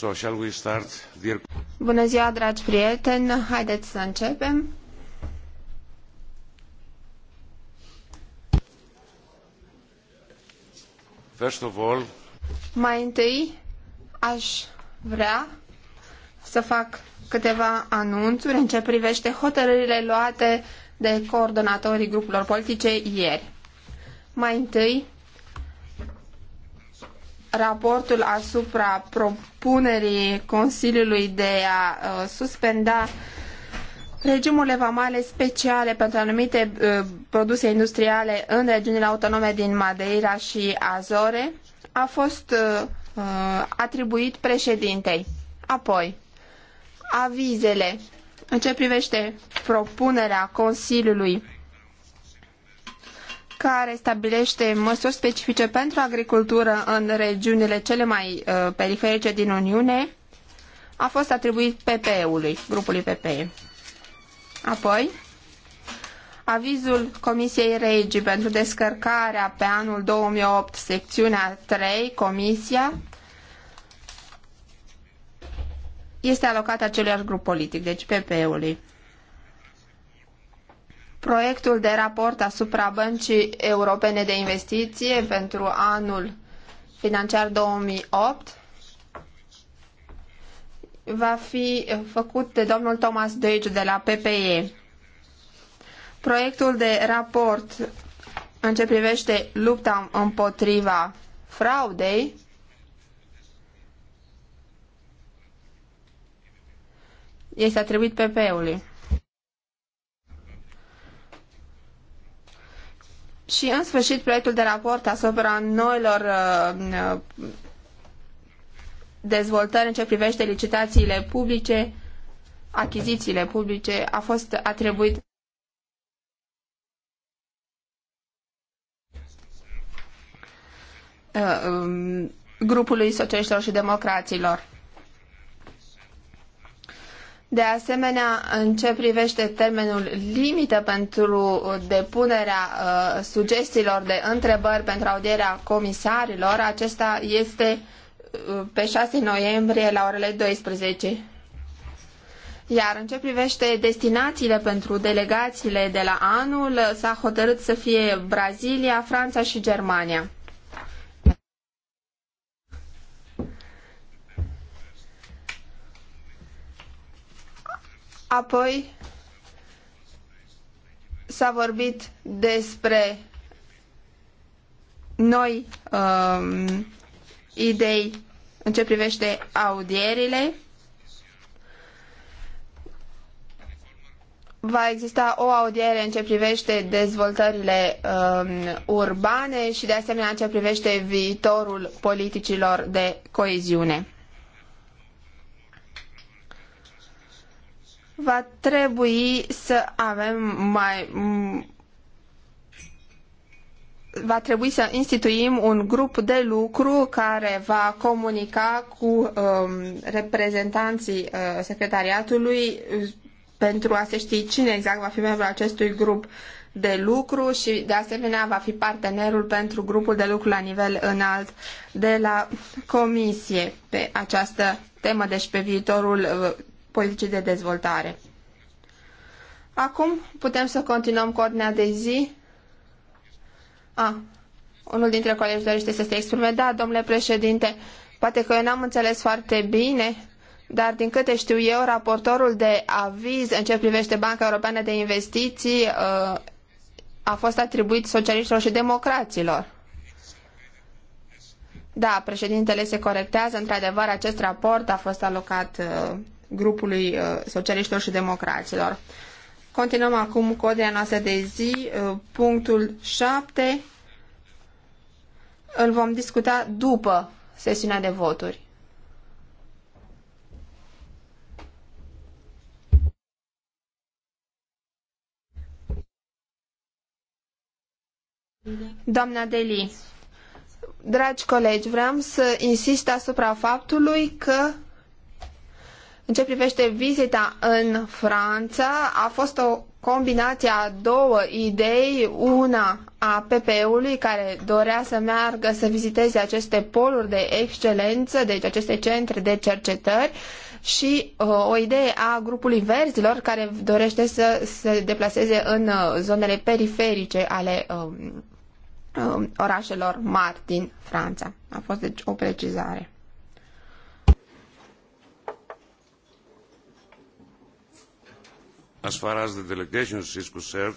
So, shall we start, dear... Bună ziua, dragi prieteni! Haideți să începem! First of all, mai întâi aș vrea să fac câteva anunțuri în ce privește hotărârile luate de coordonatorii grupurilor politice ieri. Mai întâi, raportul asupra propunerii Consiliului de a uh, suspenda regimurile vamale speciale pentru anumite uh, produse industriale în regiunile autonome din Madeira și Azore a fost uh, atribuit președintei. Apoi, avizele în ce privește propunerea Consiliului care stabilește măsuri specifice pentru agricultură în regiunile cele mai uh, periferice din Uniune, a fost atribuit PPE-ului, grupului PPE. Apoi, avizul Comisiei Regi pentru descărcarea pe anul 2008, secțiunea 3, Comisia, este alocat aceluiași grup politic, deci PPE-ului proiectul de raport asupra Băncii Europene de Investiție pentru anul financiar 2008 va fi făcut de domnul Thomas Deutsch de la PPE. Proiectul de raport în ce privește lupta împotriva fraudei este atribuit ppe ului Și, în sfârșit, proiectul de raport asupra noilor uh, dezvoltări în ce privește licitațiile publice, achizițiile publice, a fost atribuit uh, um, grupului socialiștilor și democraților. De asemenea, în ce privește termenul limită pentru depunerea uh, sugestiilor de întrebări pentru audierea comisarilor, acesta este uh, pe 6 noiembrie la orele 12. Iar în ce privește destinațiile pentru delegațiile de la anul, s-a hotărât să fie Brazilia, Franța și Germania. Apoi s-a vorbit despre noi um, idei în ce privește audierile. va exista o audiere în ce privește dezvoltările um, urbane și de asemenea în ce privește viitorul politicilor de coeziune. va trebui să avem mai va trebui să instituim un grup de lucru care va comunica cu um, reprezentanții uh, secretariatului pentru a se ști cine exact va fi membrul acestui grup de lucru și de asemenea va fi partenerul pentru grupul de lucru la nivel înalt de la comisie pe această temă, deci pe viitorul uh, politicii de dezvoltare. Acum putem să continuăm cu ordinea de zi. A, unul dintre colegi dorește să se exprime. Da, domnule președinte, poate că eu n-am înțeles foarte bine, dar din câte știu eu, raportorul de aviz în ce privește Banca Europeană de Investiții uh, a fost atribuit socialiștilor și democraților. Da, președintele se corectează, într-adevăr, acest raport a fost alocat uh, grupului uh, socialiștilor și democraților. Continuăm acum cu ordinea noastră de zi, uh, punctul 7. Îl vom discuta după sesiunea de voturi. Doamna Deli, dragi colegi, vreau să insist asupra faptului că în ce privește vizita în Franța, a fost o combinație a două idei, una a PPE-ului care dorea să meargă să viziteze aceste poluri de excelență, deci aceste centre de cercetări, și uh, o idee a grupului verzilor care dorește să se deplaseze în uh, zonele periferice ale um, um, orașelor mari din Franța. A fost deci o precizare. As far as the delegation is concerned...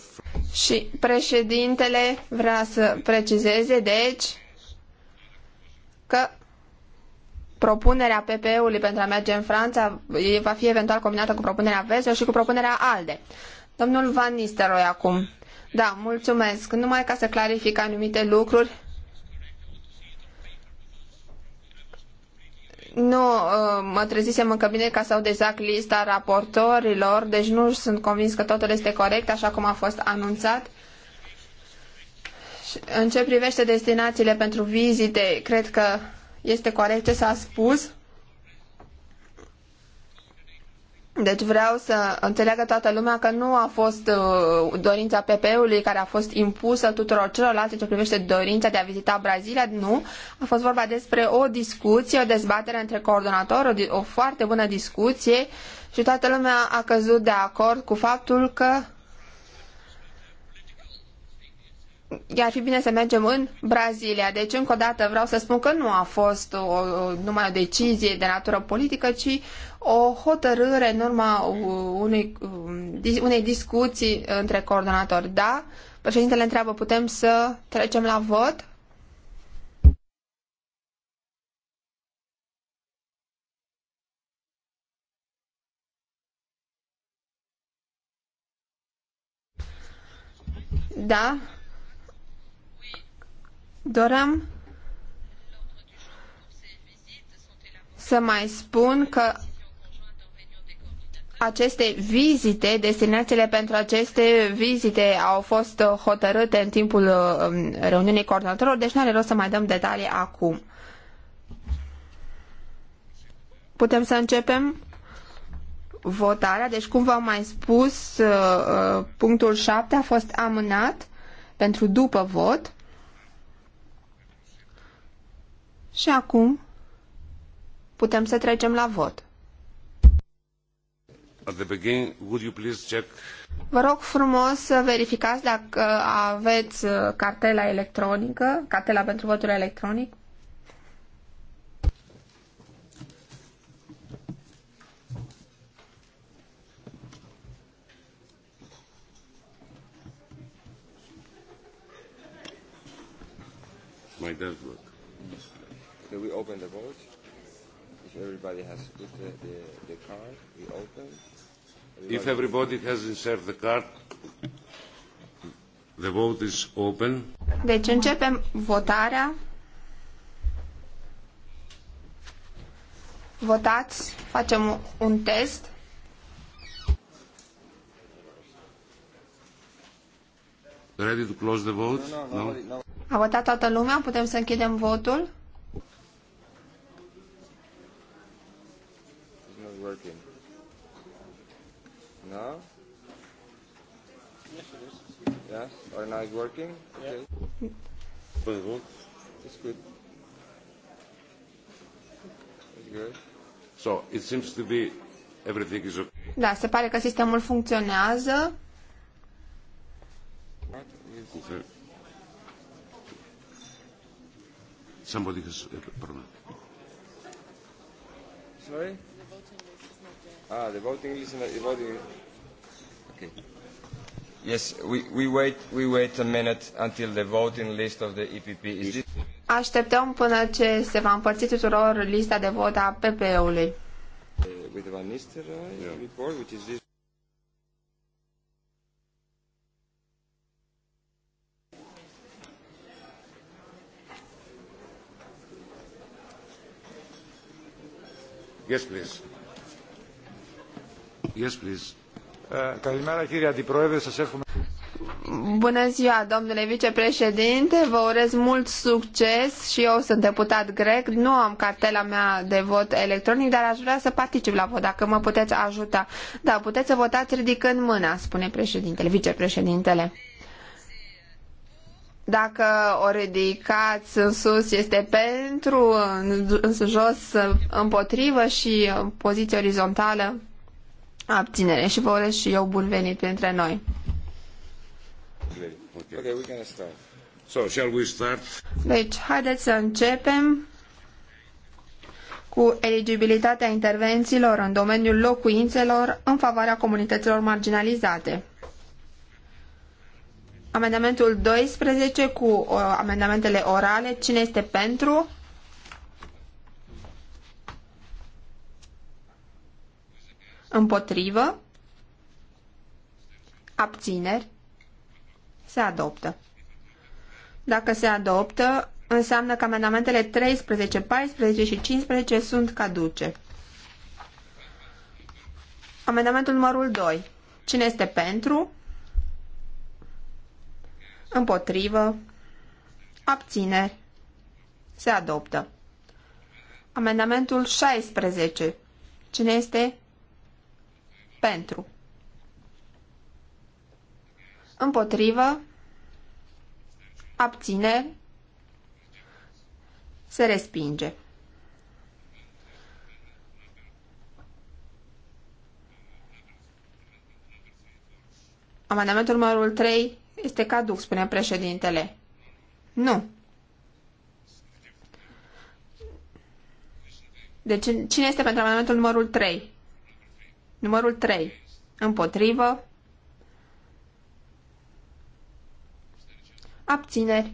Și președintele vrea să precizeze, deci, că propunerea PPE-ului pentru a merge în Franța va fi eventual combinată cu propunerea Vezio și cu propunerea ALDE. Domnul Van Nistelrooy acum. Da, mulțumesc. Numai ca să clarific anumite lucruri nu uh, mă trezisem în cabinet ca să aud exact lista raportorilor, deci nu sunt convins că totul este corect așa cum a fost anunțat. În ce privește destinațiile pentru vizite, cred că este corect ce s-a spus. Deci vreau să înțeleagă toată lumea că nu a fost uh, dorința ppe ului care a fost impusă tuturor celorlalți ce privește dorința de a vizita Brazilia, nu. A fost vorba despre o discuție, o dezbatere între coordonatori, o, o foarte bună discuție și toată lumea a căzut de acord cu faptul că ar fi bine să mergem în Brazilia. Deci, încă o dată, vreau să spun că nu a fost o, numai o decizie de natură politică, ci o hotărâre în urma unei, um, unei discuții între coordonatori. Da, președintele întreabă, putem să trecem la vot? Da, Doream să mai spun că aceste vizite, destinațiile pentru aceste vizite au fost hotărâte în timpul um, reuniunii coordonatorilor, deci nu are rost să mai dăm detalii acum. Putem să începem votarea, deci cum v-am mai spus, uh, uh, punctul 7 a fost amânat pentru după vot. Și acum putem să trecem la vot. Begin, Vă rog frumos să verificați dacă aveți uh, cartela electronică, cartela pentru votul electronic. My dad open the vote. If everybody has put the, the, the card, we open. Everybody if everybody has inserted the card, the vote is open. Deci începem votarea. Votați, facem un test. Ready to close the vote? No, no, no. A votat toată lumea, putem să închidem votul. working. No? Yes, it is. Yes? Or now working? Yeah. Okay. But it works. It's good. It's good. So, it seems to be everything is okay. Da, se pare că sistemul funcționează. Somebody has a uh, problem. Sorry? Ah, the voting The voting. Okay. Yes, we, we wait we wait a minute until the voting list of the EPP is. This... Deci- Așteptăm până ce se va împărți tuturor lista de vot a PPE-ului. Uh, eh, Yes, please. Yes, please. Uh, Bună ziua, domnule vicepreședinte, vă urez mult succes și eu sunt deputat grec, nu am cartela mea de vot electronic, dar aș vrea să particip la vot, dacă mă puteți ajuta. Da, puteți să votați ridicând mâna, spune președintele, vicepreședintele. Dacă o ridicați în sus este pentru, în jos împotrivă și poziție orizontală abținere și vă urez și eu bun venit printre noi. Deci, haideți să începem cu eligibilitatea intervențiilor în domeniul locuințelor în favoarea comunităților marginalizate. Amendamentul 12 cu uh, amendamentele orale. Cine este pentru? Împotrivă. Abțineri. Se adoptă. Dacă se adoptă, înseamnă că amendamentele 13, 14 și 15 sunt caduce. Amendamentul numărul 2. Cine este pentru? Împotrivă. Abțineri. Se adoptă. Amendamentul 16. Cine este pentru. Împotrivă. abține, Se respinge. Amendamentul numărul 3 este caduc, spune președintele. Nu. Deci, cine este pentru amendamentul numărul 3? Numărul 3. Împotrivă. Abțineri.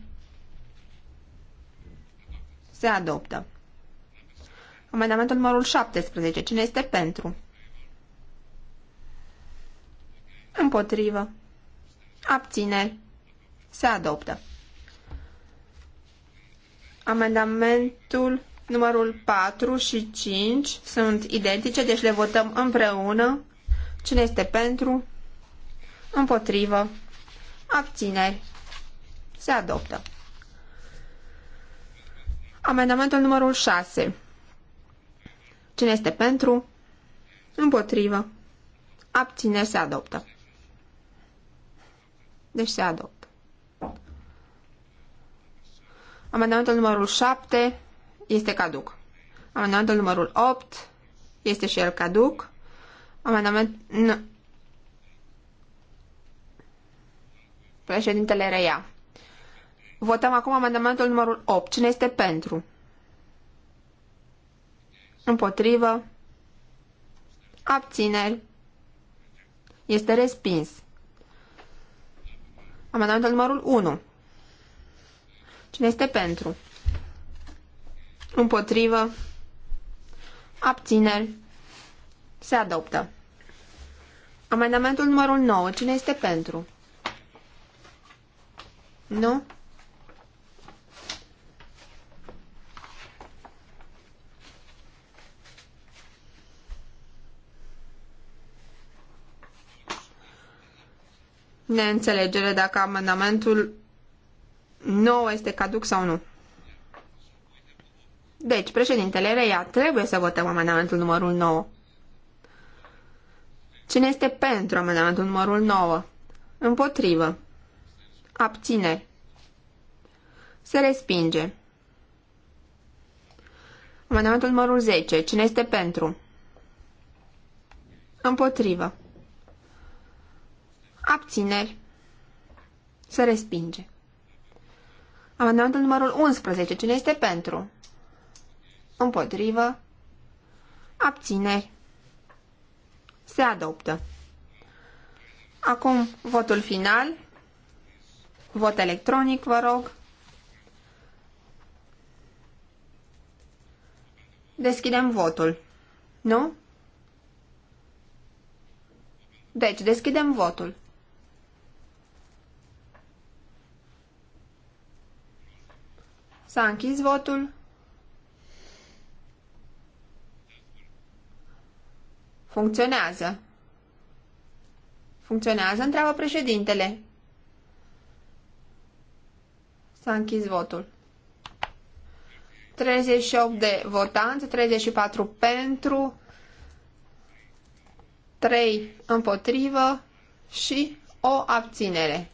Se adoptă. Amendamentul numărul 17. Cine este pentru? Împotrivă. Abțineri. Se adoptă. Amendamentul Numărul 4 și 5 sunt identice, deci le votăm împreună. Cine este pentru? Împotrivă. Abțineri. Se adoptă. Amendamentul numărul 6. Cine este pentru? Împotrivă. Abțineri se adoptă. Deci se adoptă. Amendamentul numărul 7 este caduc. Amendamentul numărul 8 este și el caduc. Amendament... N Președintele reia. Votăm acum amendamentul numărul 8. Cine este pentru? Împotrivă? Abțineri? Este respins. Amendamentul numărul 1. Cine este pentru? împotrivă, abțineri, se adoptă. Amendamentul numărul 9. Cine este pentru? Nu? Neînțelegere dacă amendamentul 9 este caduc sau nu. Deci, președintele reia, trebuie să votăm amendamentul numărul 9. Cine este pentru amendamentul numărul 9? Împotrivă. Abțineri. Se respinge. Amendamentul numărul 10. Cine este pentru? Împotrivă. Abțineri. Se respinge. Amendamentul numărul 11. Cine este pentru? împotrivă, abțineri, se adoptă. Acum votul final, vot electronic, vă rog. Deschidem votul, nu? Deci, deschidem votul. S-a închis votul. Funcționează. Funcționează? Întreabă președintele. S-a închis votul. 38 de votanți, 34 pentru, 3 împotrivă și o abținere.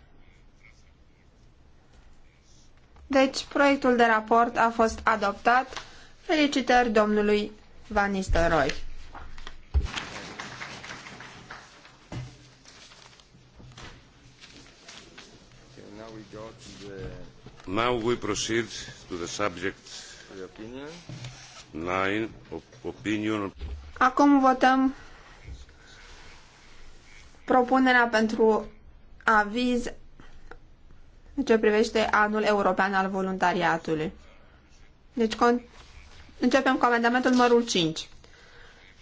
Deci, proiectul de raport a fost adoptat. Felicitări domnului Van Nistelrooy. Now we proceed to the subject nine, opinion. Acum votăm propunerea pentru aviz ce privește anul european al voluntariatului. Deci con... începem cu amendamentul numărul 5.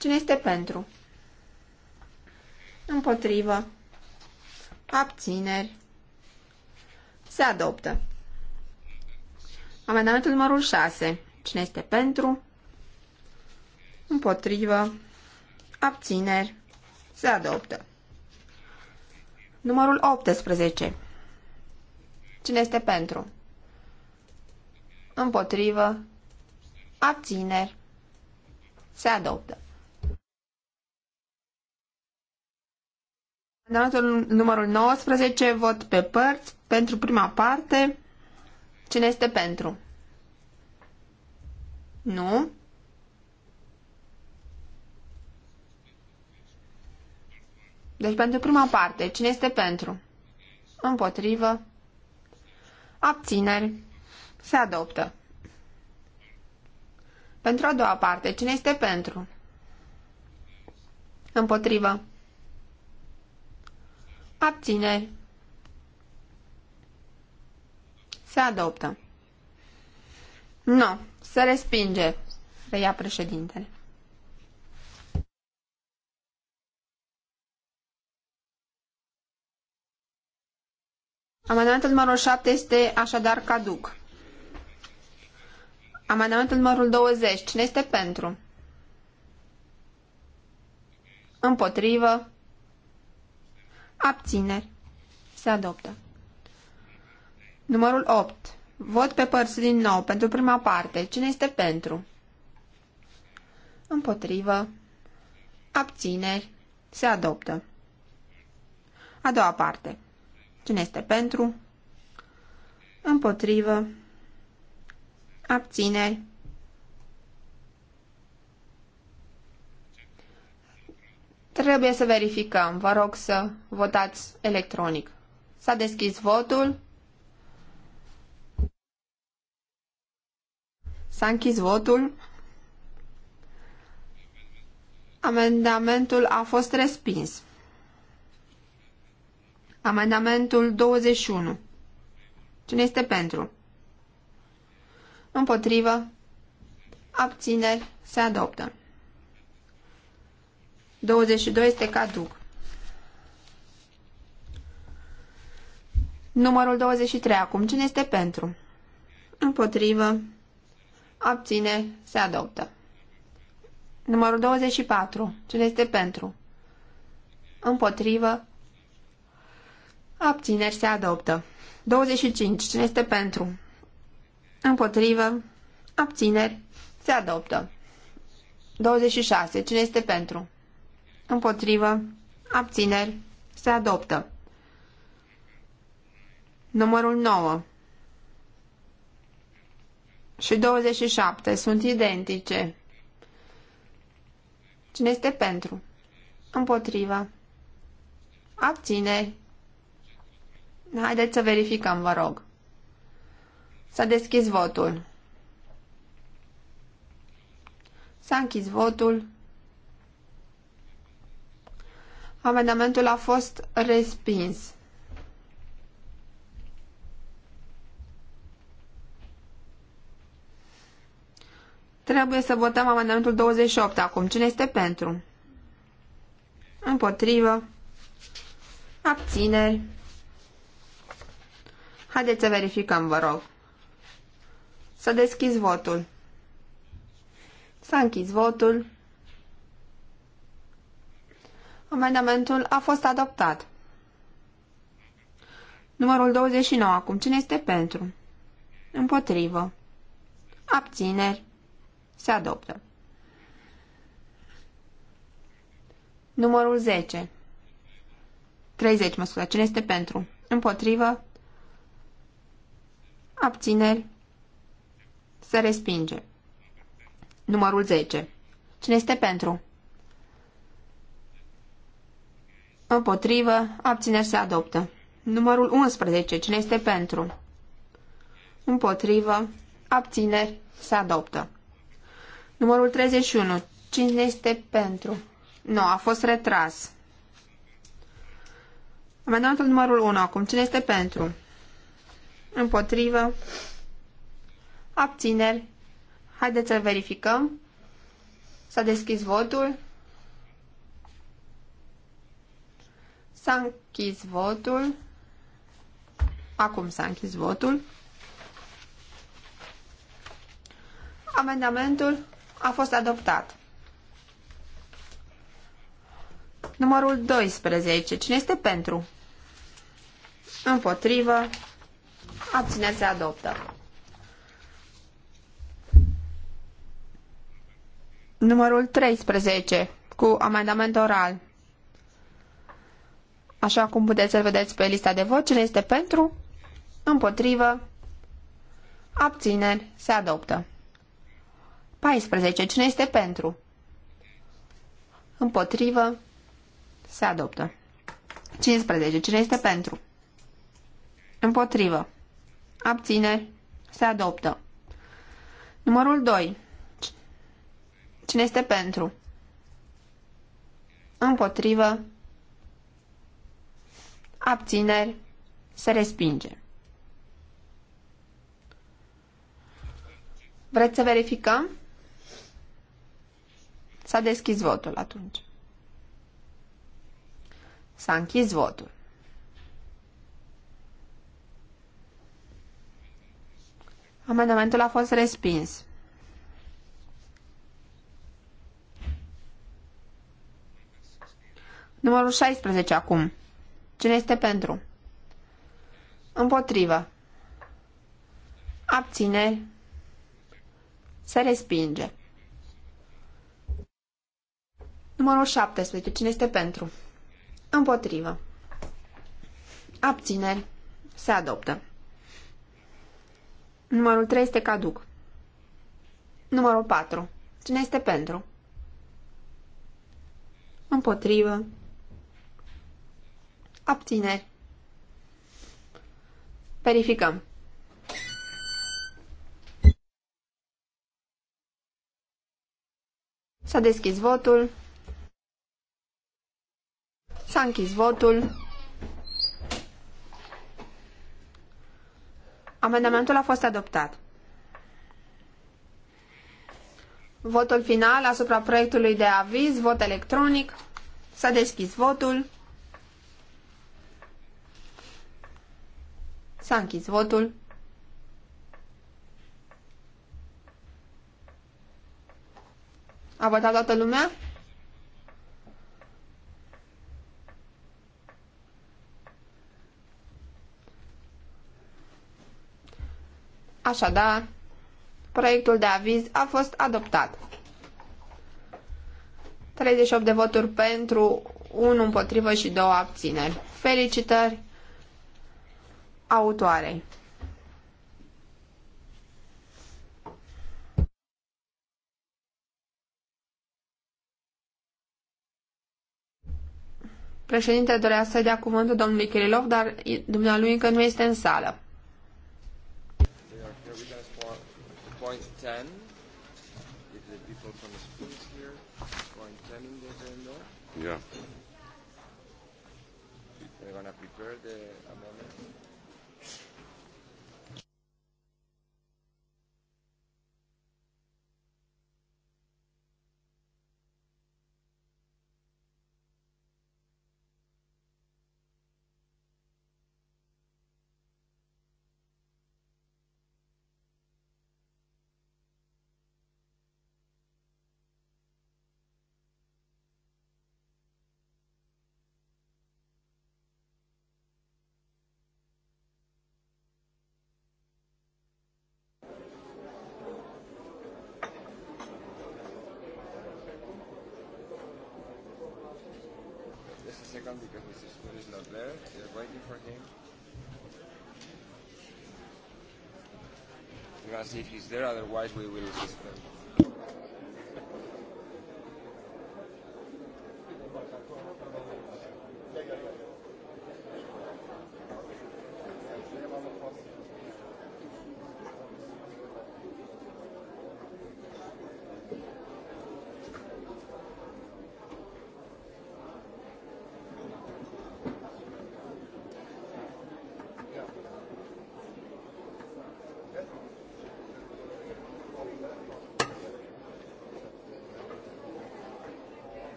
Cine este pentru? Împotrivă. Abțineri. Se adoptă. Amendamentul numărul 6. Cine este pentru? Împotrivă. Abțineri. Se adoptă. Numărul 18. Cine este pentru? Împotrivă. Abțineri. Se adoptă. Amendamentul numărul 19, vot pe părți, pentru prima parte, Cine este pentru? Nu. Deci pentru prima parte, cine este pentru? Împotrivă. Abțineri. Se adoptă. Pentru a doua parte, cine este pentru? Împotrivă. Abțineri. Se adoptă. Nu. Se respinge. Reia președintele. Amendamentul numărul 7 este așadar caduc. Amendamentul numărul 20. Cine este pentru? Împotrivă. Abțineri. Se adoptă. Numărul 8. Vot pe părți din nou pentru prima parte. Cine este pentru? Împotrivă. Abțineri. Se adoptă. A doua parte. Cine este pentru? Împotrivă. Abțineri. Trebuie să verificăm. Vă rog să votați electronic. S-a deschis votul. S-a închis votul. Amendamentul a fost respins. Amendamentul 21. Cine este pentru? Împotrivă. Abțineri. Se adoptă. 22 este caduc. Numărul 23. Acum, cine este pentru? Împotrivă. Abține. Se adoptă. Numărul 24. Cine este pentru? Împotrivă. Abțineri se adoptă. 25. Cine este pentru? Împotrivă. Abțineri se adoptă. 26. Cine este pentru? Împotrivă. Abțineri se adoptă. Numărul 9 și 27 sunt identice. Cine este pentru? Împotrivă. Abțineri. Haideți să verificăm, vă rog. S-a deschis votul. S-a închis votul. Amendamentul a fost respins. Trebuie să votăm amendamentul 28 acum. Cine este pentru? Împotrivă. Abțineri. Haideți să verificăm, vă rog. Să deschizi votul. S-a închis votul. Amendamentul a fost adoptat. Numărul 29 acum. Cine este pentru? Împotrivă. Abțineri. Se adoptă. Numărul 10. 30, mă scuza. Cine este pentru? Împotrivă? Abțineri? Se respinge. Numărul 10. Cine este pentru? Împotrivă, abțineri se adoptă. Numărul 11. Cine este pentru? Împotrivă, abțineri se adoptă. Numărul 31. Cine este pentru? Nu, a fost retras. Amendamentul numărul 1 acum. Cine este pentru? Împotrivă. Abțineri. Haideți să verificăm. S-a deschis votul. S-a închis votul. Acum s-a închis votul. Amendamentul a fost adoptat. Numărul 12. Cine este pentru? Împotrivă. Abțineri se adoptă. Numărul 13. Cu amendament oral. Așa cum puteți să vedeți pe lista de vot, cine este pentru? Împotrivă. Abțineri se adoptă. 14. Cine este pentru? Împotrivă. Se adoptă. 15. Cine este pentru? Împotrivă. abține, Se adoptă. Numărul 2. Cine este pentru? Împotrivă. Abțineri. Se respinge. Vreți să verificăm? S-a deschis votul atunci. S-a închis votul. Amendamentul a fost respins. Numărul 16 acum. Cine este pentru? Împotrivă. Abține. Se respinge. Numărul 17. Cine este pentru? Împotrivă. Abțineri. Se adoptă. Numărul 3 este caduc. Numărul 4. Cine este pentru? Împotrivă. Abțineri. Verificăm. S-a deschis votul. S-a închis votul. Amendamentul a fost adoptat. Votul final asupra proiectului de aviz, vot electronic. S-a deschis votul. S-a închis votul. A votat toată lumea? Așadar, proiectul de aviz a fost adoptat. 38 de voturi pentru, 1 împotrivă și 2 abțineri. Felicitări autoarei. Președintele dorea să dea cuvântul domnului Kirilov, dar dumnealui încă nu este în sală. Point 10, if the people from the schools here, point 10 in the agenda. Yeah. come because Mrs. Spoon is not there. They are waiting for him. We're going to see if he's there, otherwise we will suspend.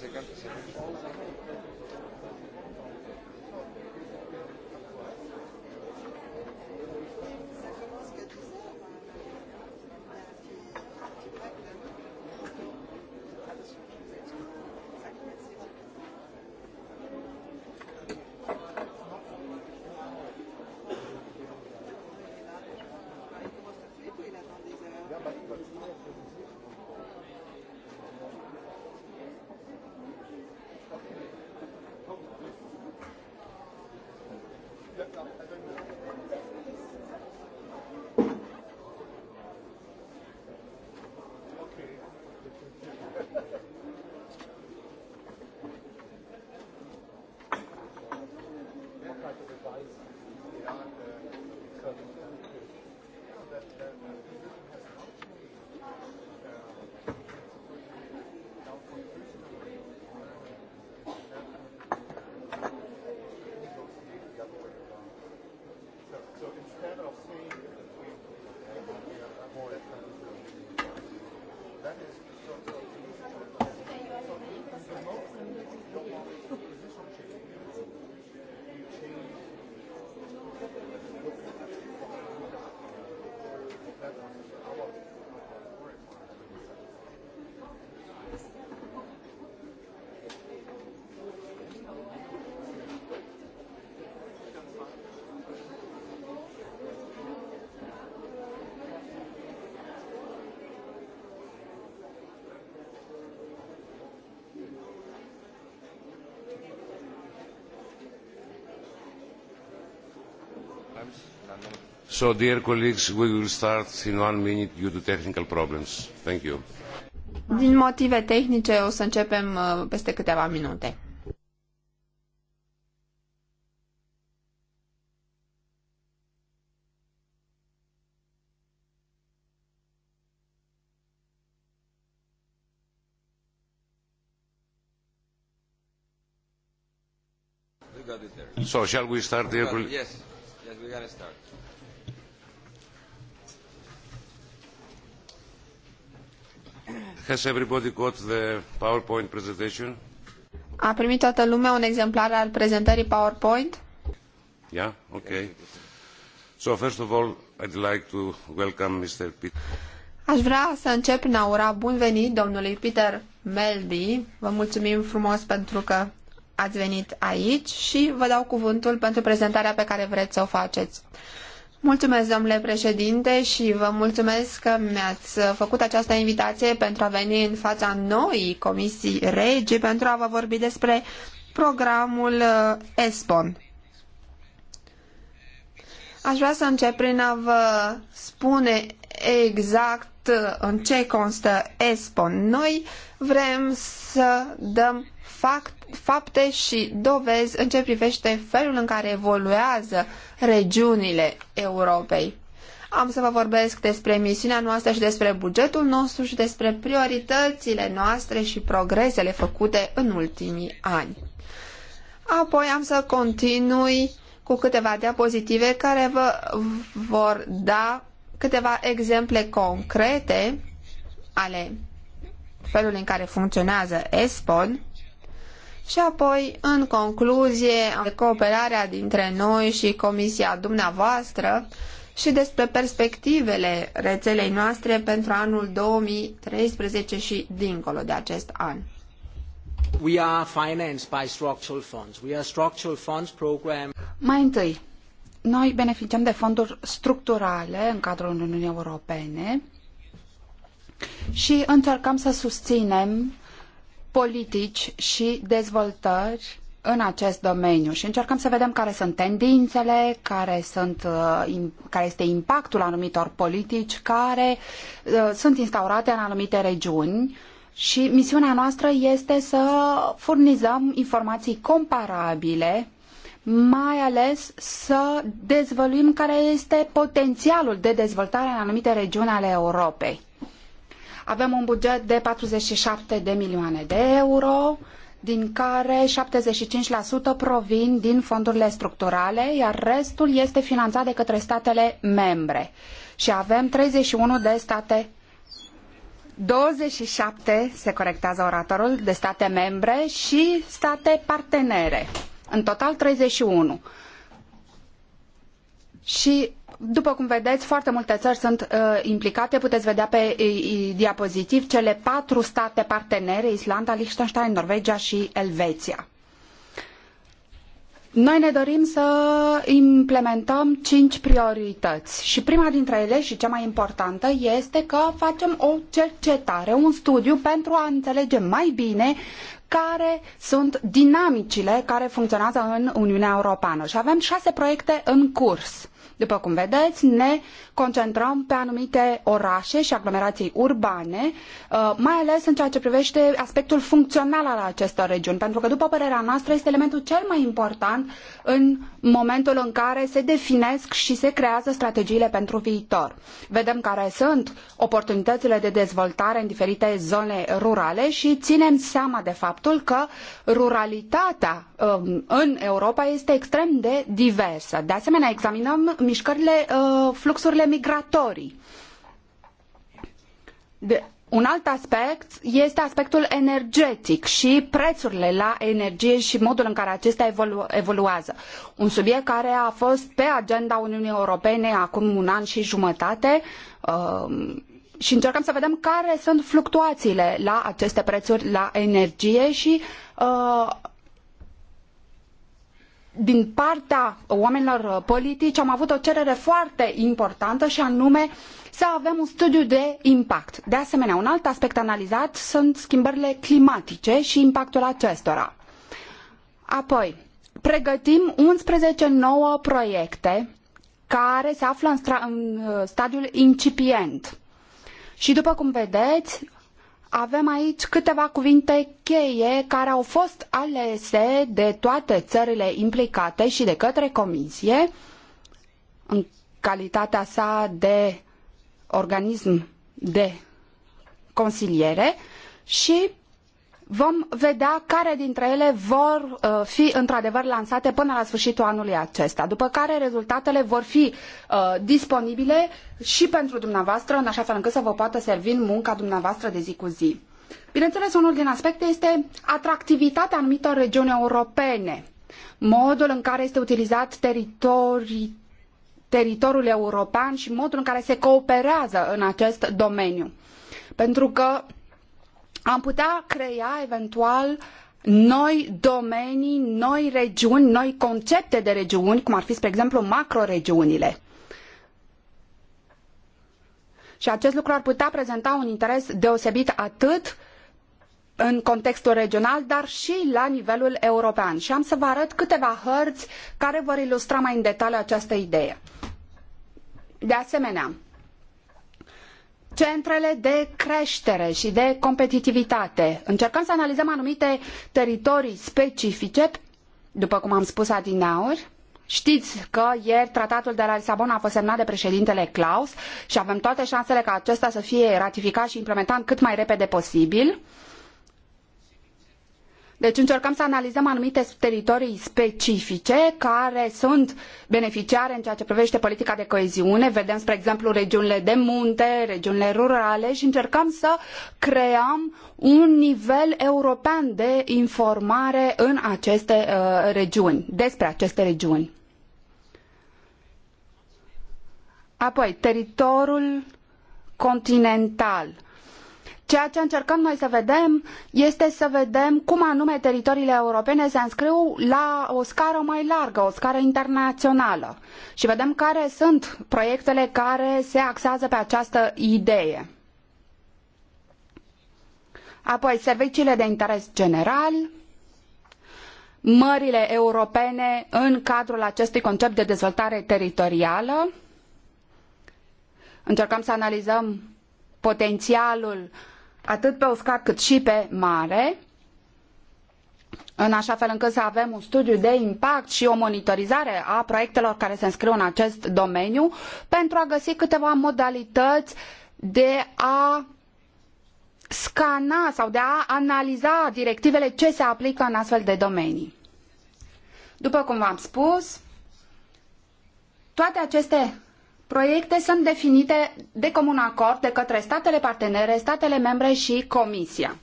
second, second. So, dear colleagues, we will start in one minute due to technical problems. Thank you. Din motive tehnice o să începem uh, peste câteva minute. So shall we start, dear colleagues? Yes start. Has everybody got the PowerPoint presentation? A primit toată lumea un exemplar al prezentării PowerPoint? Yeah, okay. So first of all, I'd like to welcome Mr. Peter. Aș vrea să încep prin a bun venit domnului Peter Melby. Vă mulțumim frumos pentru că ați venit aici și vă dau cuvântul pentru prezentarea pe care vreți să o faceți. Mulțumesc, domnule președinte, și vă mulțumesc că mi-ați făcut această invitație pentru a veni în fața noii comisii regi pentru a vă vorbi despre programul uh, ESPON. Aș vrea să încep prin a vă spune exact uh, în ce constă ESPON. Noi vrem să dăm fapte și dovezi în ce privește felul în care evoluează regiunile Europei. Am să vă vorbesc despre misiunea noastră și despre bugetul nostru și despre prioritățile noastre și progresele făcute în ultimii ani. Apoi am să continui cu câteva diapozitive care vă vor da câteva exemple concrete ale felului în care funcționează ESPON și apoi, în concluzie, cooperarea dintre noi și comisia dumneavoastră și despre perspectivele rețelei noastre pentru anul 2013 și dincolo de acest an. We are financed by structural funds. We are structural funds program. Mai întâi, noi beneficiem de fonduri structurale în cadrul Uniunii Europene și încercăm să susținem politici și dezvoltări în acest domeniu și încercăm să vedem care sunt tendințele, care, sunt, uh, care este impactul anumitor politici care uh, sunt instaurate în anumite regiuni și misiunea noastră este să furnizăm informații comparabile mai ales să dezvăluim care este potențialul de dezvoltare în anumite regiuni ale Europei. Avem un buget de 47 de milioane de euro, din care 75% provin din fondurile structurale, iar restul este finanțat de către statele membre. Și avem 31 de state 27, se corectează oratorul, de state membre și state partenere. În total 31. Și după cum vedeți, foarte multe țări sunt uh, implicate. Puteți vedea pe uh, diapozitiv cele patru state partenere, Islanda, Liechtenstein, Norvegia și Elveția. Noi ne dorim să implementăm cinci priorități și prima dintre ele și cea mai importantă este că facem o cercetare, un studiu pentru a înțelege mai bine care sunt dinamicile care funcționează în Uniunea Europeană. Și avem șase proiecte în curs. După cum vedeți, ne concentrăm pe anumite orașe și aglomerații urbane, uh, mai ales în ceea ce privește aspectul funcțional al acestor regiuni, pentru că, după părerea noastră, este elementul cel mai important în momentul în care se definesc și se creează strategiile pentru viitor. Vedem care sunt oportunitățile de dezvoltare în diferite zone rurale și ținem seama de faptul că ruralitatea um, în Europa este extrem de diversă. De asemenea, examinăm mișcările, uh, fluxurile migratorii. De, un alt aspect este aspectul energetic și prețurile la energie și modul în care acestea evolu evoluează. Un subiect care a fost pe agenda Uniunii Europene acum un an și jumătate uh, și încercăm să vedem care sunt fluctuațiile la aceste prețuri la energie și uh, din partea oamenilor uh, politici am avut o cerere foarte importantă și anume să avem un studiu de impact. De asemenea, un alt aspect analizat sunt schimbările climatice și impactul acestora. Apoi, pregătim 11 nouă proiecte care se află în, în uh, stadiul incipient. Și după cum vedeți, avem aici câteva cuvinte cheie care au fost alese de toate țările implicate și de către Comisie în calitatea sa de organism de consiliere și vom vedea care dintre ele vor uh, fi într-adevăr lansate până la sfârșitul anului acesta, după care rezultatele vor fi uh, disponibile și pentru dumneavoastră, în așa fel încât să vă poată servi în munca dumneavoastră de zi cu zi. Bineînțeles, unul din aspecte este atractivitatea anumitor regiuni europene, modul în care este utilizat teritoriul european și modul în care se cooperează în acest domeniu. Pentru că am putea crea eventual noi domenii, noi regiuni, noi concepte de regiuni, cum ar fi, spre exemplu, macroregiunile. Și acest lucru ar putea prezenta un interes deosebit atât în contextul regional, dar și la nivelul european. Și am să vă arăt câteva hărți care vor ilustra mai în detaliu această idee. De asemenea, centrele de creștere și de competitivitate. Încercăm să analizăm anumite teritorii specifice, după cum am spus adineauri, Știți că ieri tratatul de la Lisabona a fost semnat de președintele Klaus și avem toate șansele ca acesta să fie ratificat și implementat cât mai repede posibil. Deci încercăm să analizăm anumite teritorii specifice care sunt beneficiare în ceea ce privește politica de coeziune. Vedem, spre exemplu, regiunile de munte, regiunile rurale și încercăm să creăm un nivel european de informare în aceste uh, regiuni, despre aceste regiuni. Apoi, teritoriul continental Ceea ce încercăm noi să vedem este să vedem cum anume teritoriile europene se înscriu la o scară mai largă, o scară internațională. Și vedem care sunt proiectele care se axează pe această idee. Apoi, serviciile de interes general, mările europene în cadrul acestui concept de dezvoltare teritorială. Încercăm să analizăm potențialul atât pe uscat cât și pe mare, în așa fel încât să avem un studiu de impact și o monitorizare a proiectelor care se înscriu în acest domeniu pentru a găsi câteva modalități de a scana sau de a analiza directivele ce se aplică în astfel de domenii. După cum v-am spus, toate aceste proiecte sunt definite de comun acord de către statele partenere, statele membre și Comisia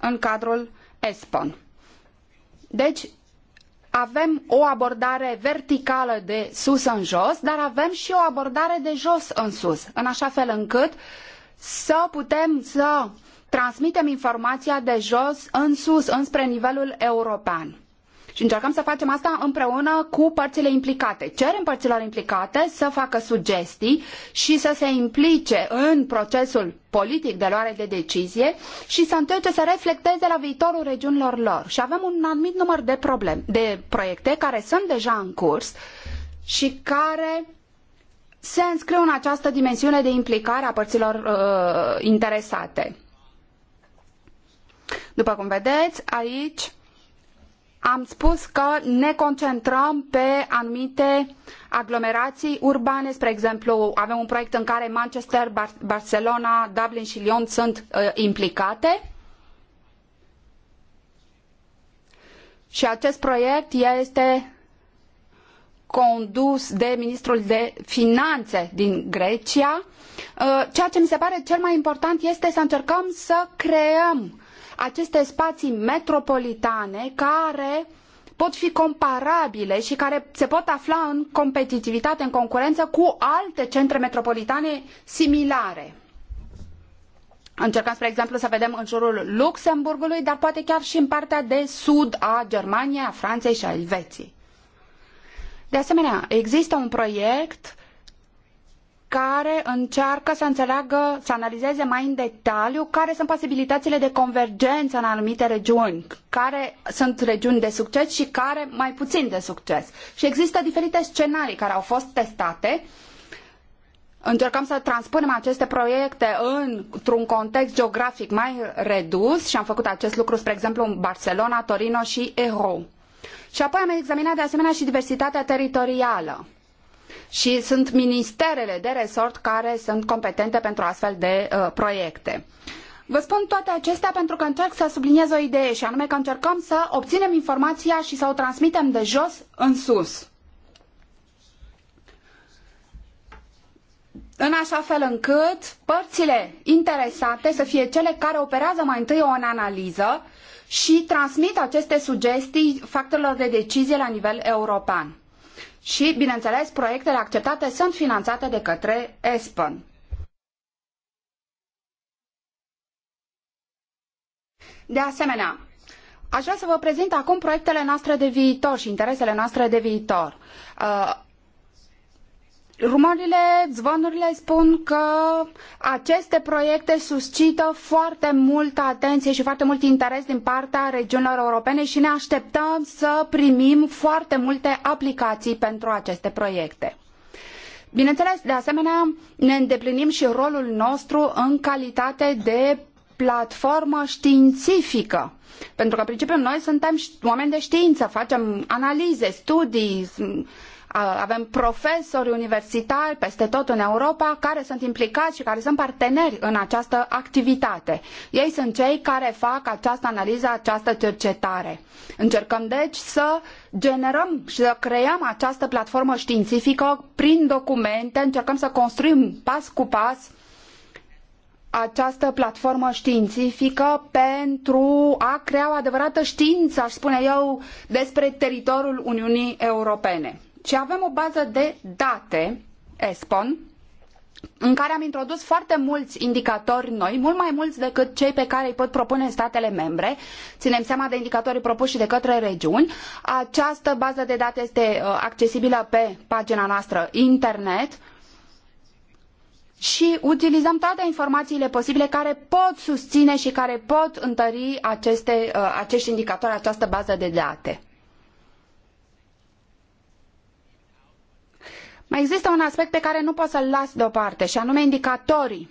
în cadrul ESPON. Deci, avem o abordare verticală de sus în jos, dar avem și o abordare de jos în sus, în așa fel încât să putem să transmitem informația de jos în sus, înspre nivelul european. Și încercăm să facem asta împreună cu părțile implicate. Cerem părților implicate să facă sugestii și să se implice în procesul politic de luare de decizie și să încerce să reflecteze la viitorul regiunilor lor. Și avem un anumit număr de, probleme, de proiecte care sunt deja în curs și care se înscriu în această dimensiune de implicare a părților uh, interesate. După cum vedeți, aici am spus că ne concentrăm pe anumite aglomerații urbane, spre exemplu, avem un proiect în care Manchester, Bar Barcelona, Dublin și Lyon sunt uh, implicate. Și acest proiect este condus de ministrul de finanțe din Grecia. Uh, ceea ce mi se pare cel mai important este să încercăm să creăm aceste spații metropolitane care pot fi comparabile și care se pot afla în competitivitate, în concurență cu alte centre metropolitane similare. Încercăm, spre exemplu, să vedem în jurul Luxemburgului, dar poate chiar și în partea de sud a Germaniei, a Franței și a Elveției. De asemenea, există un proiect care încearcă să înțeleagă, să analizeze mai în detaliu care sunt posibilitățile de convergență în anumite regiuni, care sunt regiuni de succes și care mai puțin de succes. Și există diferite scenarii care au fost testate. Încercăm să transpunem aceste proiecte într-un context geografic mai redus și am făcut acest lucru, spre exemplu, în Barcelona, Torino și Ero. Și apoi am examinat de asemenea și diversitatea teritorială și sunt ministerele de resort care sunt competente pentru astfel de uh, proiecte. Vă spun toate acestea pentru că încerc să subliniez o idee și anume că încercăm să obținem informația și să o transmitem de jos în sus. în așa fel încât părțile interesate să fie cele care operează mai întâi o analiză și transmit aceste sugestii factorilor de decizie la nivel european și, bineînțeles, proiectele acceptate sunt finanțate de către ESPAN. De asemenea, aș vrea să vă prezint acum proiectele noastre de viitor și interesele noastre de viitor. Uh, Rumorile, zvonurile spun că aceste proiecte suscită foarte multă atenție și foarte mult interes din partea regiunilor europene și ne așteptăm să primim foarte multe aplicații pentru aceste proiecte. Bineînțeles, de asemenea, ne îndeplinim și rolul nostru în calitate de platformă științifică. Pentru că, în principiu, noi suntem oameni de știință, facem analize, studii, avem profesori universitari peste tot în Europa care sunt implicați și care sunt parteneri în această activitate. Ei sunt cei care fac această analiză, această cercetare. Încercăm deci să generăm și să creăm această platformă științifică prin documente, încercăm să construim pas cu pas această platformă științifică pentru a crea o adevărată știință, aș spune eu, despre teritoriul Uniunii Europene ci avem o bază de date, ESPON, în care am introdus foarte mulți indicatori noi, mult mai mulți decât cei pe care îi pot propune statele membre. Ținem seama de indicatorii propuși de către regiuni. Această bază de date este uh, accesibilă pe pagina noastră internet și utilizăm toate informațiile posibile care pot susține și care pot întări aceste, uh, acești indicatori, această bază de date. Mai există un aspect pe care nu pot să-l las deoparte și anume indicatorii.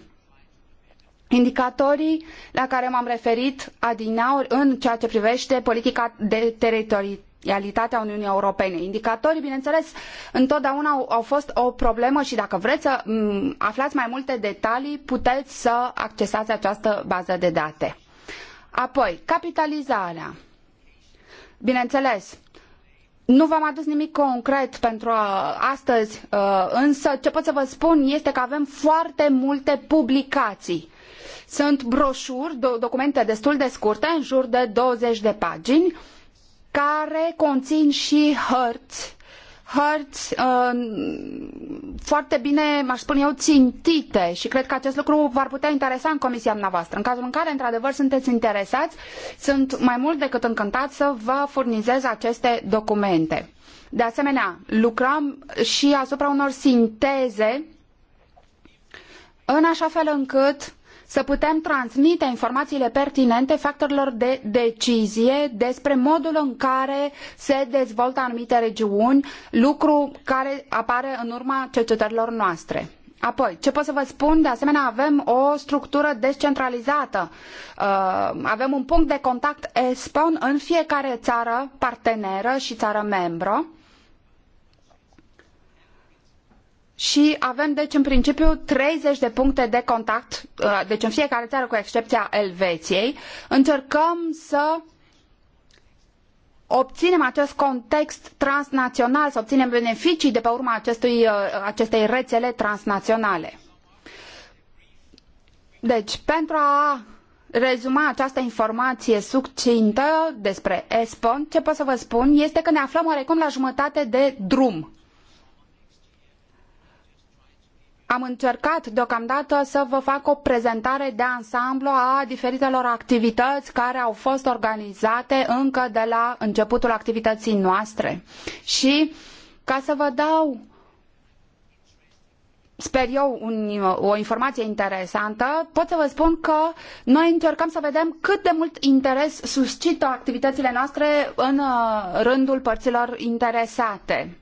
Indicatorii la care m-am referit adineauri în ceea ce privește politica de teritorii realitatea Uniunii Europene. Indicatorii, bineînțeles, întotdeauna au, au fost o problemă și dacă vreți să m, aflați mai multe detalii, puteți să accesați această bază de date. Apoi, capitalizarea. Bineînțeles, nu v-am adus nimic concret pentru astăzi, ă, însă ce pot să vă spun este că avem foarte multe publicații. Sunt broșuri, documente destul de scurte, în jur de 20 de pagini, care conțin și hărți hărți uh, foarte bine, aș spune eu, țintite și cred că acest lucru v-ar putea interesa în comisia noastră. În cazul în care, într-adevăr, sunteți interesați, sunt mai mult decât încântat să vă furnizez aceste documente. De asemenea, lucrăm și asupra unor sinteze în așa fel încât să putem transmite informațiile pertinente factorilor de decizie despre modul în care se dezvoltă anumite regiuni, lucru care apare în urma cercetărilor noastre. Apoi, ce pot să vă spun? De asemenea, avem o structură descentralizată. Uh, avem un punct de contact ESPON în fiecare țară parteneră și țară membră și avem deci în principiu 30 de puncte de contact, uh, deci în fiecare ară cu excepția Elveției. Încercăm să obținem acest context transnațional, să obținem beneficii de pe urma acestui, uh, acestei rețele transnaționale. Deci, pentru a rezuma această informaie succintă despre ESPON, ce pot să vă spun este că ne aflăm oarecum la jumătate de drum am încercat deocamdată să vă fac o prezentare de ansamblu a diferitelor activități care au fost organizate încă de la începutul activității noastre. Și ca să vă dau sper eu, un, o informație interesantă, pot să vă spun că noi încercăm să vedem cât de mult interes suscită activitățile noastre în uh, rândul părților interesate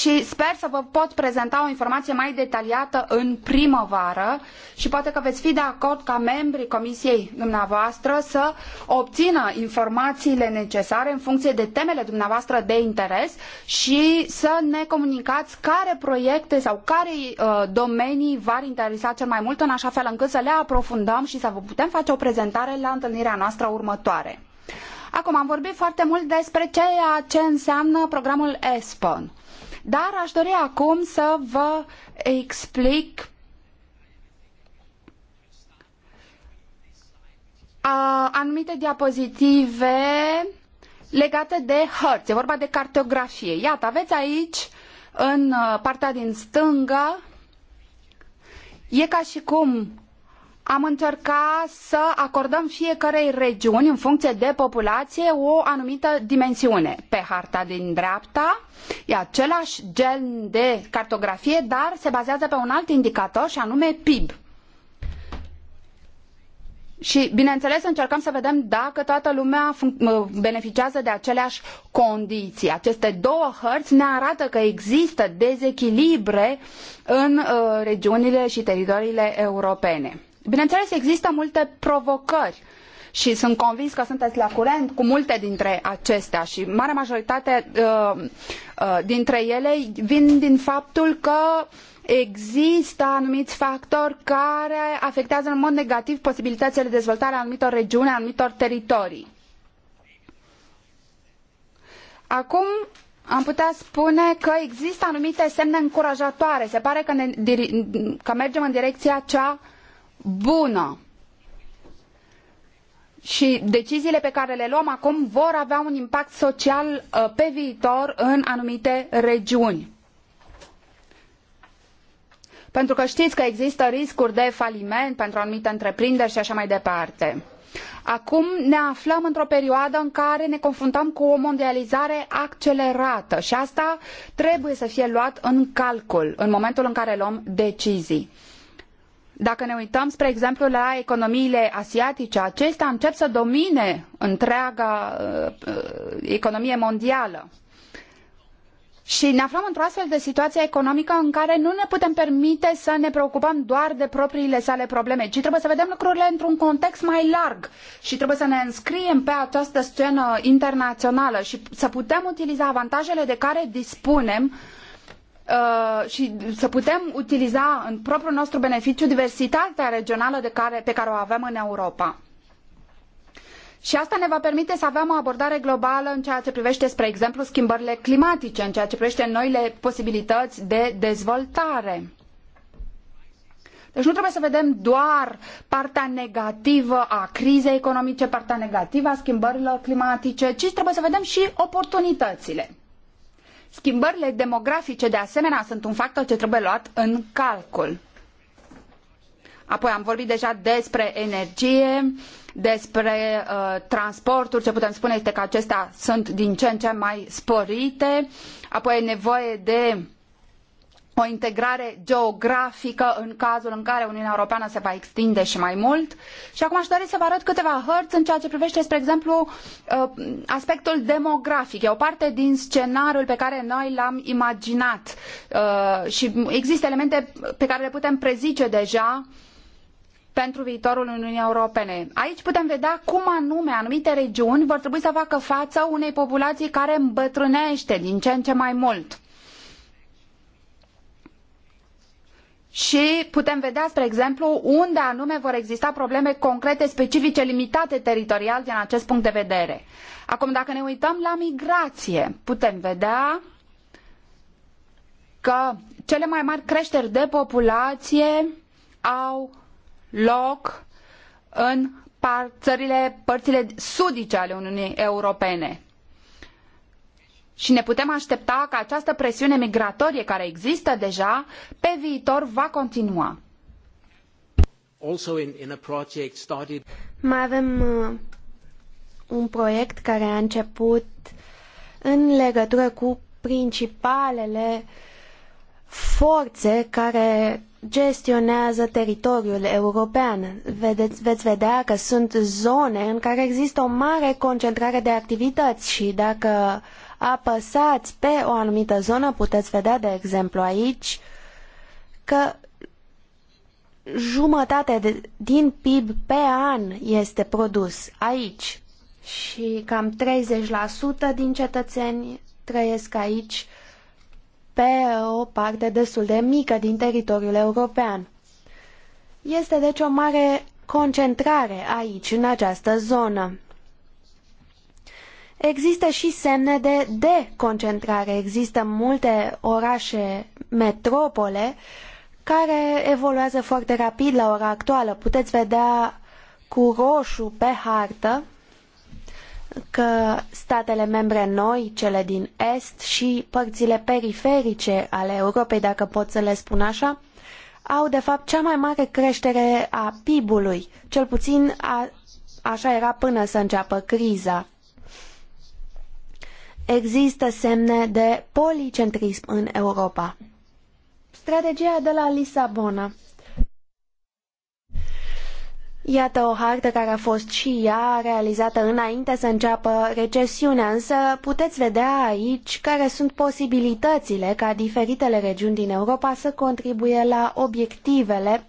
și sper să vă pot prezenta o informație mai detaliată în primăvară și poate că veți fi de acord ca membrii comisiei dumneavoastră să obțină informațiile necesare în funcție de temele dumneavoastră de interes și să ne comunicați care proiecte sau care uh, domenii v-ar interesa cel mai mult în așa fel încât să le aprofundăm și să vă putem face o prezentare la întâlnirea noastră următoare. Acum am vorbit foarte mult despre ceea ce înseamnă programul ESPON. Dar aș dori acum să vă explic anumite diapozitive legate de hărți. E vorba de cartografie. Iată, aveți aici, în uh, partea din stânga, e ca și cum am încercat să acordăm fiecarei regiuni, în funcție de populație, o anumită dimensiune. Pe harta din dreapta e același gen de cartografie, dar se bazează pe un alt indicator și anume PIB. Și, bineînțeles, încercăm să vedem dacă toată lumea beneficiază de aceleași condiții. Aceste două hărți ne arată că există dezechilibre în uh, regiunile și teritoriile europene. Bineînțeles, există multe provocări și sunt convins că sunteți la curent cu multe dintre acestea și marea majoritate uh, uh, dintre ele vin din faptul că există anumiți factori care afectează în mod negativ posibilitățile de dezvoltare a anumitor regiuni, a anumitor teritorii. Acum am putea spune că există anumite semne încurajatoare. Se pare că, ne, că mergem în direcția cea bună. Și deciziile pe care le luăm acum vor avea un impact social uh, pe viitor în anumite regiuni. Pentru că știți că există riscuri de faliment pentru anumite întreprinderi și așa mai departe. Acum ne aflăm într-o perioadă în care ne confruntăm cu o mondializare accelerată și asta trebuie să fie luat în calcul în momentul în care luăm decizii. Dacă ne uităm, spre exemplu, la economiile asiatice, acestea încep să domine întreaga uh, economie mondială. Și ne aflăm într-o astfel de situație economică în care nu ne putem permite să ne preocupăm doar de propriile sale probleme, ci trebuie să vedem lucrurile într-un context mai larg și trebuie să ne înscriem pe această scenă internațională și să putem utiliza avantajele de care dispunem uh, Uh, și să putem utiliza în propriul nostru beneficiu diversitatea regională de care, pe care o avem în Europa. Și asta ne va permite să avem o abordare globală în ceea ce privește, spre exemplu, schimbările climatice, în ceea ce privește noile posibilități de dezvoltare. Deci nu trebuie să vedem doar partea negativă a crizei economice, partea negativă a schimbărilor climatice, ci trebuie să vedem și oportunitățile. Schimbările demografice, de asemenea, sunt un factor ce trebuie luat în calcul. Apoi am vorbit deja despre energie, despre uh, transporturi, ce putem spune este că acestea sunt din ce în ce mai sporite, apoi e nevoie de uh, o integrare geografică în cazul în care Uniunea Europeană se va extinde și mai mult. Și acum aș dori să vă arăt câteva hărți în ceea ce privește, spre exemplu, uh, aspectul demografic. E o parte din scenariul pe care noi l-am imaginat uh, și există elemente pe care le putem prezice deja pentru viitorul Uniunii Europene. Aici putem vedea cum anume anumite regiuni vor trebui să facă față unei populații care îmbătrânește din ce în ce mai mult. și putem vedea, spre exemplu, unde anume vor exista probleme concrete, specifice, limitate teritorial din acest punct de vedere. Acum, dacă ne uităm la migrație, putem vedea că cele mai mari creșteri de populație au loc în par- țările, părțile sudice ale Uniunii Europene și ne putem aștepta că această presiune migratorie care există deja pe viitor va continua. Mai avem uh, un proiect care a început în legătură cu principalele forțe care gestionează teritoriul european. Vedeți, veți vedea că sunt zone în care există o mare concentrare de activități și dacă uh, apăsați pe o anumită zonă, puteți vedea, de exemplu, aici, că jumătate de, din PIB pe an este produs aici și cam 30% din cetățeni trăiesc aici pe o parte destul de mică din teritoriul european. Este deci o mare concentrare aici, în această zonă. Există și semne de deconcentrare. Există multe orașe, metropole, care evoluează foarte rapid la ora actuală. Puteți vedea cu roșu pe hartă că statele membre noi, cele din Est și părțile periferice ale Europei, dacă pot să le spun așa, au de fapt cea mai mare creștere a PIB-ului, cel puțin a, așa era până să înceapă criza există semne de policentrism în Europa. Strategia de la Lisabona. Iată o hartă care a fost și ea realizată înainte să înceapă recesiunea, însă puteți vedea aici care sunt posibilitățile ca diferitele regiuni din Europa să contribuie la obiectivele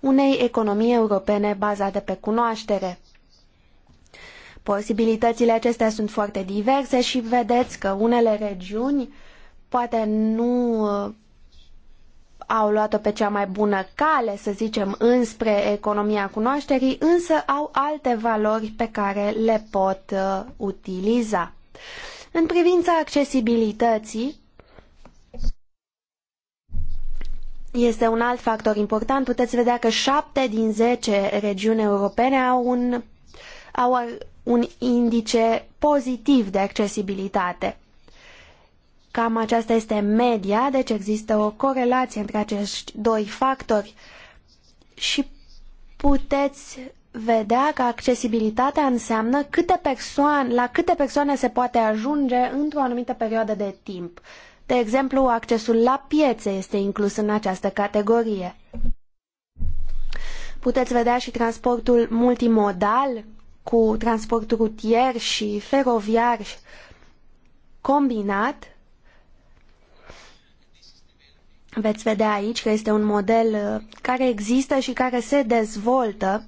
unei economii europene bazate pe cunoaștere. Posibilitățile acestea sunt foarte diverse și vedeți că unele regiuni poate nu uh, au luat-o pe cea mai bună cale, să zicem, înspre economia cunoașterii, însă au alte valori pe care le pot uh, utiliza. În privința accesibilității, este un alt factor important. Puteți vedea că șapte din zece regiuni europene au, un, au un indice pozitiv de accesibilitate. Cam aceasta este media, deci există o corelație între acești doi factori și puteți vedea că accesibilitatea înseamnă câte persoane, la câte persoane se poate ajunge într-o anumită perioadă de timp. De exemplu, accesul la piețe este inclus în această categorie. Puteți vedea și transportul multimodal, cu transport rutier și feroviar combinat. Veți vedea aici că este un model uh, care există și care se dezvoltă.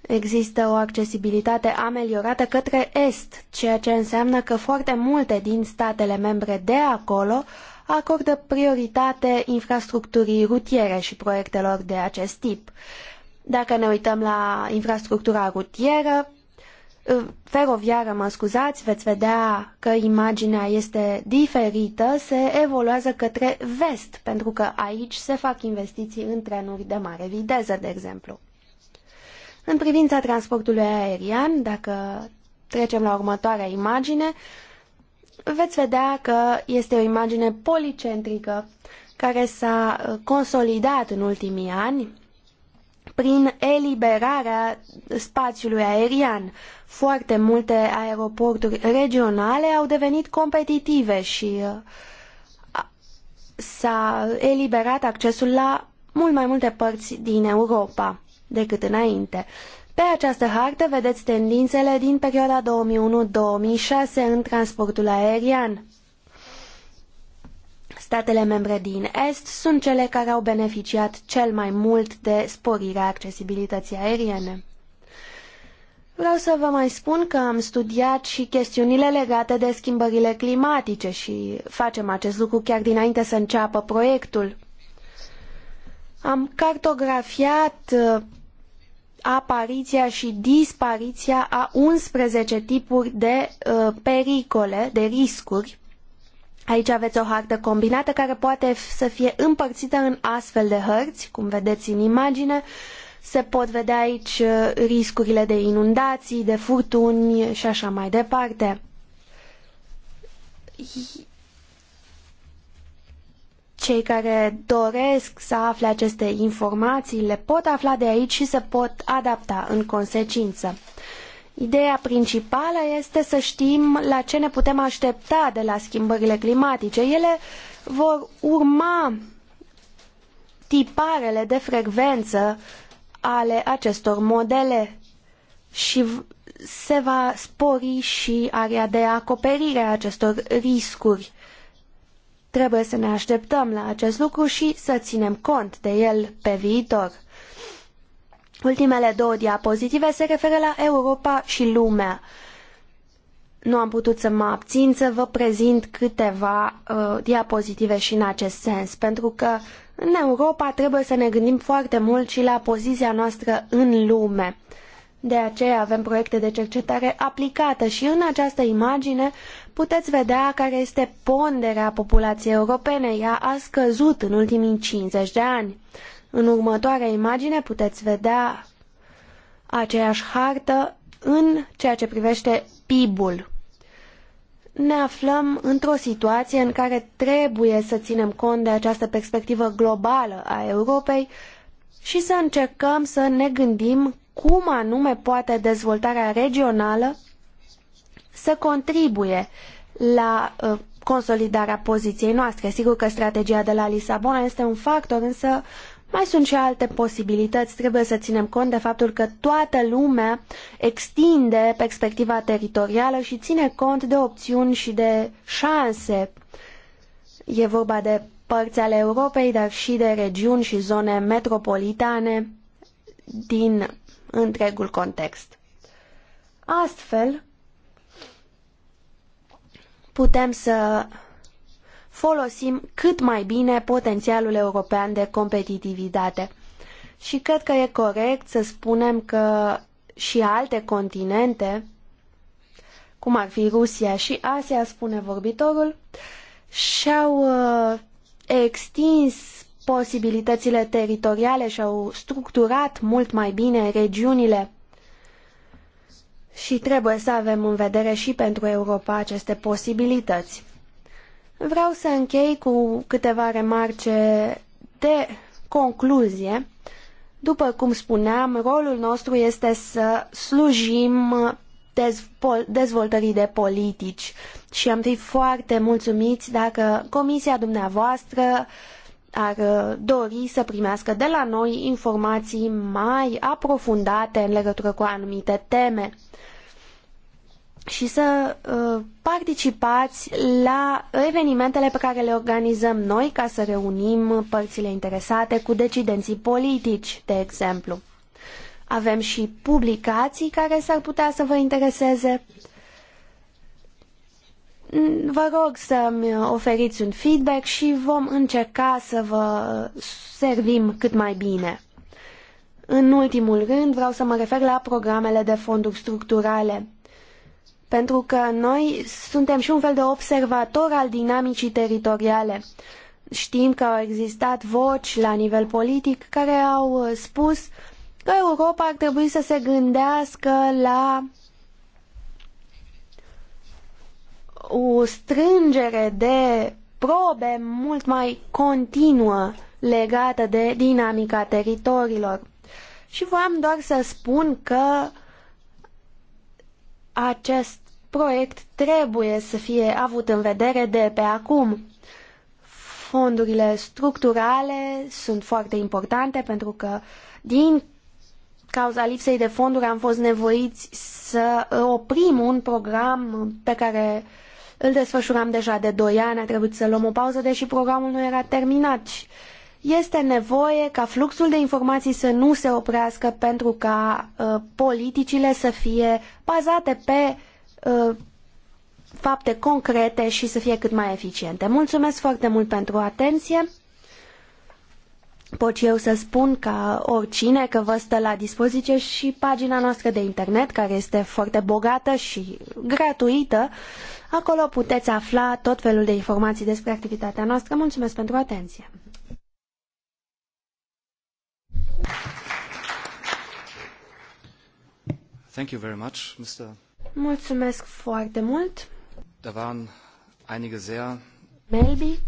Există o accesibilitate ameliorată către est, ceea ce înseamnă că foarte multe din statele membre de acolo acordă prioritate infrastructurii rutiere și proiectelor de acest tip. Dacă ne uităm la infrastructura rutieră, feroviară, mă scuzați, veți vedea că imaginea este diferită, se evoluează către vest, pentru că aici se fac investiții în trenuri de mare viteză, de exemplu. În privința transportului aerian, dacă trecem la următoarea imagine, veți vedea că este o imagine policentrică care s-a consolidat în ultimii ani, prin eliberarea spațiului aerian. Foarte multe aeroporturi regionale au devenit competitive și uh, s-a eliberat accesul la mult mai multe părți din Europa decât înainte. Pe această hartă vedeți tendințele din perioada 2001-2006 în transportul aerian. Statele membre din Est sunt cele care au beneficiat cel mai mult de sporirea accesibilității aeriene. Vreau să vă mai spun că am studiat și chestiunile legate de schimbările climatice și facem acest lucru chiar dinainte să înceapă proiectul. Am cartografiat uh, apariția și dispariția a 11 tipuri de uh, pericole, de riscuri Aici aveți o hartă combinată care poate să fie împărțită în astfel de hărți, cum vedeți în imagine. Se pot vedea aici uh, riscurile de inundații, de furtuni și așa mai departe. Cei care doresc să afle aceste informații le pot afla de aici și se pot adapta în consecință. Ideea principală este să știm la ce ne putem aștepta de la schimbările climatice. Ele vor urma tiparele de frecvență ale acestor modele și se va spori și area de acoperire a acestor riscuri. Trebuie să ne așteptăm la acest lucru și să ținem cont de el pe viitor. Ultimele două diapozitive se referă la Europa și lumea. Nu am putut să mă abțin să vă prezint câteva uh, diapozitive și în acest sens, pentru că în Europa trebuie să ne gândim foarte mult și la poziția noastră în lume. De aceea avem proiecte de cercetare aplicată și în această imagine puteți vedea care este ponderea populației europene. Ea a scăzut în ultimii 50 de ani. În următoarea imagine puteți vedea aceeași hartă în ceea ce privește PIB-ul. Ne aflăm într-o situație în care trebuie să ținem cont de această perspectivă globală a Europei și să încercăm să ne gândim cum anume poate dezvoltarea regională să contribuie la ă, consolidarea poziției noastre. Sigur că strategia de la Lisabona este un factor, însă mai sunt și alte posibilități. Trebuie să ținem cont de faptul că toată lumea extinde perspectiva teritorială și ține cont de opțiuni și de șanse. E vorba de părți ale Europei, dar și de regiuni și zone metropolitane din întregul context. Astfel, putem să folosim cât mai bine potențialul european de competitivitate. Și cred că e corect să spunem că și alte continente, cum ar fi Rusia și Asia, spune vorbitorul, și-au uh, extins posibilitățile teritoriale și-au structurat mult mai bine regiunile și trebuie să avem în vedere și pentru Europa aceste posibilități. Vreau să închei cu câteva remarce de concluzie. După cum spuneam, rolul nostru este să slujim dezvoltării de politici și am fi foarte mulțumiți dacă comisia dumneavoastră ar uh, dori să primească de la noi informații mai aprofundate în legătură cu anumite teme și să uh, participați la evenimentele pe care le organizăm noi ca să reunim părțile interesate cu decidenții politici, de exemplu. Avem și publicații care s-ar putea să vă intereseze. Vă rog să-mi oferiți un feedback și vom încerca să vă servim cât mai bine. În ultimul rând, vreau să mă refer la programele de fonduri structurale pentru că noi suntem și un fel de observator al dinamicii teritoriale. Știm că au existat voci la nivel politic care au uh, spus că Europa ar trebui să se gândească la o strângere de probe mult mai continuă legată de dinamica teritoriilor. Și voiam doar să spun că acest proiect trebuie să fie avut în vedere de pe acum. Fondurile structurale sunt foarte importante pentru că din cauza lipsei de fonduri am fost nevoiți să oprim un program pe care îl desfășuram deja de 2 ani, a trebuit să luăm o pauză, deși programul nu era terminat. Este nevoie ca fluxul de informații să nu se oprească pentru ca uh, politicile să fie bazate pe Uh, fapte concrete și să fie cât mai eficiente. Mulțumesc foarte mult pentru atenție. Pot eu să spun ca oricine că vă stă la dispoziție și pagina noastră de internet, care este foarte bogată și gratuită. Acolo puteți afla tot felul de informații despre activitatea noastră. Mulțumesc pentru atenție! Thank you very much, Mr. Mulțumesc foarte mult. Da waren einige sehr... Melby,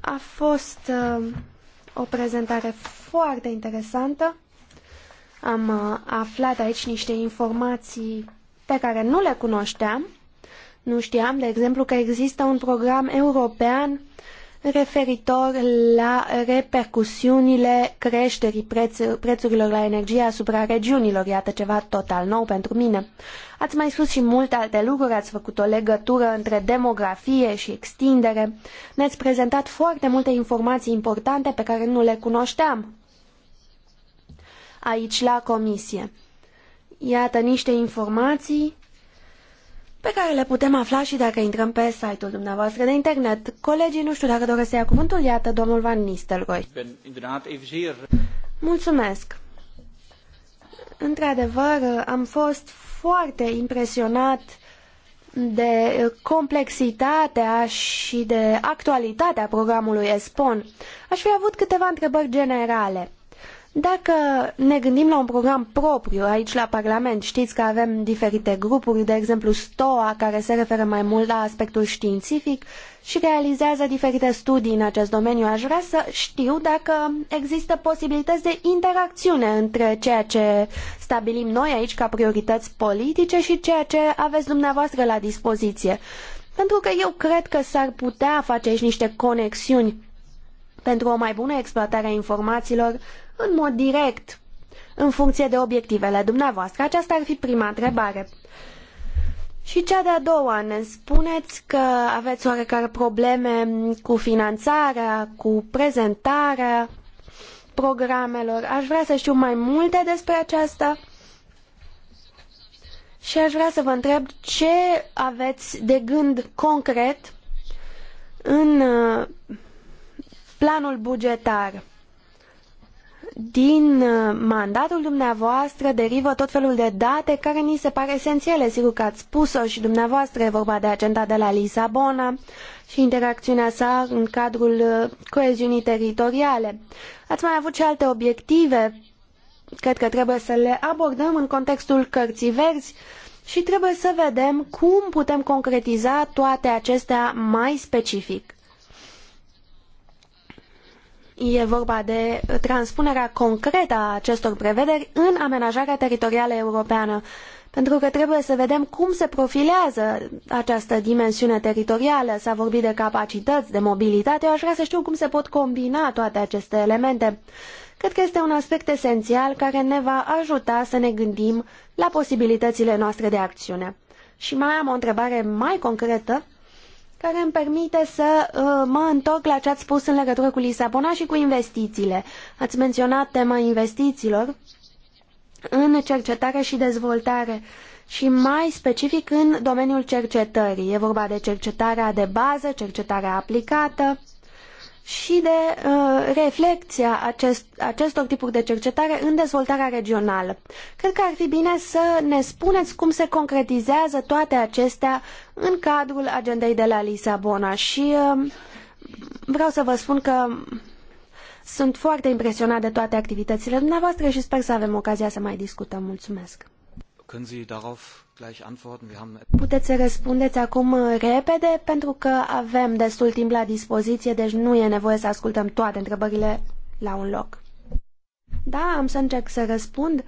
a fost uh, o prezentare foarte interesantă. Am uh, aflat aici niște informații pe care nu le cunoșteam. Nu știam, de exemplu, că există un program european referitor la repercusiunile creșterii preț prețurilor la energie asupra regiunilor. Iată ceva total nou pentru mine. Ați mai spus și multe alte lucruri, ați făcut o legătură între demografie și extindere. Ne-ați prezentat foarte multe informații importante pe care nu le cunoșteam aici la comisie. Iată niște informații pe care le putem afla și dacă intrăm pe site-ul dumneavoastră de internet. Colegii, nu știu dacă doresc să ia cuvântul, iată domnul Van Nistelrooy. Mulțumesc! Într-adevăr, am fost foarte impresionat de complexitatea și de actualitatea programului ESPON. Aș fi avut câteva întrebări generale. Dacă ne gândim la un program propriu aici la Parlament, știți că avem diferite grupuri, de exemplu STOA, care se referă mai mult la aspectul științific și realizează diferite studii în acest domeniu. Aș vrea să știu dacă există posibilități de interacțiune între ceea ce stabilim noi aici ca priorități politice și ceea ce aveți dumneavoastră la dispoziție. Pentru că eu cred că s-ar putea face aici niște conexiuni pentru o mai bună exploatare a informațiilor în mod direct, în funcție de obiectivele dumneavoastră? Aceasta ar fi prima întrebare. Și cea de-a doua, ne spuneți că aveți oarecare probleme cu finanțarea, cu prezentarea programelor. Aș vrea să știu mai multe despre aceasta și aș vrea să vă întreb ce aveți de gând concret în uh, planul bugetar din uh, mandatul dumneavoastră derivă tot felul de date care ni se pare esențiale. Sigur că ați spus-o și dumneavoastră, e vorba de agenda de la Lisabona și interacțiunea sa în cadrul uh, coeziunii teritoriale. Ați mai avut și alte obiective, cred că trebuie să le abordăm în contextul cărții verzi și trebuie să vedem cum putem concretiza toate acestea mai specific. E vorba de transpunerea concretă a acestor prevederi în amenajarea teritorială europeană, pentru că trebuie să vedem cum se profilează această dimensiune teritorială. S-a vorbit de capacități, de mobilitate, eu aș vrea să știu cum se pot combina toate aceste elemente. Cred că este un aspect esențial care ne va ajuta să ne gândim la posibilitățile noastre de acțiune. Și mai am o întrebare mai concretă care îmi permite să uh, mă întorc la ce ați spus în legătură cu Lisabona și cu investițiile. Ați menționat tema investițiilor în cercetare și dezvoltare și mai specific în domeniul cercetării. E vorba de cercetarea de bază, cercetarea aplicată, și de uh, reflecția acest, acestor tipuri de cercetare în dezvoltarea regională. Cred că ar fi bine să ne spuneți cum se concretizează toate acestea în cadrul agendei de la Lisabona și uh, vreau să vă spun că sunt foarte impresionat de toate activitățile dumneavoastră și sper să avem ocazia să mai discutăm. Mulțumesc! Können Sie darauf Puteți să răspundeți acum uh, repede, pentru că avem destul timp la dispoziție, deci nu e nevoie să ascultăm toate întrebările la un loc. Da, am să încerc să răspund.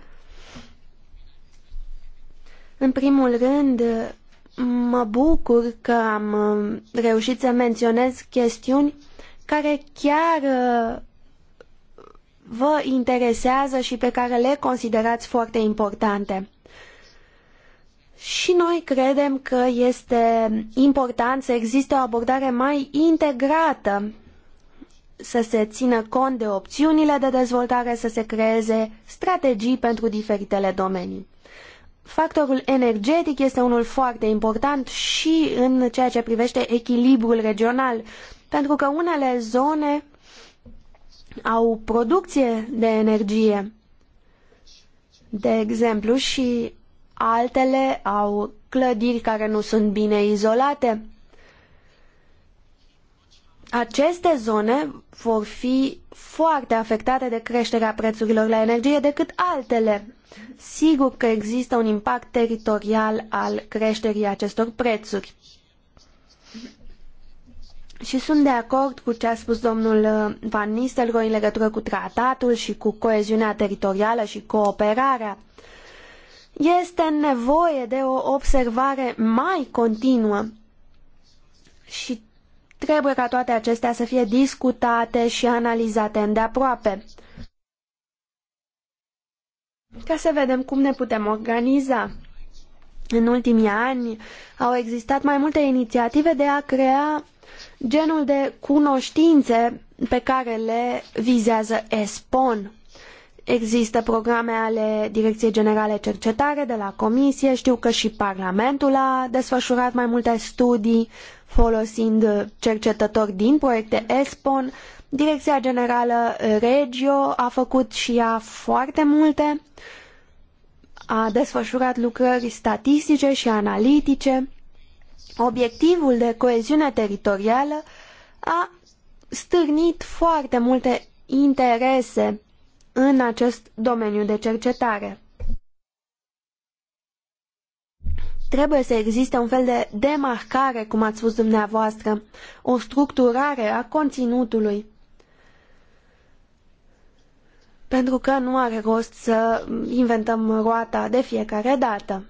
În primul rând, mă bucur că am uh, reușit să menționez chestiuni care chiar uh, vă interesează și pe care le considerați foarte importante. Și noi credem că este important să existe o abordare mai integrată, să se țină cont de opțiunile de dezvoltare, să se creeze strategii pentru diferitele domenii. Factorul energetic este unul foarte important și în ceea ce privește echilibrul regional, pentru că unele zone au producție de energie, de exemplu, și altele au clădiri care nu sunt bine izolate. Aceste zone vor fi foarte afectate de creșterea prețurilor la energie decât altele. Sigur că există un impact teritorial al creșterii acestor prețuri. Și sunt de acord cu ce a spus domnul uh, Van Nistelrooy în legătură cu tratatul și cu coeziunea teritorială și cooperarea. Uh, este nevoie de o observare mai continuă și trebuie ca toate acestea să fie discutate și analizate îndeaproape ca să vedem cum ne putem organiza. În ultimii ani au existat mai multe inițiative de a crea genul de cunoștințe pe care le vizează ESPON. Există programe ale Direcției Generale Cercetare de la Comisie, știu că și Parlamentul a desfășurat mai multe studii folosind cercetători din proiecte ESPON. Direcția Generală Regio a făcut și ea foarte multe, a desfășurat lucrări statistice și analitice. Obiectivul de coeziune teritorială a stârnit foarte multe interese în acest domeniu de cercetare. Trebuie să existe un fel de demarcare, cum ați spus dumneavoastră, o structurare a conținutului. Pentru că nu are rost să inventăm roata de fiecare dată.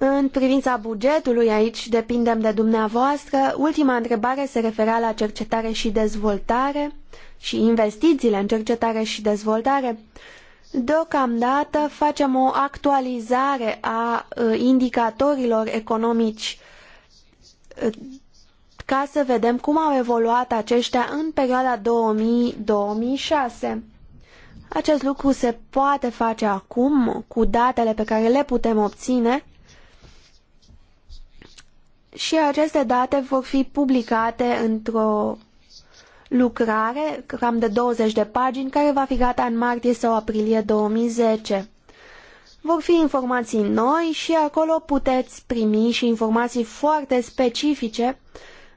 În privința bugetului, aici depindem de dumneavoastră, ultima întrebare se referea la cercetare și dezvoltare și investițiile în cercetare și dezvoltare. Deocamdată facem o actualizare a indicatorilor economici ca să vedem cum au evoluat aceștia în perioada 2000-2006. Acest lucru se poate face acum cu datele pe care le putem obține și aceste date vor fi publicate într-o lucrare, cam de 20 de pagini, care va fi gata în martie sau aprilie 2010. Vor fi informații noi și acolo puteți primi și informații foarte specifice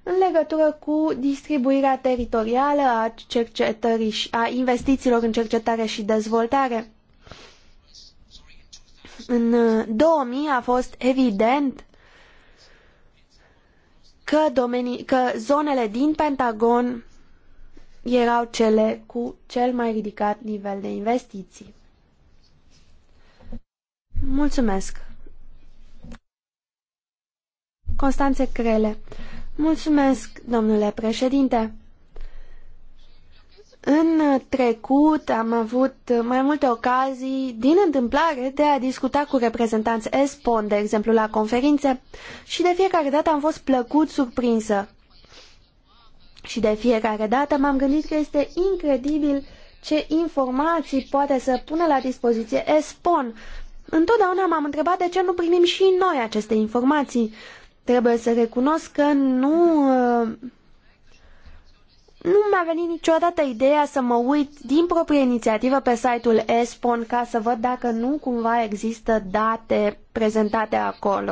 în legătură cu distribuirea teritorială a, cercetării și a investițiilor în cercetare și dezvoltare. În 2000 uh, a fost evident că, domenii, că zonele din Pentagon erau cele cu cel mai ridicat nivel de investiții. Mulțumesc! Constanțe Crele Mulțumesc, domnule președinte! În trecut am avut mai multe ocazii din întâmplare de a discuta cu reprezentanți ESPON, de exemplu la conferințe, și de fiecare dată am fost plăcut surprinsă. Și de fiecare dată m-am gândit că este incredibil ce informații poate să pună la dispoziție ESPON. Întotdeauna m-am întrebat de ce nu primim și noi aceste informații. Trebuie să recunosc că nu nu mi-a venit niciodată ideea să mă uit din proprie inițiativă pe site-ul ESPON ca să văd dacă nu cumva există date prezentate acolo.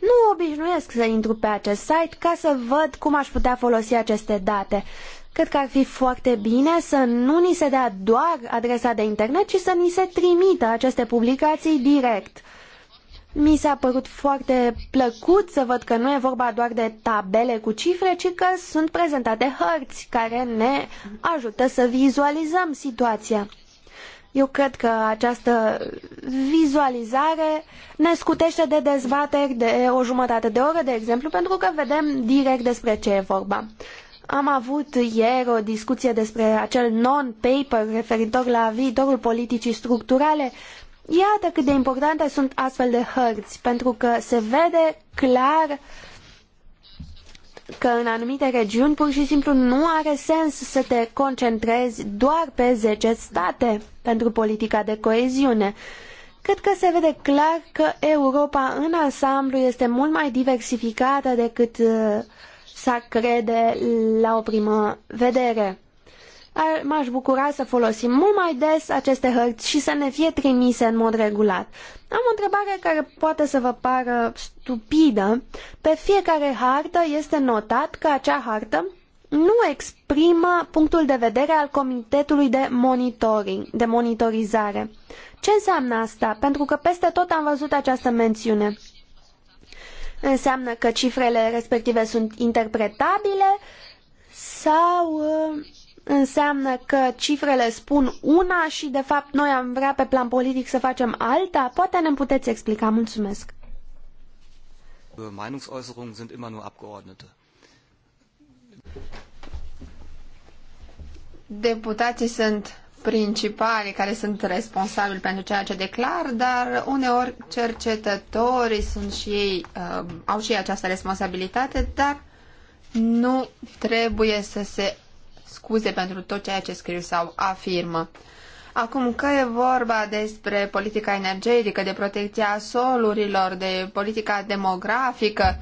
Nu obișnuiesc să intru pe acest site ca să văd cum aș putea folosi aceste date. Cred că ar fi foarte bine să nu ni se dea doar adresa de internet, ci să ni se trimită aceste publicații direct. Mi s-a părut foarte plăcut să văd că nu e vorba doar de tabele cu cifre, ci că sunt prezentate hărți care ne ajută să vizualizăm situația. Eu cred că această vizualizare ne scutește de dezbateri de o jumătate de oră, de exemplu, pentru că vedem direct despre ce e vorba. Am avut ieri o discuție despre acel non-paper referitor la viitorul politicii structurale Iată cât de importante sunt astfel de hărți, pentru că se vede clar că în anumite regiuni pur și simplu nu are sens să te concentrezi doar pe 10 state pentru politica de coeziune. Cred că se vede clar că Europa în ansamblu este mult mai diversificată decât uh, s-ar crede la o primă vedere m-aș bucura să folosim mult mai des aceste hărți și să ne fie trimise în mod regulat. Am o întrebare care poate să vă pară stupidă. Pe fiecare hartă este notat că acea hartă nu exprimă punctul de vedere al Comitetului de, monitoring, de Monitorizare. Ce înseamnă asta? Pentru că peste tot am văzut această mențiune. Înseamnă că cifrele respective sunt interpretabile sau uh, înseamnă că cifrele spun una și de fapt noi am vrea pe plan politic să facem alta? Poate ne puteți explica. Mulțumesc. Äh, Meinungsäußerungen sind immer nur Abgeordnete. Deputații sunt principalii care sunt responsabili pentru ceea ce declar, dar uneori cercetătorii sunt și ei, uh, au și ei această responsabilitate, dar nu trebuie să se scuze pentru tot ceea ce scriu sau afirmă. Acum că e vorba despre politica energetică, de protecția solurilor, de politica demografică,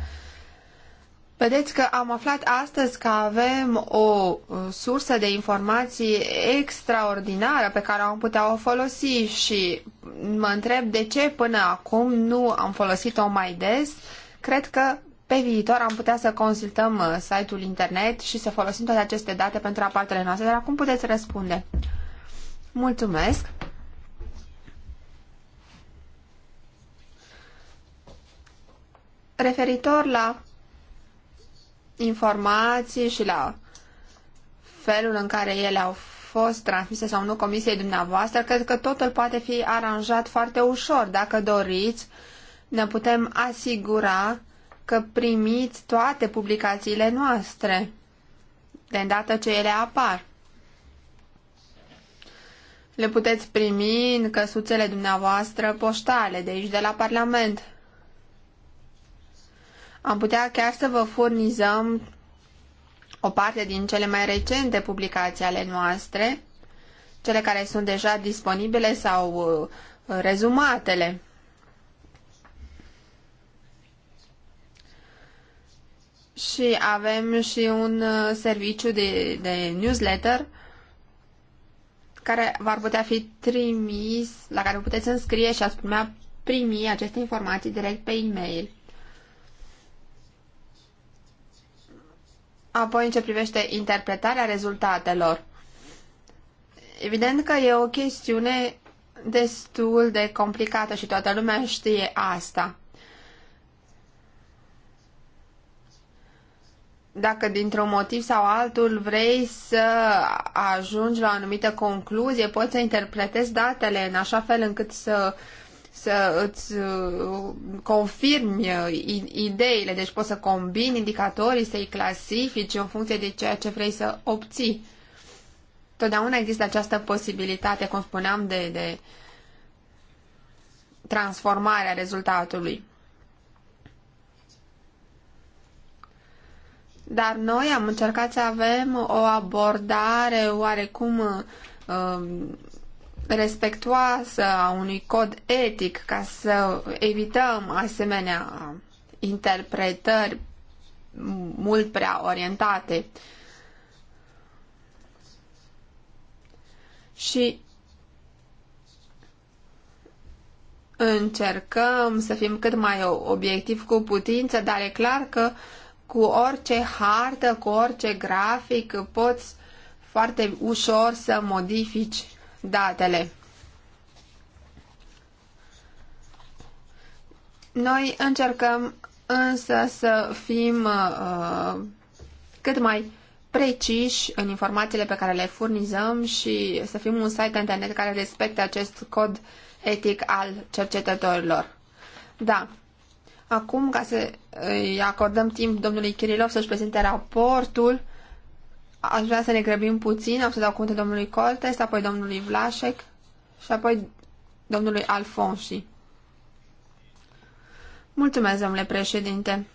vedeți că am aflat astăzi că avem o uh, sursă de informații extraordinară pe care am putea o folosi și mă întreb de ce până acum nu am folosit-o mai des. Cred că pe viitor am putea să consultăm uh, site-ul internet și să folosim toate aceste date pentru rapoartele noastre, dar acum puteți răspunde. Mulțumesc! Referitor la informații și la felul în care ele au fost transmise sau nu comisiei dumneavoastră, cred că totul poate fi aranjat foarte ușor. Dacă doriți, ne putem asigura că primiți toate publicațiile noastre, de îndată ce ele apar. Le puteți primi în căsuțele dumneavoastră poștale, de aici de la Parlament. Am putea chiar să vă furnizăm o parte din cele mai recente publicații ale noastre, cele care sunt deja disponibile sau uh, rezumatele. și avem și un uh, serviciu de, de newsletter care v-ar putea fi trimis, la care puteți înscrie și ați primea primi aceste informații direct pe e-mail. Apoi, în ce privește interpretarea rezultatelor, evident că e o chestiune destul de complicată și toată lumea știe asta. dacă dintr-un motiv sau altul vrei să ajungi la o anumită concluzie, poți să interpretezi datele în așa fel încât să să îți uh, confirmi uh, ideile, deci poți să combini indicatorii, să-i clasifici în funcție de ceea ce vrei să obții. Totdeauna există această posibilitate, cum spuneam, de, de transformare a rezultatului. Dar noi am încercat să avem o abordare oarecum um, respectuoasă a unui cod etic ca să evităm asemenea interpretări mult prea orientate. Și încercăm să fim cât mai obiectiv cu putință, dar e clar că uh, cu orice hartă, cu orice grafic, poți foarte ușor să modifici datele. Noi încercăm însă să fim uh, uh cât mai preciși în informațiile pe care le furnizăm și să fim un site internet care respecte acest cod etic al cercetătorilor. Da, Acum, ca să îi acordăm timp domnului Kirilov să-și prezinte raportul, aș vrea să ne grăbim puțin. Am să dau cuvântul domnului Coltes, apoi domnului Vlașec și apoi domnului Alfonsi. Mulțumesc, domnule președinte.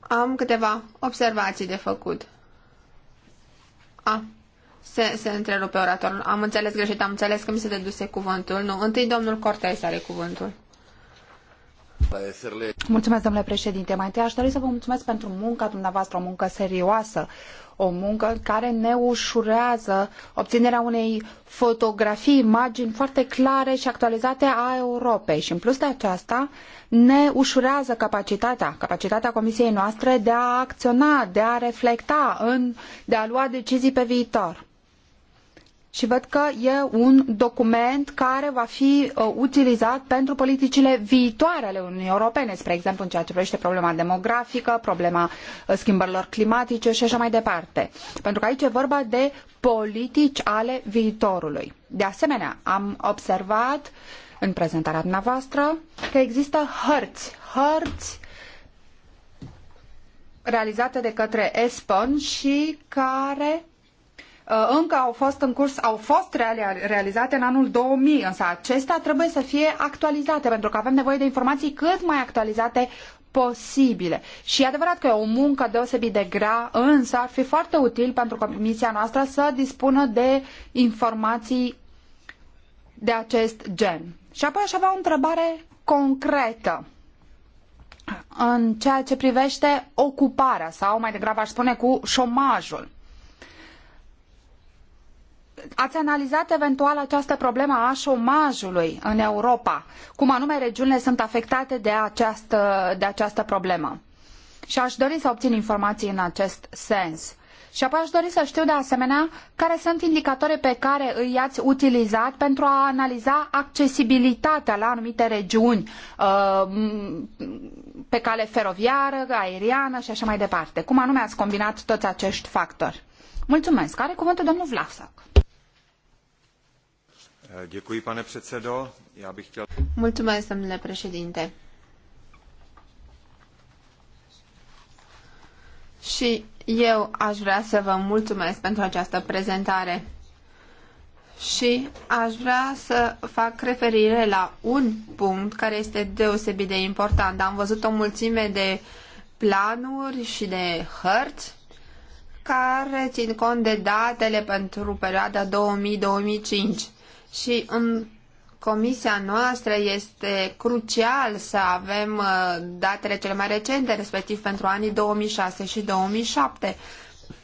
Am câteva observații de făcut. A, se, se întrerupe oratorul. Am înțeles greșit, am înțeles că mi se deduse cuvântul. Nu, întâi domnul Cortes are cuvântul. Mulțumesc, domnule președinte. Mai întâi aș dori să vă mulțumesc pentru munca dumneavoastră, o muncă serioasă, o muncă care ne ușurează obținerea unei fotografii, imagini foarte clare și actualizate a Europei și în plus de aceasta ne ușurează capacitatea, capacitatea comisiei noastre de a acționa, de a reflecta, în, de a lua decizii pe viitor și văd că e un document care va fi uh, utilizat pentru politicile viitoare ale Uniunii Europene, spre exemplu în ceea ce privește problema demografică, problema uh, schimbărilor climatice și așa mai departe. Pentru că aici e vorba de politici ale viitorului. De asemenea, am observat în prezentarea dumneavoastră că există hărți, hărți realizate de către ESPON și care Uh, încă au fost în curs, au fost realizate în anul 2000, însă acestea trebuie să fie actualizate, pentru că avem nevoie de informații cât mai actualizate posibile. Și e adevărat că e o muncă deosebit de grea, însă ar fi foarte util pentru comisia noastră să dispună de informații de acest gen. Și apoi aș avea o întrebare concretă în ceea ce privește ocuparea sau mai degrabă aș spune cu șomajul ați analizat eventual această problemă a șomajului în Europa? Cum anume regiunile sunt afectate de această, de această problemă? Și aș dori să obțin informații în acest sens. Și apoi aș dori să știu de asemenea care sunt indicatorii pe care îi ați utilizat pentru a analiza accesibilitatea la anumite regiuni uh, pe cale feroviară, aeriană și așa mai departe. Cum anume ați combinat toți acești factori? Mulțumesc. Are cuvântul domnul Vlasac. Děkuji, pane předsedo. Já bych chtěl... Mulțumesc, domnule președinte. Și eu aș vrea să vă mulțumesc pentru această prezentare. Și aș vrea să fac referire la un punct care este deosebit de important. Am văzut o mulțime de planuri și de hărți care țin cont de datele pentru perioada 2000-2005 și în comisia noastră este crucial să avem uh, datele cele mai recente, respectiv pentru anii 2006 și 2007,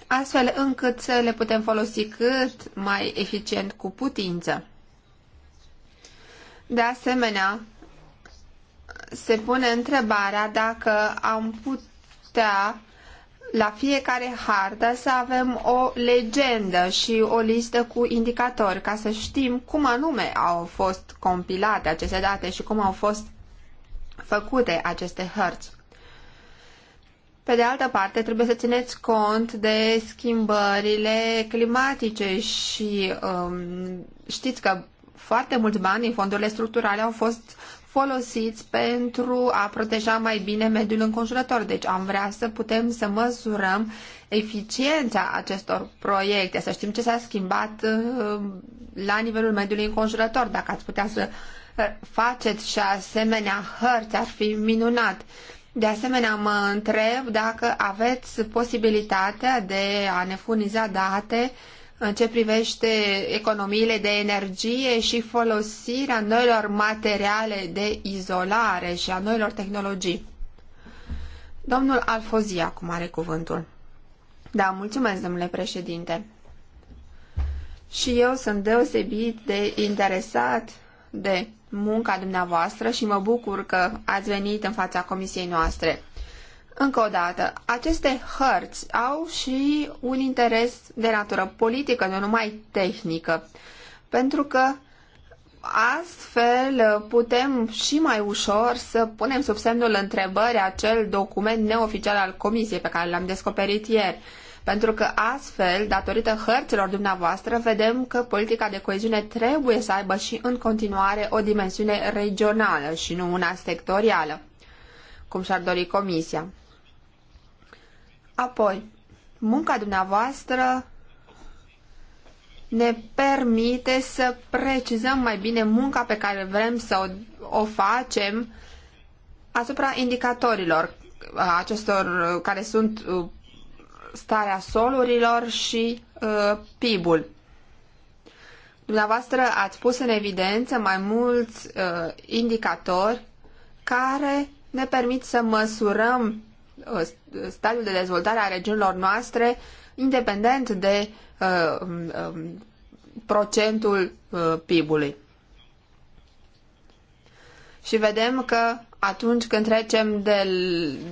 astfel încât să le putem folosi cât mai eficient cu putință. De asemenea, se pune întrebarea dacă am putea la fiecare hartă să avem o legendă și o listă cu indicatori ca să știm cum anume au fost compilate aceste date și cum au fost făcute aceste hărți. Pe de altă parte, trebuie să țineți cont de schimbările climatice și um, știți că foarte mulți bani din fondurile structurale au fost folosiți pentru a proteja mai bine mediul înconjurător. Deci am vrea să putem să măsurăm eficiența acestor proiecte, să știm ce s-a schimbat uh, la nivelul mediului înconjurător. Dacă ați putea să uh, faceți și asemenea hărți, ar fi minunat. De asemenea, mă întreb dacă aveți posibilitatea de a ne furniza date uh, în ce privește economiile de energie și folosirea noilor materiale de izolare și a noilor tehnologii. Domnul Alfozi acum are cuvântul. Da, mulțumesc, domnule președinte. Și eu sunt deosebit de interesat de munca dumneavoastră și mă bucur că ați venit în fața comisiei noastre. Încă o dată, aceste hărți au și un interes de natură politică, nu numai tehnică, pentru că astfel putem și mai ușor să punem sub semnul întrebării acel document neoficial al Comisiei pe care l-am descoperit ieri. Pentru că astfel, datorită hărților dumneavoastră, vedem că politica de coeziune trebuie să aibă și în continuare o dimensiune regională și nu una sectorială, cum și-ar dori Comisia. Apoi, munca dumneavoastră ne permite să precizăm mai bine munca pe care vrem să o, o facem asupra indicatorilor acestor care sunt uh, starea solurilor și uh, PIB-ul. Dumneavoastră ați pus în evidență mai mulți uh, indicatori care ne permit să măsurăm Uh, stadiul de dezvoltare a regiunilor noastre, independent de uh, uh, procentul uh, PIB-ului. Și vedem că atunci când trecem de,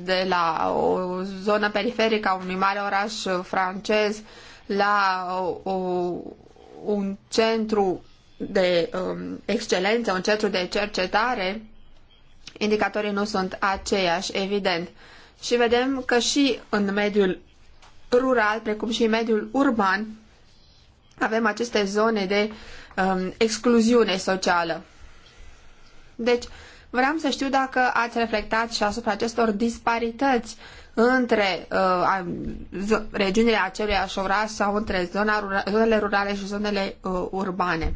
de la o zonă periferică a unui mare oraș francez la o, o un centru de um, excelență, un centru de cercetare, indicatorii nu sunt aceiași, evident și vedem că și în mediul rural, precum și în mediul urban, avem aceste zone de um, excluziune socială. Deci, vreau să știu dacă ați reflectat și asupra acestor disparități între uh, regiunile acelui oraș sau între zona rura, zonele rurale și zonele uh, urbane.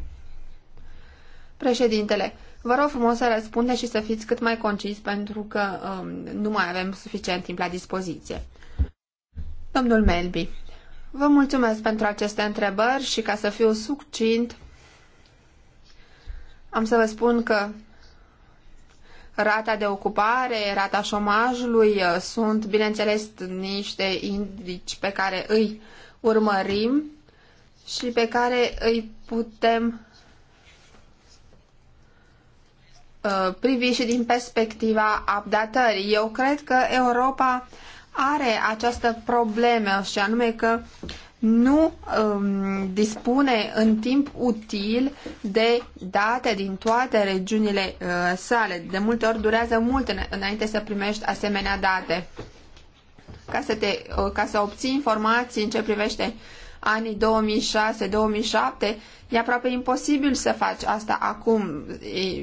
Președintele, Vă rog frumos să răspundeți și să fiți cât mai concis pentru că um, nu mai avem suficient timp la dispoziție. Domnul Melby, vă mulțumesc pentru aceste întrebări și ca să fiu succint, am să vă spun că rata de ocupare, rata șomajului uh, sunt, bineînțeles, niște indici pe care îi urmărim și pe care îi putem Uh, privi și din perspectiva updatării. Eu cred că Europa are această problemă și anume că nu um, dispune în timp util de date din toate regiunile uh, sale. De multe ori durează mult în, înainte să primești asemenea date. Ca să, te, uh, ca să obții informații în ce privește anii 2006-2007, e aproape imposibil să faci asta acum. E,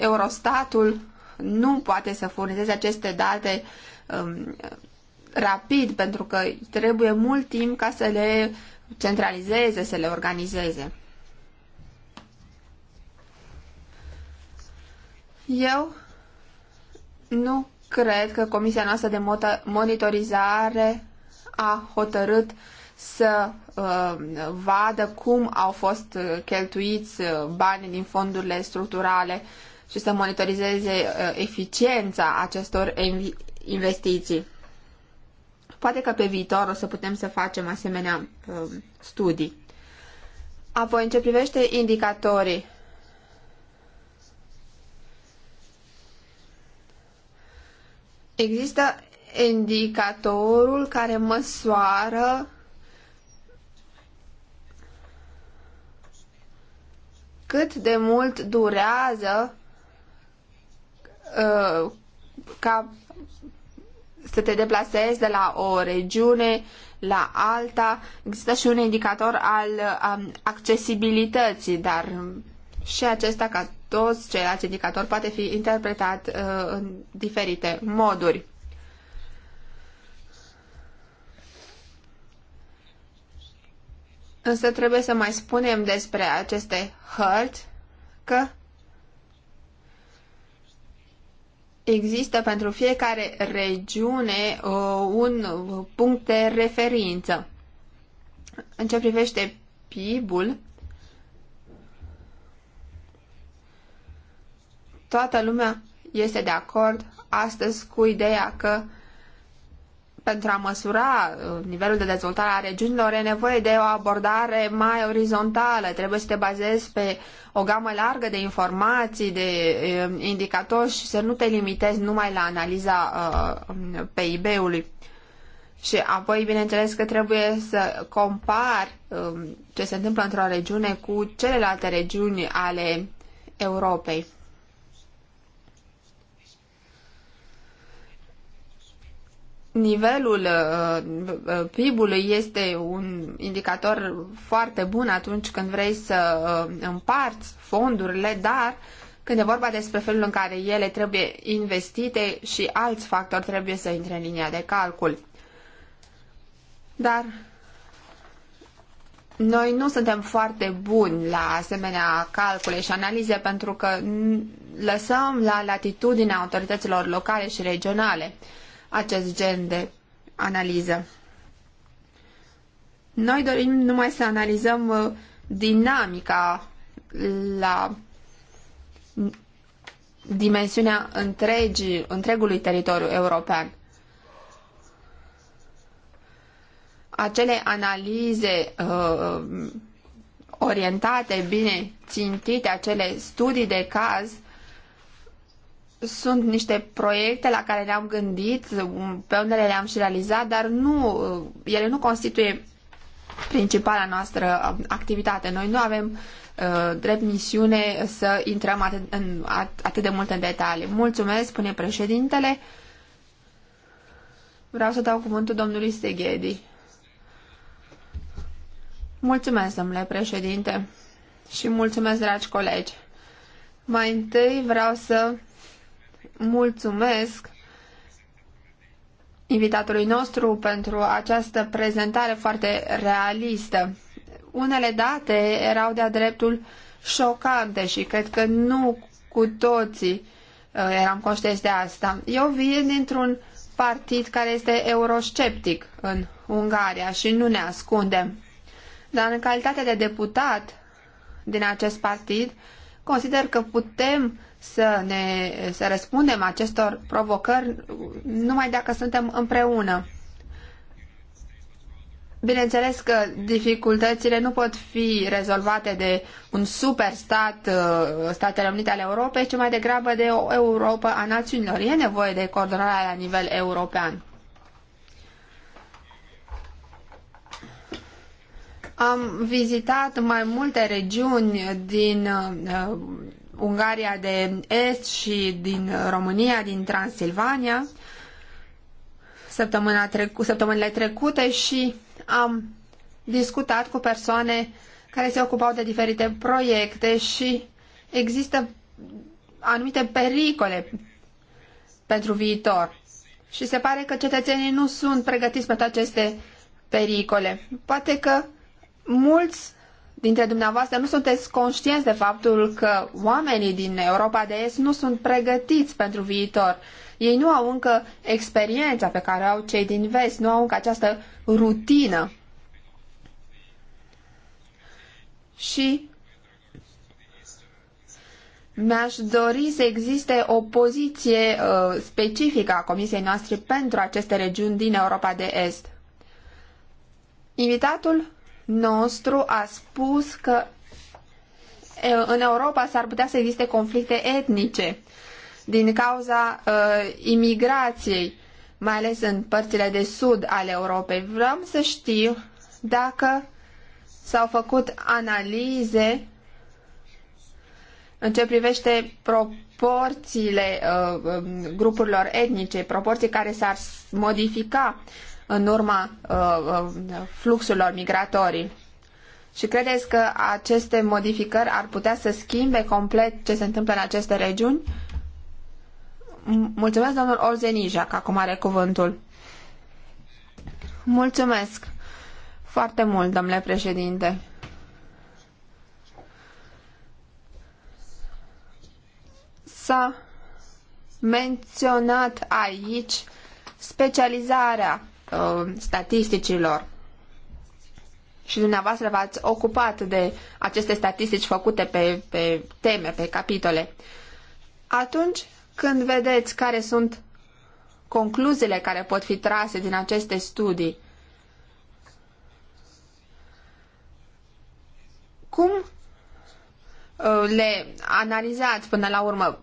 Eurostatul nu poate să furnizeze aceste date um, rapid pentru că trebuie mult timp ca să le centralizeze, să le organizeze. Eu nu cred că Comisia noastră de monitorizare a hotărât să uh, vadă cum au fost uh, cheltuiți uh, banii din fondurile structurale uh, și să monitorizeze uh, eficiența acestor investiții. Poate că pe viitor o să putem să facem asemenea um, studii. Apoi, în ce privește indicatorii, există indicatorul care măsoară cât de mult durează Uh, ca să te deplasezi de la o regiune la alta. Există și un indicator al um, accesibilității, dar și acesta, ca toți ceilalți indicatori, poate fi interpretat uh, în diferite moduri. Însă trebuie să mai spunem despre aceste hărți că există pentru fiecare regiune uh, un punct de referință. În ce privește PIB-ul, toată lumea este de acord astăzi cu ideea că pentru a măsura uh, nivelul de dezvoltare a regiunilor, e nevoie de o abordare mai orizontală. Trebuie să te bazezi pe o gamă largă de informații, de uh, indicatori și să nu te limitezi numai la analiza uh, PIB-ului. Și apoi, bineînțeles că trebuie să compari um, ce se întâmplă într-o regiune cu celelalte regiuni ale Europei. nivelul uh, uh, PIB-ului este un indicator foarte bun atunci când vrei să uh, împarți fondurile, dar când e vorba despre felul în care ele trebuie investite și alți factori trebuie să intre în linia de calcul. Dar noi nu suntem foarte buni la asemenea calcule și analize pentru că lăsăm la latitudinea autorităților locale și regionale acest gen de analiză. Noi dorim numai să analizăm uh, dinamica la dimensiunea întregii, întregului teritoriu european. Acele analize uh, orientate, bine țintite, acele studii de caz uh, sunt niște proiecte la care le-am gândit, pe unele le-am și realizat, dar nu, uh, ele nu constituie principala noastră uh, activitate. Noi nu avem uh, drept misiune să intrăm atât, în, atât de mult în detalii. Mulțumesc, spune președintele. Vreau să dau cuvântul domnului Steghedi. Mulțumesc, domnule președinte, și mulțumesc, dragi colegi. Mai întâi vreau să mulțumesc invitatului nostru pentru această prezentare foarte realistă. Unele date erau de-a dreptul șocante și cred că nu cu toții uh, eram conștienți de asta. Eu vin dintr-un partid care este eurosceptic în Ungaria și nu ne ascundem. Dar în calitate de deputat din acest partid, consider că putem să, ne, să răspundem acestor provocări numai dacă suntem împreună. Bineînțeles că dificultățile nu pot fi rezolvate de un superstat, uh, Statele Unite ale Europei, ci mai degrabă de o Europa a națiunilor. E nevoie de coordonare la nivel european. Am vizitat mai multe regiuni din uh, Ungaria de Est și din România, din Transilvania, săptămâna trecu- săptămânile trecute și am discutat cu persoane care se ocupau de diferite proiecte și există anumite pericole pentru viitor. Și se pare că cetățenii nu sunt pregătiți pentru aceste pericole. Poate că mulți dintre dumneavoastră nu sunteți conștienți de faptul că oamenii din Europa de Est nu sunt pregătiți pentru viitor. Ei nu au încă experiența pe care au cei din vest, nu au încă această rutină. Și mi-aș dori să existe o poziție uh, specifică a Comisiei noastre pentru aceste regiuni din Europa de Est. Invitatul nostru a spus că în Europa s-ar putea să existe conflicte etnice din cauza uh, imigrației, mai ales în părțile de sud ale Europei. Vreau să știu dacă s-au făcut analize în ce privește proporțiile uh, grupurilor etnice, proporții care s-ar modifica uh, în urma uh, uh, fluxurilor migratorii. Și credeți că aceste modificări ar putea să schimbe complet ce se întâmplă în aceste regiuni? Mulțumesc, domnul Olzenija, că acum are cuvântul. Mulțumesc foarte mult, domnule președinte. S-a menționat aici specializarea uh, statisticilor și dumneavoastră v-ați ocupat de aceste statistici făcute pe, pe teme, pe capitole. Atunci când vedeți care sunt concluziile care pot fi trase din aceste studii, cum uh, le analizați până la urmă?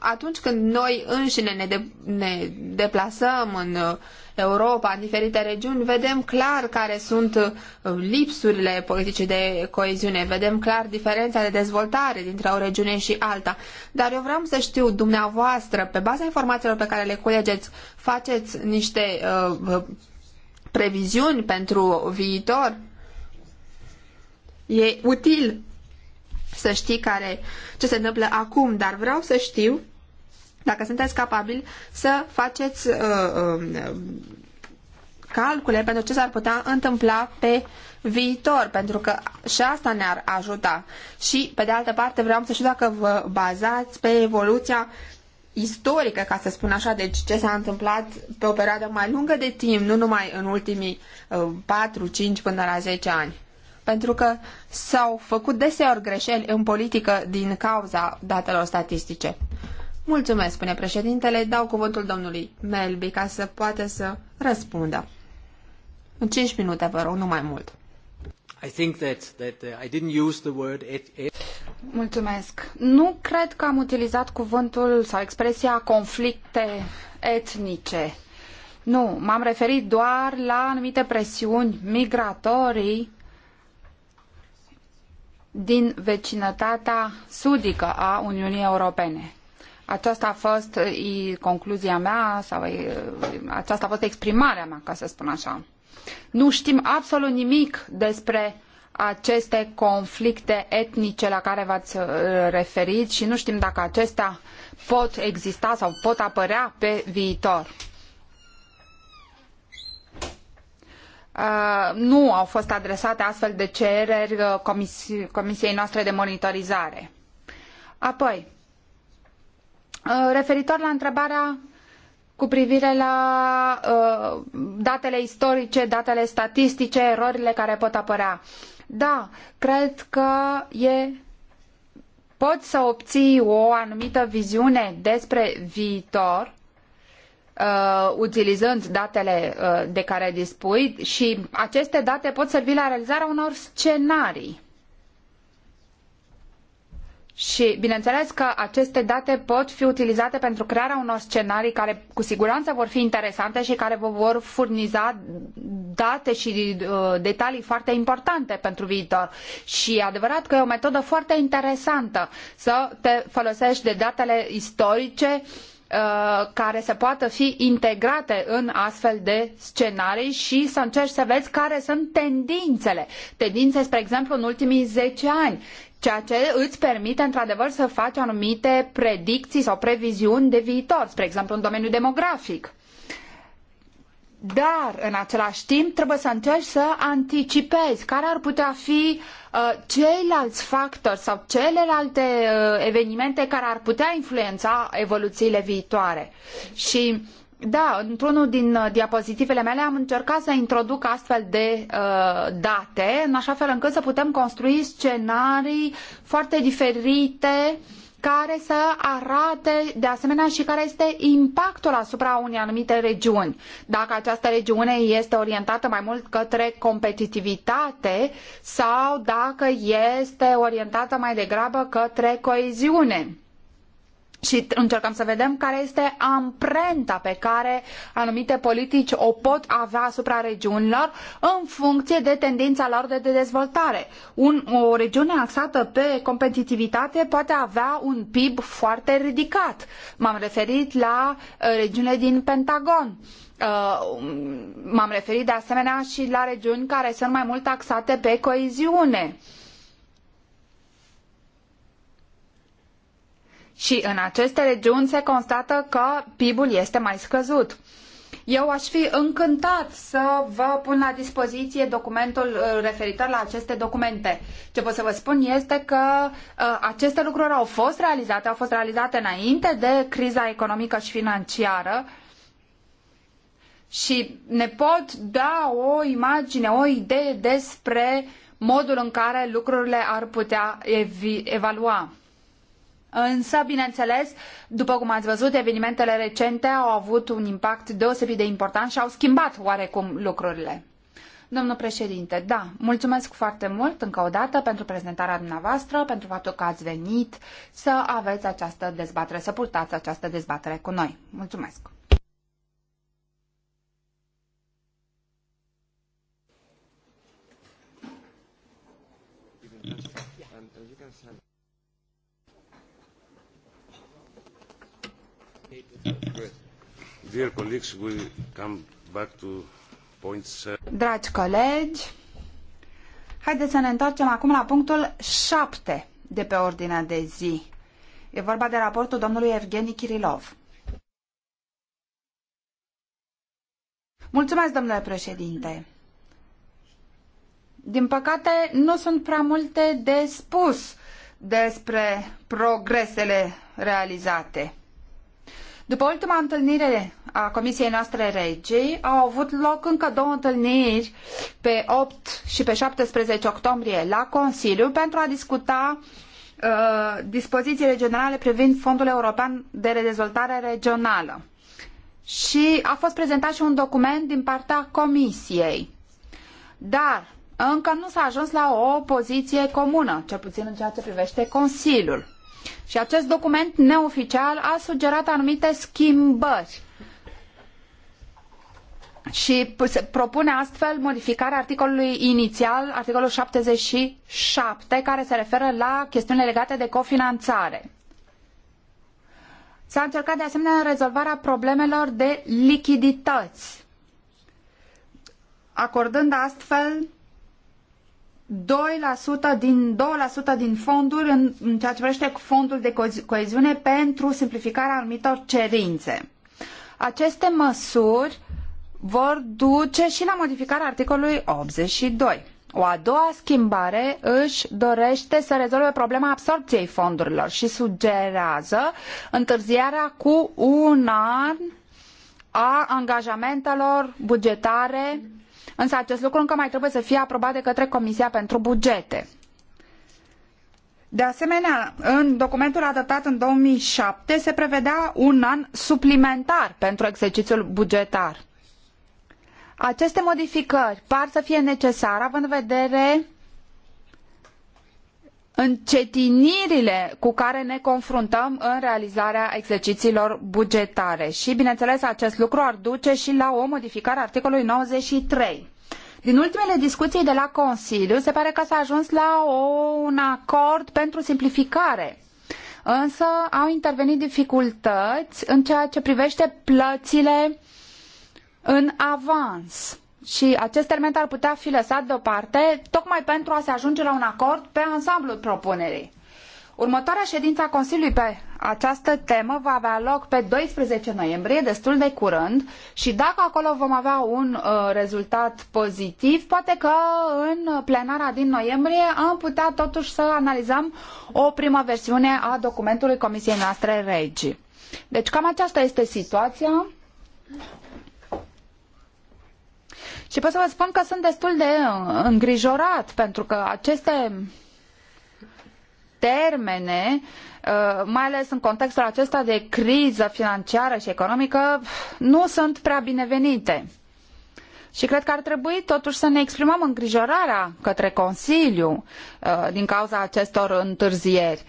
atunci când noi înșine ne, de, ne deplasăm în uh, Europa, în diferite regiuni, vedem clar care sunt uh, lipsurile politicii de coeziune, vedem clar diferența de dezvoltare dintre o regiune și alta. Dar eu vreau să știu, dumneavoastră, pe baza informațiilor pe care le culegeți, faceți niște uh, previziuni pentru viitor? E util să știi care, ce se întâmplă acum, dar vreau să știu dacă sunteți capabili să faceți uh, uh, calcule pentru ce s-ar putea întâmpla pe viitor, pentru că și asta ne-ar ajuta. Și, pe de altă parte, vreau să știu dacă vă bazați pe evoluția istorică, ca să spun așa, deci ce s-a întâmplat pe o perioadă mai lungă de timp, nu numai în ultimii uh, 4, 5 până la 10 ani pentru că s-au făcut deseori greșeli în politică din cauza datelor statistice. Mulțumesc, spune președintele, dau cuvântul domnului Melby ca să poată să răspundă. În 5 minute, vă rog, nu mai mult. I think that, that uh, I didn't use the word it, it. Mulțumesc. Nu cred că am utilizat cuvântul sau expresia conflicte etnice. Nu, m-am referit doar la anumite presiuni migratorii din vecinătatea sudică a Uniunii Europene. Aceasta a fost concluzia mea sau aceasta a fost exprimarea mea, ca să spun așa. Nu știm absolut nimic despre aceste conflicte etnice la care v-ați uh, referit și nu știm dacă acestea pot exista sau pot apărea pe viitor. Uh, nu au fost adresate astfel de cereri uh, Comisiei noastre de monitorizare. Apoi, uh, referitor la întrebarea cu privire la uh, datele istorice, datele statistice, erorile care pot apărea. Da, cred că e poți să obții o anumită viziune despre viitor uh, utilizând datele uh, de care dispui și aceste date pot servi la realizarea unor scenarii. Și bineînțeles că aceste date pot fi utilizate pentru crearea unor scenarii care cu siguranță vor fi interesante și care vă vor furniza date și uh, detalii foarte importante pentru viitor. Și e adevărat că e o metodă foarte interesantă să te folosești de datele istorice uh, Uh, care să poată fi integrate în astfel de scenarii și să încerci să vezi care sunt tendințele. Tendințe, spre exemplu, în ultimii zece ani, ceea ce îți permite într-adevăr să faci anumite predicții sau previziuni de viitor, spre exemplu în domeniul demografic dar în același timp trebuie să încerci să anticipezi care ar putea fi uh, ceilalți factori sau celelalte uh, evenimente care ar putea influența evoluțiile viitoare. Și da, într-unul din uh, diapozitivele mele am încercat să introduc astfel de uh, date, în așa fel încât să putem construi scenarii foarte diferite uh, care să arate de asemenea și care este impactul asupra unei anumite regiuni. Dacă această regiune este orientată mai mult către competitivitate sau dacă este orientată mai degrabă către coeziune și încercăm să vedem care este amprenta pe care anumite politici o pot avea asupra regiunilor în funcție de tendința lor de, dezvoltare. Un, o regiune axată pe competitivitate poate avea un PIB foarte ridicat. M-am referit la uh, regiune din Pentagon. Uh, m-am referit de asemenea și la regiuni care sunt mai mult axate pe coeziune. Și în aceste regiuni se constată că PIB-ul este mai scăzut. Eu aș fi încântat să vă pun la dispoziție documentul uh, referitor la aceste documente. Ce pot să vă spun este că uh, aceste lucruri au fost realizate, au fost realizate înainte de criza economică și financiară și ne pot da o imagine, o idee despre modul în care lucrurile ar putea evalua. Însă, bineînțeles, după cum ați văzut, evenimentele recente au avut un impact deosebit de important și au schimbat oarecum lucrurile. Domnul președinte, da, mulțumesc foarte mult încă o dată pentru prezentarea dumneavoastră, pentru faptul că ați venit să aveți această dezbatere, să purtați această dezbatere cu noi. Mulțumesc! Dragi colegi, haideți să ne întoarcem acum la punctul 7 de pe ordinea de zi. E vorba de raportul domnului Evgeni Kirilov. Mulțumesc, domnule președinte. Din păcate, nu sunt prea multe de spus despre progresele realizate. După ultima întâlnire a Comisiei noastre regii, au avut loc încă două întâlniri pe 8 și pe 17 octombrie la Consiliu pentru a discuta uh, dispozițiile generale privind Fondul European de Redezvoltare Regională. Și a fost prezentat și un document din partea Comisiei. Dar încă nu s-a ajuns la o poziție comună, cel puțin în ceea ce privește Consiliul. Și acest document neoficial a sugerat anumite schimbări și propune astfel modificarea articolului inițial, articolul 77, care se referă la chestiunile legate de cofinanțare. S-a încercat de asemenea rezolvarea problemelor de lichidități, acordând astfel 2% din, 2% din fonduri în, în ceea ce privește fondul de coeziune pentru simplificarea anumitor cerințe. Aceste măsuri vor duce și la modificarea articolului 82. O a doua schimbare își dorește să rezolve problema absorpției fondurilor și sugerează întârzierea cu un an a angajamentelor bugetare Însă acest lucru încă mai trebuie să fie aprobat de către Comisia pentru Bugete. De asemenea, în documentul adoptat în 2007 se prevedea un an suplimentar pentru exercițiul bugetar. Aceste modificări par să fie necesare având în vedere încetinirile cu care ne confruntăm în realizarea exerciiilor bugetare. Și, bineînțeles, acest lucru ar duce și la o modificare a articolului 93. Din ultimele discuții de la Consiliu, se pare că s-a ajuns la o, un acord pentru simplificare. Însă au intervenit dificultăți în ceea ce privește plățile în avans. Și acest termen ar putea fi lăsat deoparte tocmai pentru a se ajunge la un acord pe ansamblul propunerii. Următoarea ședință a Consiliului pe această temă va avea loc pe 12 noiembrie, destul de curând, și dacă acolo vom avea un uh, rezultat pozitiv, poate că în plenara din noiembrie am putea totuși să analizăm o primă versiune a documentului Comisiei noastre Regi. Deci cam aceasta este situația. Și pot să vă spun că sunt destul de uh, îngrijorat, pentru că aceste termene, uh, mai ales în contextul acesta de criză financiară și economică, nu sunt prea binevenite. Și cred că ar trebui totuși să ne exprimăm îngrijorarea către Consiliu uh, din cauza acestor întârzieri.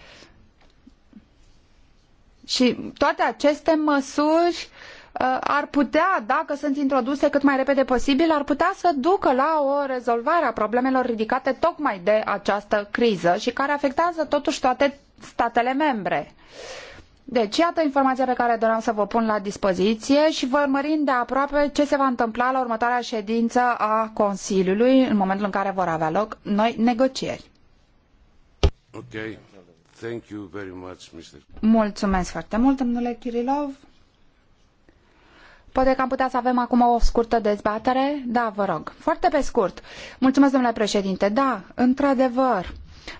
Și toate aceste măsuri Uh, ar putea, dacă sunt introduse cât mai repede posibil, ar putea să ducă la o rezolvare a problemelor ridicate tocmai de această criză și care afectează totuși toate statele membre. Deci, iată informația pe care doream să vă pun la dispoziție și vă urmărim de aproape ce se va întâmpla la următoarea ședință a Consiliului, în momentul în care vor avea loc noi negocieri. Mulțumesc foarte mult, domnule Kirilov. Poate că am putea să avem acum o scurtă dezbatere? Da, vă rog. Foarte pe scurt. Mulțumesc, domnule președinte. Da, într-adevăr.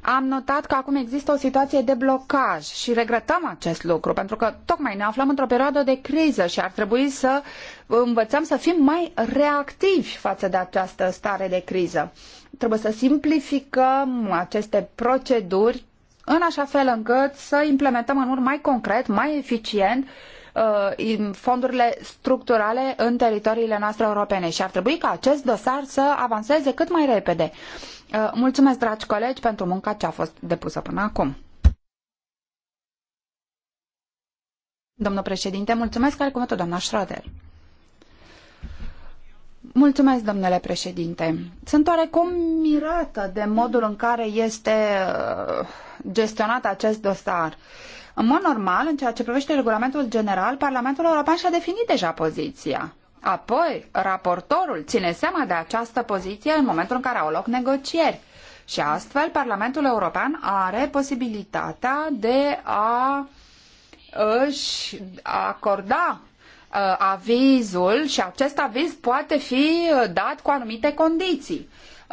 Am notat că acum există o situație de blocaj și regretăm acest lucru, pentru că tocmai ne aflăm într-o perioadă de criză și ar trebui să învățăm să fim mai reactivi față de această stare de criză. Trebuie să simplificăm aceste proceduri în așa fel încât să implementăm în urmă mai concret, mai eficient uh, Uh, fondurile structurale în teritoriile noastre europene și ar trebui ca acest dosar să avanseze cât mai repede. Uh, mulțumesc, dragi colegi, pentru munca ce a fost depusă până acum. Domnul președinte, mulțumesc, care cuvântul doamna Schroeder. Mulțumesc, domnule președinte. Sunt oarecum mirată de modul în care este uh, gestionat acest dosar. Uh, în mod normal, în ceea ce privește regulamentul general, Parlamentul European și-a definit deja poziția. Apoi, raportorul ține seama de această poziție în momentul în care au loc negocieri. Și astfel, Parlamentul European are posibilitatea de a își acorda ă, avizul și acest aviz poate fi dat cu anumite condiții.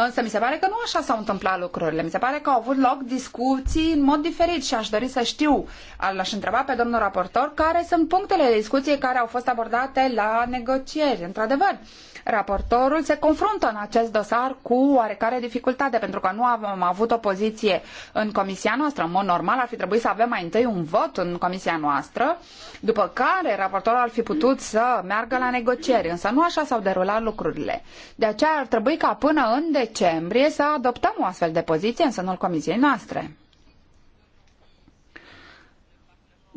Însă mi se pare că nu așa s-au întâmplat lucrurile. Mi se pare că au avut loc discuții în mod diferit și aș dori să știu, l-aș întreba pe domnul raportor, care sunt punctele de discuție care au fost abordate la negocieri. Într-adevăr, uh, raportorul se confruntă în acest dosar cu oarecare dificultate, pentru că nu am avut o poziție în comisia noastră. În mod normal ar fi trebuit să avem mai întâi un vot în comisia noastră, după care raportorul ar fi putut să meargă la negocieri, însă nu așa s-au derulat lucrurile. De aceea ar trebui ca până în decembrie să adoptăm o astfel de poziție în sânul comisiei noastre.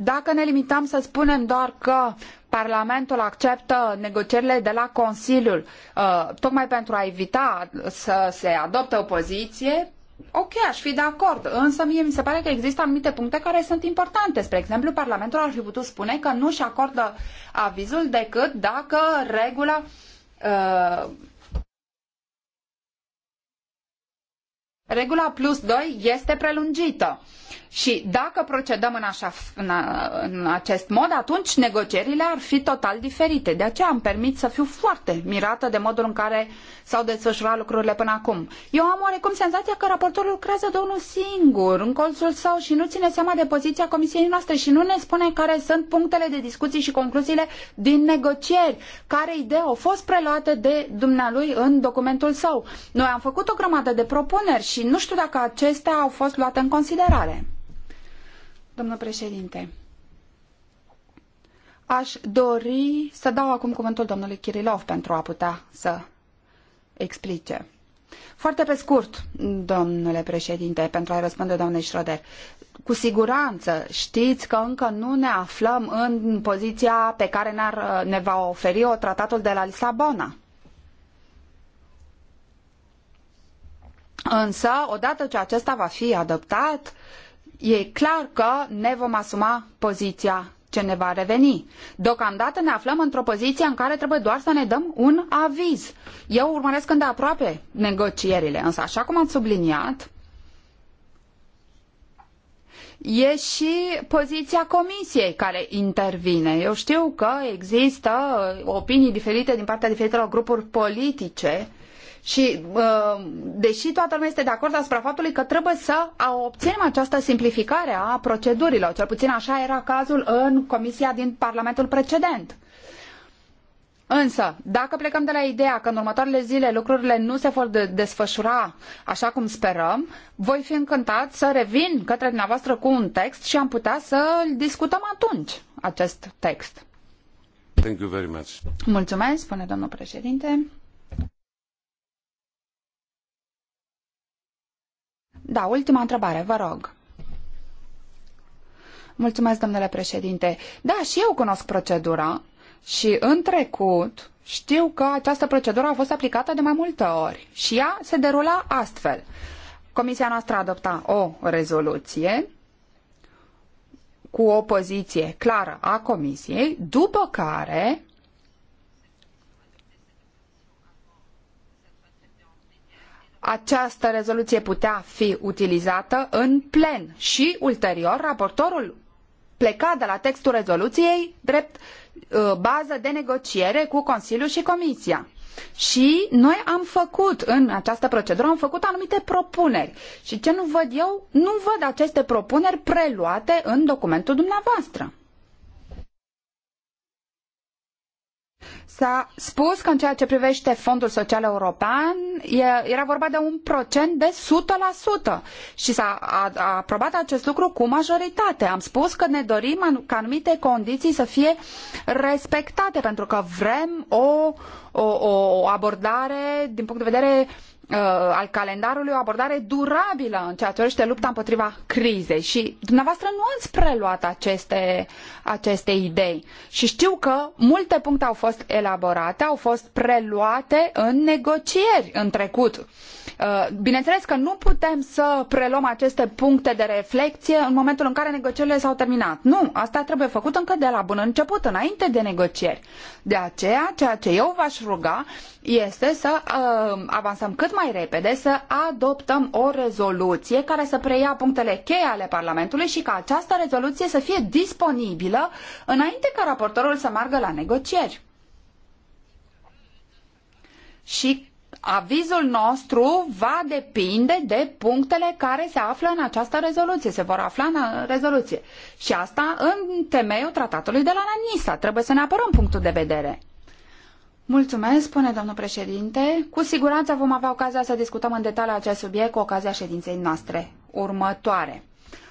Dacă ne limităm să spunem doar că Parlamentul acceptă negocierile de la Consiliul uh, tocmai pentru a evita să se adopte o poziție, ok, aș fi de acord, însă mie mi se pare că există anumite puncte care sunt importante. Spre exemplu, Parlamentul ar fi putut spune că nu își acordă avizul decât dacă regula uh, regula plus doi este prelungită. Și dacă procedăm în, așa, în, în acest mod, atunci negocierile ar fi total diferite. De aceea îmi permit să fiu foarte mirată de modul în care s-au desfășurat lucrurile până acum. Eu am oarecum senzația că raportorul lucrează de unul singur, în colțul său și nu ține seama de poziția comisiei noastre și nu ne spune care sunt punctele de discuții și concluziile din negocieri, care idei au fost preluate de dumnealui în documentul său. Noi am făcut o grămadă de propuneri și nu știu dacă acestea au fost luate în considerare. Domnul președinte, aș dori să dau acum cuvântul domnului Kirilov pentru a putea să explice. Foarte pe scurt, domnule președinte, pentru a răspunde doamnei Schroeder, cu siguranță știți că încă nu ne aflăm în poziția pe care ne va oferi o tratatul de la Lisabona. Însă, odată ce acesta va fi adoptat, uh, e clar că ne vom asuma poziția ce ne va reveni. Deocamdată ne aflăm într-o poziție în care trebuie doar să ne dăm un aviz. Eu urmăresc îndeaproape negocierile, însă așa cum am subliniat, e și poziția comisiei care intervine. Eu știu că există opinii diferite din partea diferitelor grupuri politice și uh, deși toată lumea este de acord asupra faptului că trebuie să obținem această simplificare a procedurilor, cel puțin așa era cazul în comisia din Parlamentul precedent. Însă, dacă plecăm de la ideea că în următoarele zile lucrurile nu se vor de desfășura așa cum sperăm, voi fi încântat să revin către dumneavoastră cu un text și am putea să îl discutăm atunci, acest text. Thank you very much. Mulțumesc, spune domnul președinte. Da, ultima întrebare, vă rog. Mulțumesc, domnule președinte. Da, și eu cunosc procedura și în trecut știu că această procedură a fost aplicată de mai multe ori și ea se derula astfel. Comisia noastră adopta o rezoluție cu o poziție clară a Comisiei, după care această rezoluție putea fi utilizată în plen și ulterior raportorul pleca de la textul rezoluției drept uh, bază de negociere cu Consiliul și Comisia. Și noi am făcut în această procedură, am făcut anumite propuneri. Și ce nu văd eu? Nu văd aceste propuneri preluate în documentul dumneavoastră. s-a spus că în ceea ce privește Fondul Social European era vorba de un procent de 100% și s-a aprobat acest lucru cu majoritate. Am spus că ne dorim ca anumite condiții să fie respectate pentru că vrem o, o, o abordare din punct de vedere Uh, al calendarului o abordare durabilă în ceea ce privește lupta împotriva crizei și dumneavoastră nu ați preluat aceste, aceste idei și știu că multe puncte au fost elaborate, au fost preluate în negocieri în trecut. Uh, bineînțeles că nu putem să preluăm aceste puncte de reflexie în momentul în care negocierile s-au terminat. Nu, asta trebuie făcut încă de la bun început, înainte de negocieri. De aceea, ceea ce eu v-aș ruga este să uh, avansăm cât mai mai repede să adoptăm o rezoluție care să preia punctele cheie ale Parlamentului și ca această rezoluție să fie disponibilă înainte ca raportorul să meargă la negocieri. Și avizul nostru va depinde de punctele care se află în această rezoluție, se vor afla în rezoluție. Și asta în temeiul tratatului de la Nisa. Trebuie să ne apărăm punctul de vedere. Mulțumesc, spune domnul președinte. Cu siguranță vom avea ocazia să discutăm în detaliu acest subiect cu ocazia ședinței noastre următoare.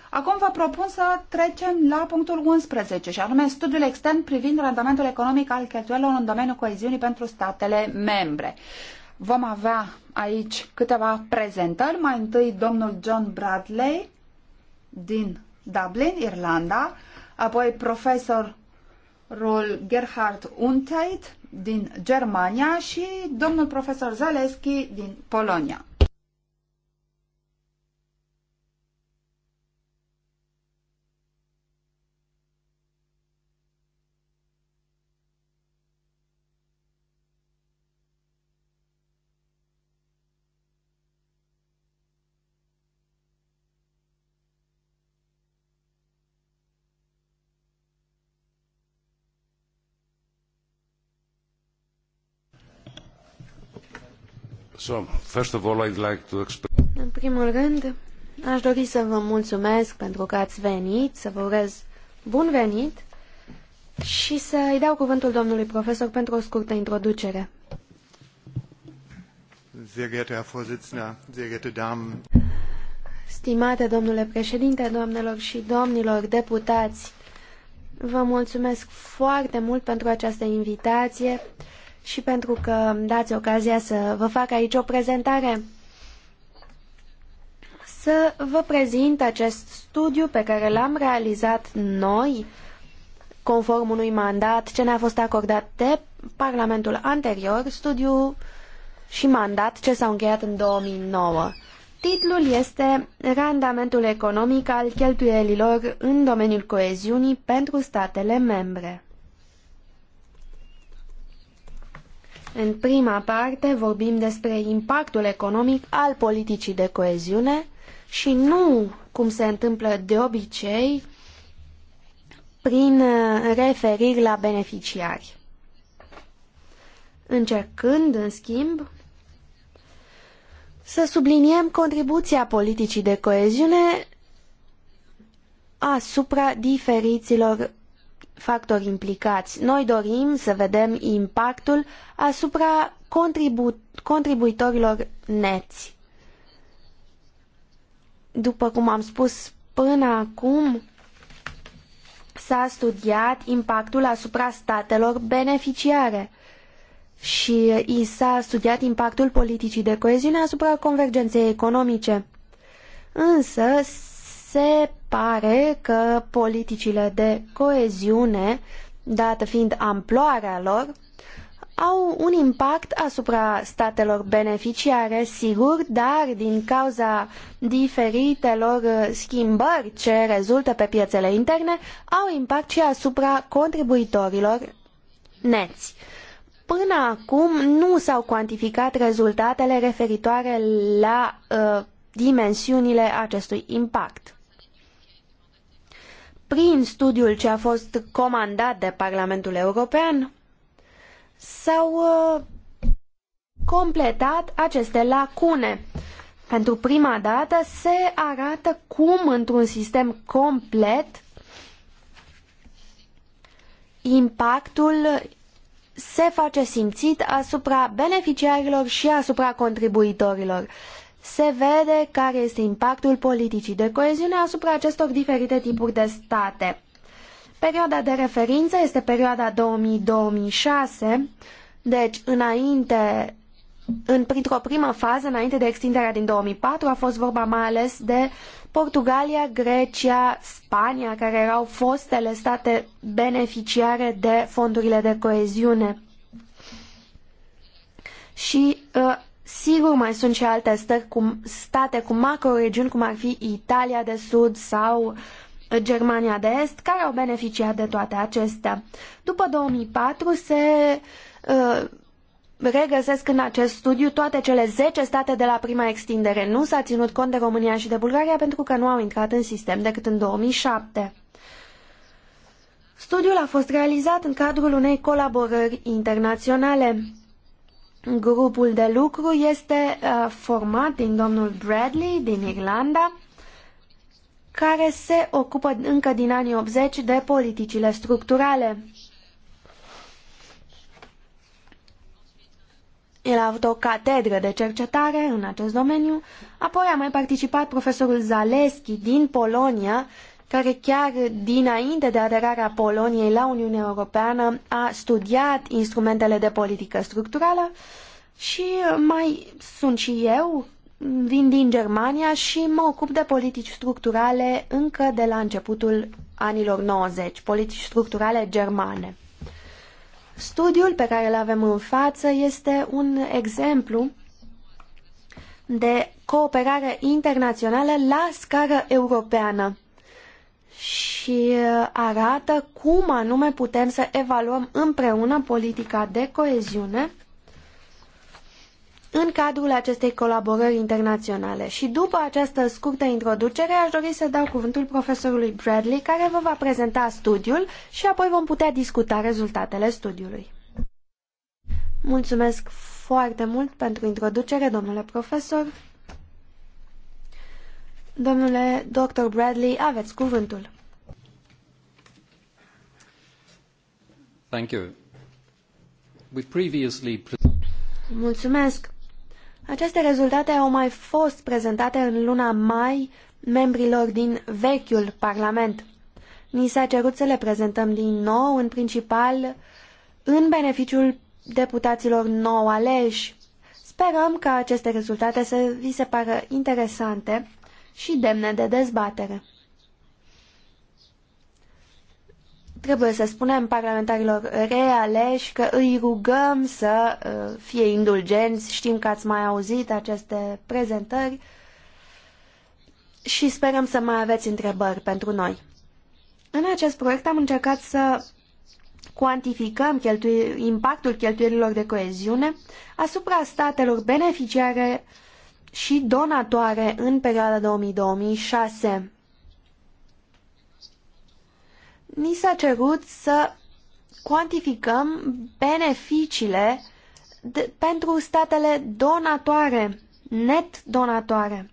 Acum vă propun să trecem la punctul 11, și anume studiul extern privind randamentul economic al cheltuielor în domeniul coeziunii pentru statele membre. Vom avea aici câteva prezentări. Mai întâi domnul John Bradley din Dublin, Irlanda, apoi profesorul Gerhard Unteit din Germania și domnul profesor Zaleski din Polonia. În primul rând, aș dori să vă mulțumesc pentru că ați venit, să vă urez bun venit și să-i dau cuvântul domnului profesor pentru o scurtă introducere. Stimate domnule președinte, doamnelor și domnilor deputați, vă mulțumesc foarte mult pentru această invitație și pentru că îmi dați ocazia să vă fac aici o prezentare. Să vă prezint acest studiu pe care l-am realizat noi, conform unui mandat ce ne-a fost acordat de Parlamentul anterior, studiu și mandat ce s-au încheiat în 2009. Titlul este Randamentul economic al cheltuielilor în domeniul coeziunii pentru statele membre. În prima parte vorbim despre impactul economic al politicii de coeziune și nu, cum se întâmplă de obicei, prin uh, referiri la beneficiari. Încercând, în schimb, să subliniem contribuția politicii de coeziune asupra diferiților factori implicați. Noi dorim să vedem impactul asupra contribu contribuitorilor neți. După cum am spus până acum, s-a studiat impactul asupra statelor beneficiare și i s-a studiat impactul politicii de coeziune asupra convergenței economice. Însă se pare că politicile de coeziune, dată fiind amploarea lor, au un impact asupra statelor beneficiare, sigur, dar din cauza diferitelor schimbări ce rezultă pe piețele interne, au impact și asupra contribuitorilor neți. Până acum nu s-au cuantificat rezultatele referitoare la uh, dimensiunile acestui impact prin studiul ce a fost comandat de Parlamentul European, s-au uh, completat aceste lacune. Pentru prima dată se arată cum într-un sistem complet impactul se face simțit asupra beneficiarilor și asupra contribuitorilor se vede care este impactul politicii de coeziune asupra acestor diferite tipuri de state. Perioada de referință este perioada 2000-2006, deci înainte, în, printr-o primă fază, înainte de extinderea din 2004, a fost vorba mai ales de Portugalia, Grecia, Spania, care erau fostele state beneficiare de fondurile de coeziune. Și uh, Sigur, mai sunt și alte stări cu, state cu macroregiuni, cum ar fi Italia de Sud sau uh, Germania de Est, care au beneficiat de toate acestea. După 2004 se uh, regăsesc în acest studiu toate cele zece state de la prima extindere. Nu s-a ținut cont de România și de Bulgaria pentru că nu au intrat în sistem decât în 2007. Studiul a fost realizat în cadrul unei colaborări internaționale. Grupul de lucru este uh, format din domnul Bradley din Irlanda, care se ocupă încă din anii 80 de politicile structurale. El a avut o catedră de cercetare în acest domeniu, apoi a mai participat profesorul Zaleski din Polonia care chiar dinainte de aderarea Poloniei la Uniunea Europeană a studiat instrumentele de politică structurală și mai sunt și eu, vin din Germania și mă ocup de politici structurale încă de la începutul anilor 90, politici structurale germane. Studiul pe care îl avem în față este un exemplu de cooperare internațională la scară europeană și uh, arată cum anume putem să evaluăm împreună politica de coeziune în cadrul acestei colaborări internaționale. Și după această scurtă introducere, aș dori să dau cuvântul profesorului Bradley, care vă va prezenta studiul și apoi vom putea discuta rezultatele studiului. Mulțumesc foarte mult pentru introducere, domnule profesor. Domnule Dr. Bradley, aveți cuvântul. Thank you. We previously... Mulțumesc. Aceste rezultate au mai fost prezentate în luna mai membrilor din vechiul Parlament. Ni s-a cerut să le prezentăm din nou, în principal, în beneficiul deputaților nou aleși. Sperăm ca aceste rezultate să vi se pară interesante și demne de dezbatere. Trebuie să spunem parlamentarilor realeși că îi rugăm să uh, fie indulgenți, știm că ați mai auzit aceste prezentări și sperăm să mai aveți întrebări pentru noi. În acest proiect am încercat să cuantificăm cheltui, impactul cheltuielilor de coeziune asupra statelor beneficiare uh, și donatoare în perioada 2006 Ni s-a cerut să cuantificăm beneficiile de, pentru statele donatoare, net donatoare,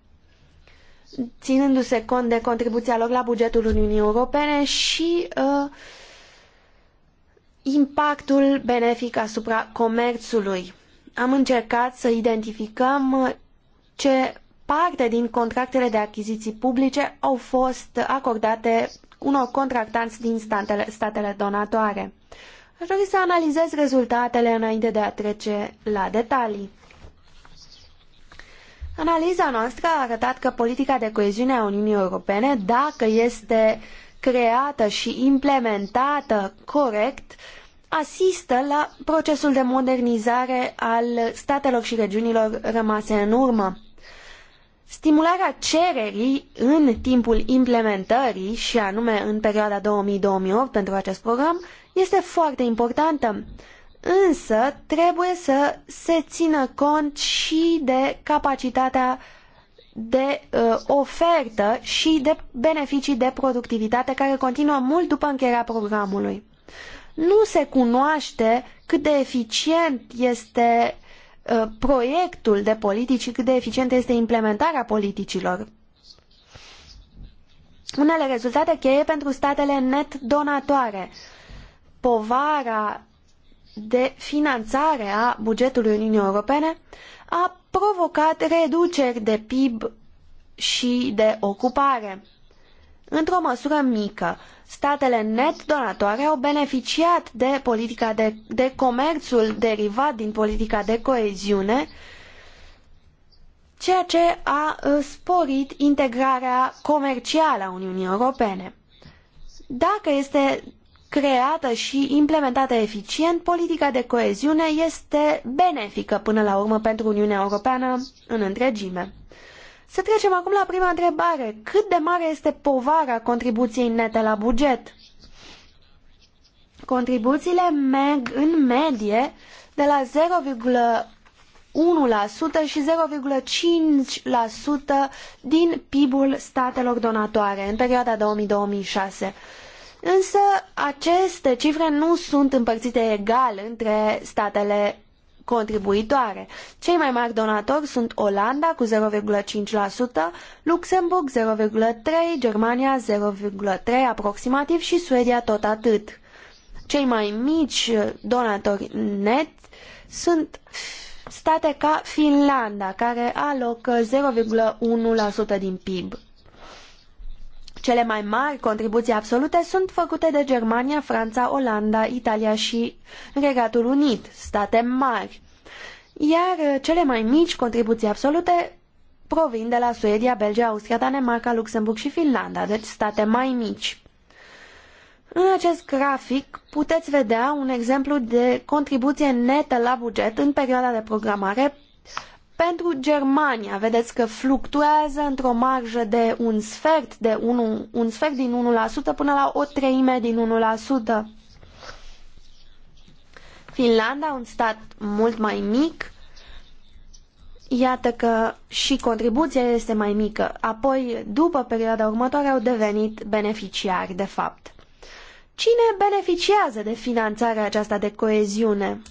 ținându-se cont de contribuția lor la bugetul Uniunii Europene și uh, impactul benefic asupra comerțului. Am încercat să identificăm uh, ce parte din contractele de achiziții publice au fost acordate unor contractanți din statele, statele donatoare. Aș dori să analizez rezultatele înainte de a trece la detalii. Analiza noastră a arătat că politica de coeziune a Uniunii Europene, dacă este creată și implementată corect, asistă la procesul de modernizare al statelor și regiunilor rămase în urmă. Stimularea cererii în timpul implementării, și anume în perioada 2000-2008 pentru acest program, este foarte importantă. Însă trebuie să se țină cont și de capacitatea de uh, ofertă și de beneficii de productivitate care continuă mult după încheierea programului. Nu se cunoaște cât de eficient este Uh, proiectul de politici cât de eficientă este implementarea politicilor. Unele rezultate cheie pentru statele net donatoare. Povara de finanțare a bugetului Uniunii Europene a provocat reduceri de PIB și de ocupare într-o măsură mică. Statele net donatoare au beneficiat de politica de, de comerțul derivat din politica de coeziune, ceea ce a ă, sporit integrarea comercială a Uniunii Europene. Dacă este creată și implementată eficient, politica de coeziune este benefică până la urmă pentru Uniunea Europeană în întregime. Să trecem acum la prima întrebare. Cât de mare este povara contribuției nete la buget? Contribuțiile merg în medie de la 0,1% și 0,5% din PIB-ul statelor donatoare în perioada 2000-2006. Însă aceste cifre nu sunt împărțite egal între statele contribuitoare. Cei mai mari donatori sunt Olanda cu 0,5%, Luxemburg 0,3%, Germania 0,3% aproximativ și Suedia tot atât. Cei mai mici donatori net sunt state ca Finlanda, care alocă 0,1% din PIB. Cele mai mari contribuții absolute sunt făcute de Germania, Franța, Olanda, Italia și Regatul Unit, state mari. Iar uh, cele mai mici contribuții absolute provin de la Suedia, Belgia, Austria, Danemarca, Luxemburg și Finlanda, deci state mai mici. În acest grafic puteți vedea un exemplu de contribuție netă la buget în perioada de programare pentru Germania, vedeți că fluctuează într-o marjă de un sfert, de 1, un sfert din 1% până la o treime din 1%. Finlanda, un stat mult mai mic, iată că și contribuția este mai mică. Apoi, după perioada următoare, au devenit beneficiari, de fapt. Cine beneficiază de finanțarea aceasta de coeziune?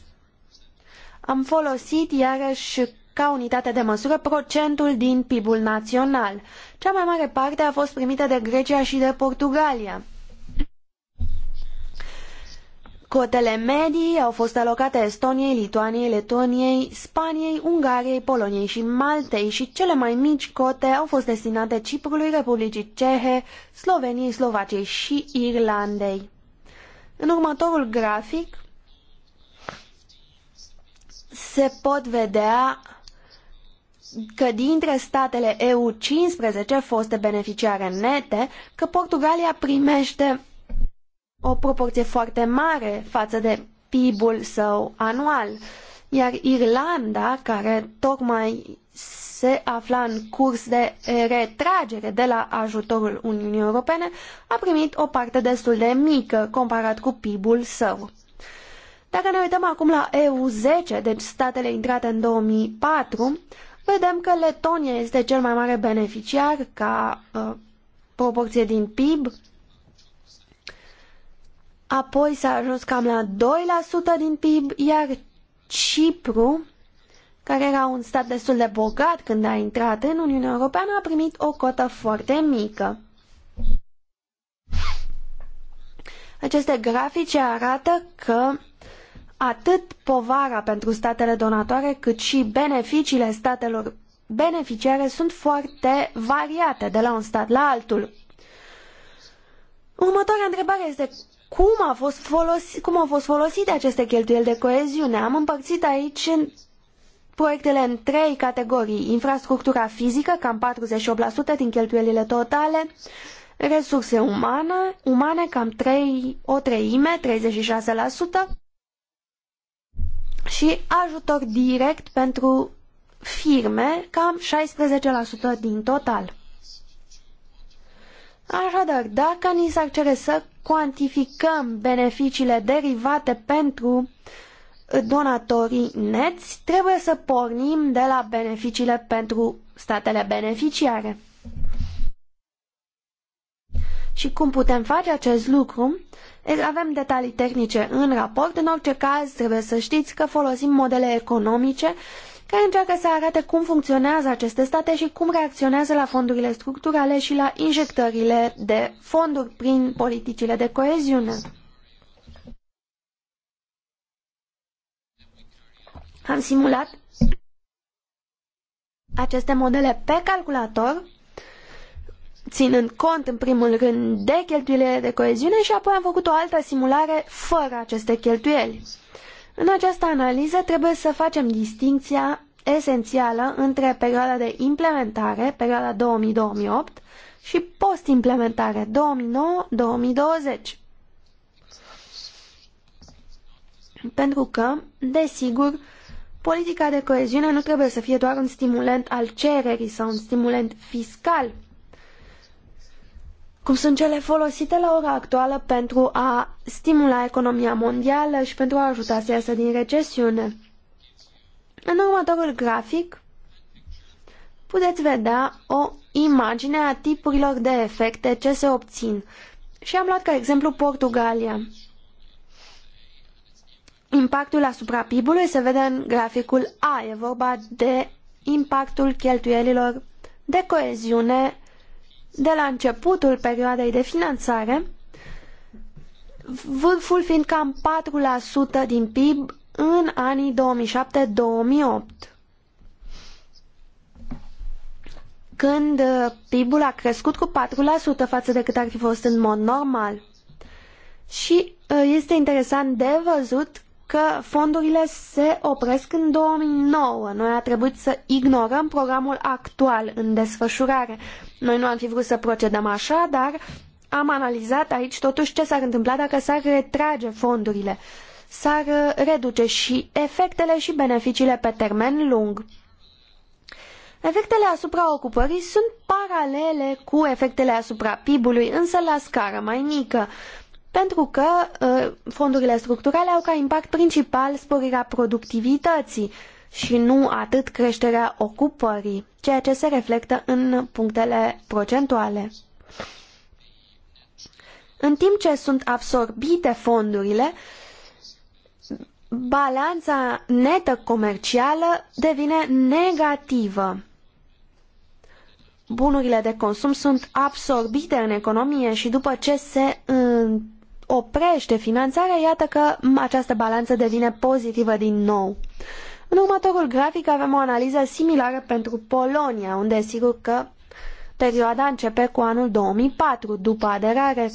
Am folosit iarăși ca unitate de măsură procentul din PIB-ul național. Cea mai mare parte a fost primită de Grecia și de Portugalia. Cotele medii au fost alocate Estoniei, Lituaniei, Letoniei, Spaniei, Ungariei, Poloniei și Maltei și cele mai mici cote au fost destinate Ciprului, Republicii Cehe, Sloveniei, Slovaciei și Irlandei. În următorul grafic se pot vedea că dintre statele EU 15 foste beneficiare nete, că Portugalia primește o proporție foarte mare față de PIB-ul său anual. Iar Irlanda, care tocmai se afla în curs de retragere de la ajutorul Uniunii Europene, a primit o parte destul de mică comparat cu PIB-ul său. Dacă ne uităm acum la EU10, deci statele intrate în 2004, vedem că Letonia este cel mai mare beneficiar ca uh, proporție din PIB. Apoi s-a ajuns cam la 2% din PIB, iar Cipru, care era un stat destul de bogat când a intrat în Uniunea Europeană, a primit o cotă foarte mică. Aceste grafice arată că atât povara pentru statele donatoare, cât și beneficiile statelor beneficiare sunt foarte variate de la un stat la altul. Următoarea întrebare este cum, a fost folosi, cum au fost folosite aceste cheltuieli de coeziune? Am împărțit aici în proiectele în trei categorii. Infrastructura fizică, cam 48% din cheltuielile totale, resurse umane, umane cam 3, o treime, 36%, și ajutor direct pentru firme, cam 16% din total. Așadar, dacă ni s-ar cere să cuantificăm beneficiile derivate pentru donatorii neți, trebuie să pornim de la beneficiile pentru statele beneficiare. Și cum putem face acest lucru? Avem detalii tehnice în raport, în orice caz trebuie să știți că folosim modele economice care încearcă să arate cum funcționează aceste state și cum reacționează la fondurile structurale și la injectările de fonduri prin politicile de coeziune. Am simulat aceste modele pe calculator ținând cont în primul rând de cheltuielile de coeziune și apoi am făcut o altă simulare fără aceste cheltuieli. În această analiză trebuie să facem distinția esențială între perioada de implementare, perioada 2000-2008, și post-implementare, 2009-2020. Pentru că, desigur, politica de coeziune nu trebuie să fie doar un stimulent al cererii sau un stimulent fiscal, cum sunt cele folosite la ora actuală pentru a stimula economia mondială și pentru a ajuta să iasă din recesiune. În următorul grafic puteți vedea o imagine a tipurilor de efecte ce se obțin. Și am luat ca exemplu Portugalia. Impactul asupra PIB-ului se vede în graficul A. E vorba de impactul cheltuielilor de coeziune de la începutul perioadei de finanțare, vârful fiind cam 4% din PIB în anii 2007-2008, când uh, PIB-ul a crescut cu 4% față de cât ar fi fost în mod normal. Și uh, este interesant de văzut că fondurile se opresc în 2009. Noi a trebuit să ignorăm programul actual în desfășurare, noi nu am fi vrut să procedăm așa, dar am analizat aici totuși ce s-ar întâmpla dacă s-ar retrage fondurile. S-ar reduce și efectele și beneficiile pe termen lung. Efectele asupra ocupării sunt paralele cu efectele asupra PIB-ului, însă la scară mai mică, pentru că uh, fondurile structurale au ca impact principal sporirea productivității, și nu atât creșterea ocupării, ceea ce se reflectă în punctele procentuale. În timp ce sunt absorbite fondurile, balanța netă comercială devine negativă. Bunurile de consum sunt absorbite în economie și după ce se uh, oprește finanțarea, iată că această balanță devine pozitivă din nou. În următorul grafic avem o analiză similară pentru Polonia, unde sigur că perioada începe cu anul 2004, după aderare.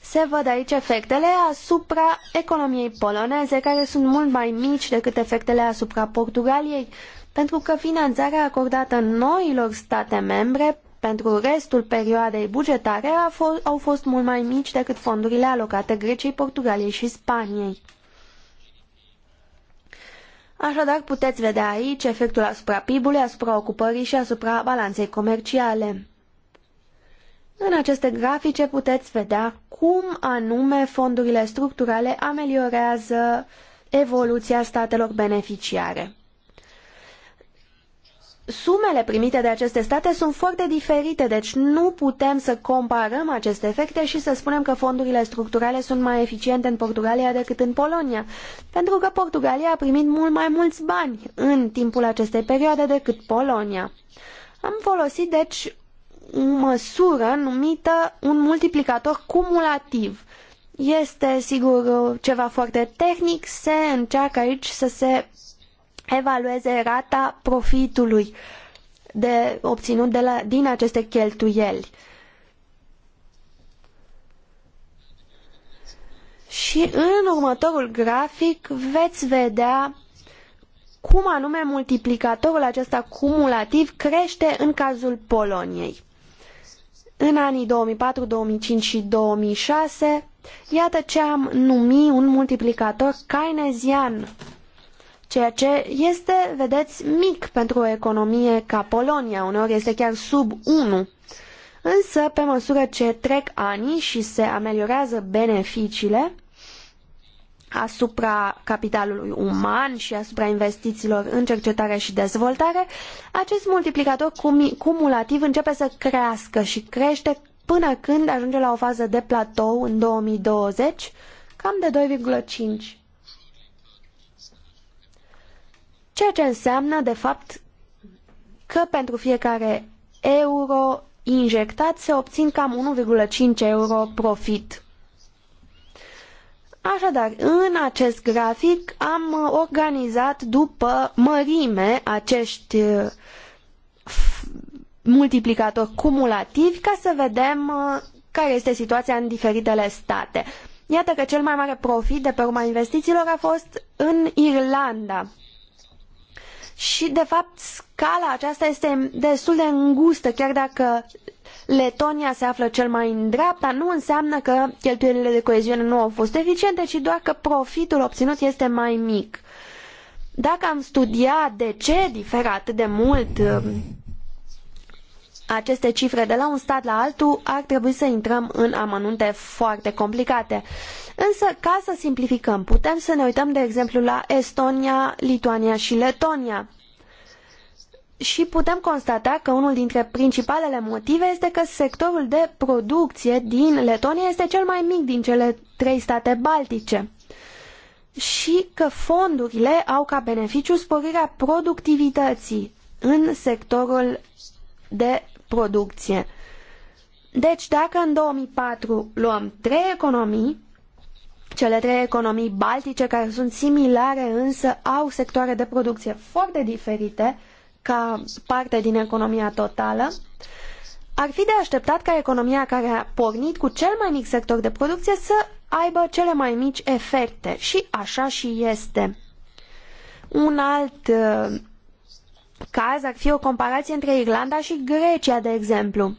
Se văd aici efectele asupra economiei poloneze, care sunt mult mai mici decât efectele asupra Portugaliei, pentru că finanțarea acordată noilor state membre pentru restul perioadei bugetare au fost mult mai mici decât fondurile alocate Greciei, Portugaliei și Spaniei. Așadar, puteți vedea aici efectul asupra PIB-ului, asupra ocupării și asupra balanței comerciale. În aceste grafice puteți vedea cum anume fondurile structurale ameliorează evoluția statelor beneficiare sumele primite de aceste state sunt foarte diferite, deci nu putem să comparăm aceste efecte și să spunem că fondurile structurale sunt mai eficiente în Portugalia decât în Polonia, pentru că Portugalia a primit mult mai mulți bani în timpul acestei perioade decât Polonia. Am folosit, deci, o măsură numită un multiplicator cumulativ. Este, sigur, ceva foarte tehnic, se încearcă aici să se evalueze rata profitului de obținut de la, din aceste cheltuieli. Și în următorul grafic veți vedea cum anume multiplicatorul acesta cumulativ crește în cazul Poloniei. În anii 2004, 2005 și 2006, iată ce am numit un multiplicator keynesian ceea ce este, vedeți, mic pentru o economie ca Polonia, uneori este chiar sub 1. Însă, pe măsură ce trec ani și se ameliorează beneficiile asupra capitalului uman și asupra investițiilor în cercetare și dezvoltare, acest multiplicator cumulativ începe să crească și crește până când ajunge la o fază de platou în 2020, cam de 2,5 ceea ce înseamnă, de fapt, că pentru fiecare euro injectat se obțin cam 1,5 euro profit. Așadar, în acest grafic am organizat după mărime acești uh, multiplicatori cumulativi ca să vedem uh, care este situația în diferitele state. Iată că cel mai mare profit de pe urma investițiilor a fost în Irlanda, și, de fapt, scala aceasta este destul de îngustă, chiar dacă Letonia se află cel mai în dreapta, nu înseamnă că cheltuielile de coeziune nu au fost eficiente, ci doar că profitul obținut este mai mic. Dacă am studia de ce diferă atât de mult um, aceste cifre de la un stat la altul, ar trebui să intrăm în amănunte foarte complicate. Însă, ca să simplificăm, putem să ne uităm, de exemplu, la Estonia, Lituania și Letonia. Și putem constata că unul dintre principalele motive este că sectorul de producție din Letonia este cel mai mic din cele trei state baltice și că fondurile au ca beneficiu sporirea productivității în sectorul de producție. Deci, dacă în 2004 luăm trei economii, cele trei economii baltice care sunt similare însă au sectoare de producție foarte diferite ca parte din economia totală, ar fi de așteptat ca economia care a pornit cu cel mai mic sector de producție să aibă cele mai mici efecte și așa și este. Un alt uh, caz ar fi o comparație între Irlanda și Grecia, de exemplu.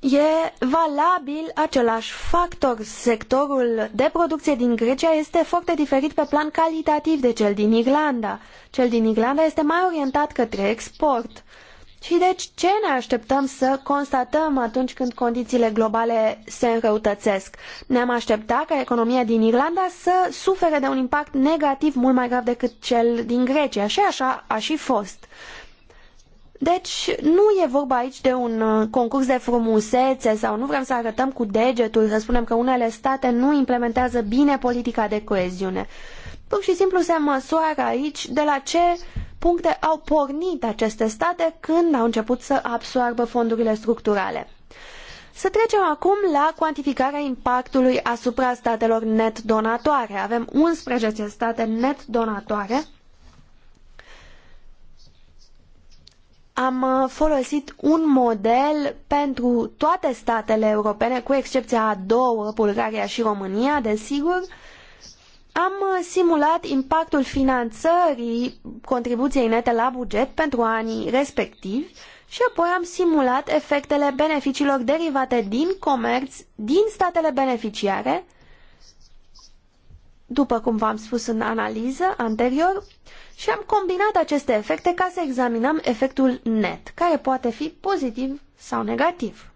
E valabil același factor. Sectorul de producție din Grecia este foarte diferit pe plan calitativ de cel din Irlanda. Cel din Irlanda este mai orientat către export. Uh, și deci ce ne așteptăm să constatăm atunci când condițiile globale se înrăutățesc? Ne-am aștepta ca economia din Irlanda să sufere de un impact negativ mult mai grav decât cel din Grecia și așa a și fost. Deci nu e vorba aici de un uh, concurs de frumusețe sau nu vrem să arătăm cu degetul, să spunem că unele state nu implementează bine politica de coeziune. Pur și simplu se măsoară aici de la ce puncte au pornit aceste state când au început să absoarbă fondurile structurale. Să trecem acum la cuantificarea impactului asupra statelor net donatoare. Avem 11 state net donatoare. Am uh, folosit un model pentru toate statele europene, cu excepția a două, Bulgaria și România, desigur, uh, am uh, simulat impactul finanțării contribuției nete la buget pentru anii respectivi și apoi am simulat efectele beneficiilor derivate din comerț din statele beneficiare, după cum v-am spus în analiză anterior, și am combinat aceste efecte ca să examinăm efectul net, care poate fi pozitiv sau negativ.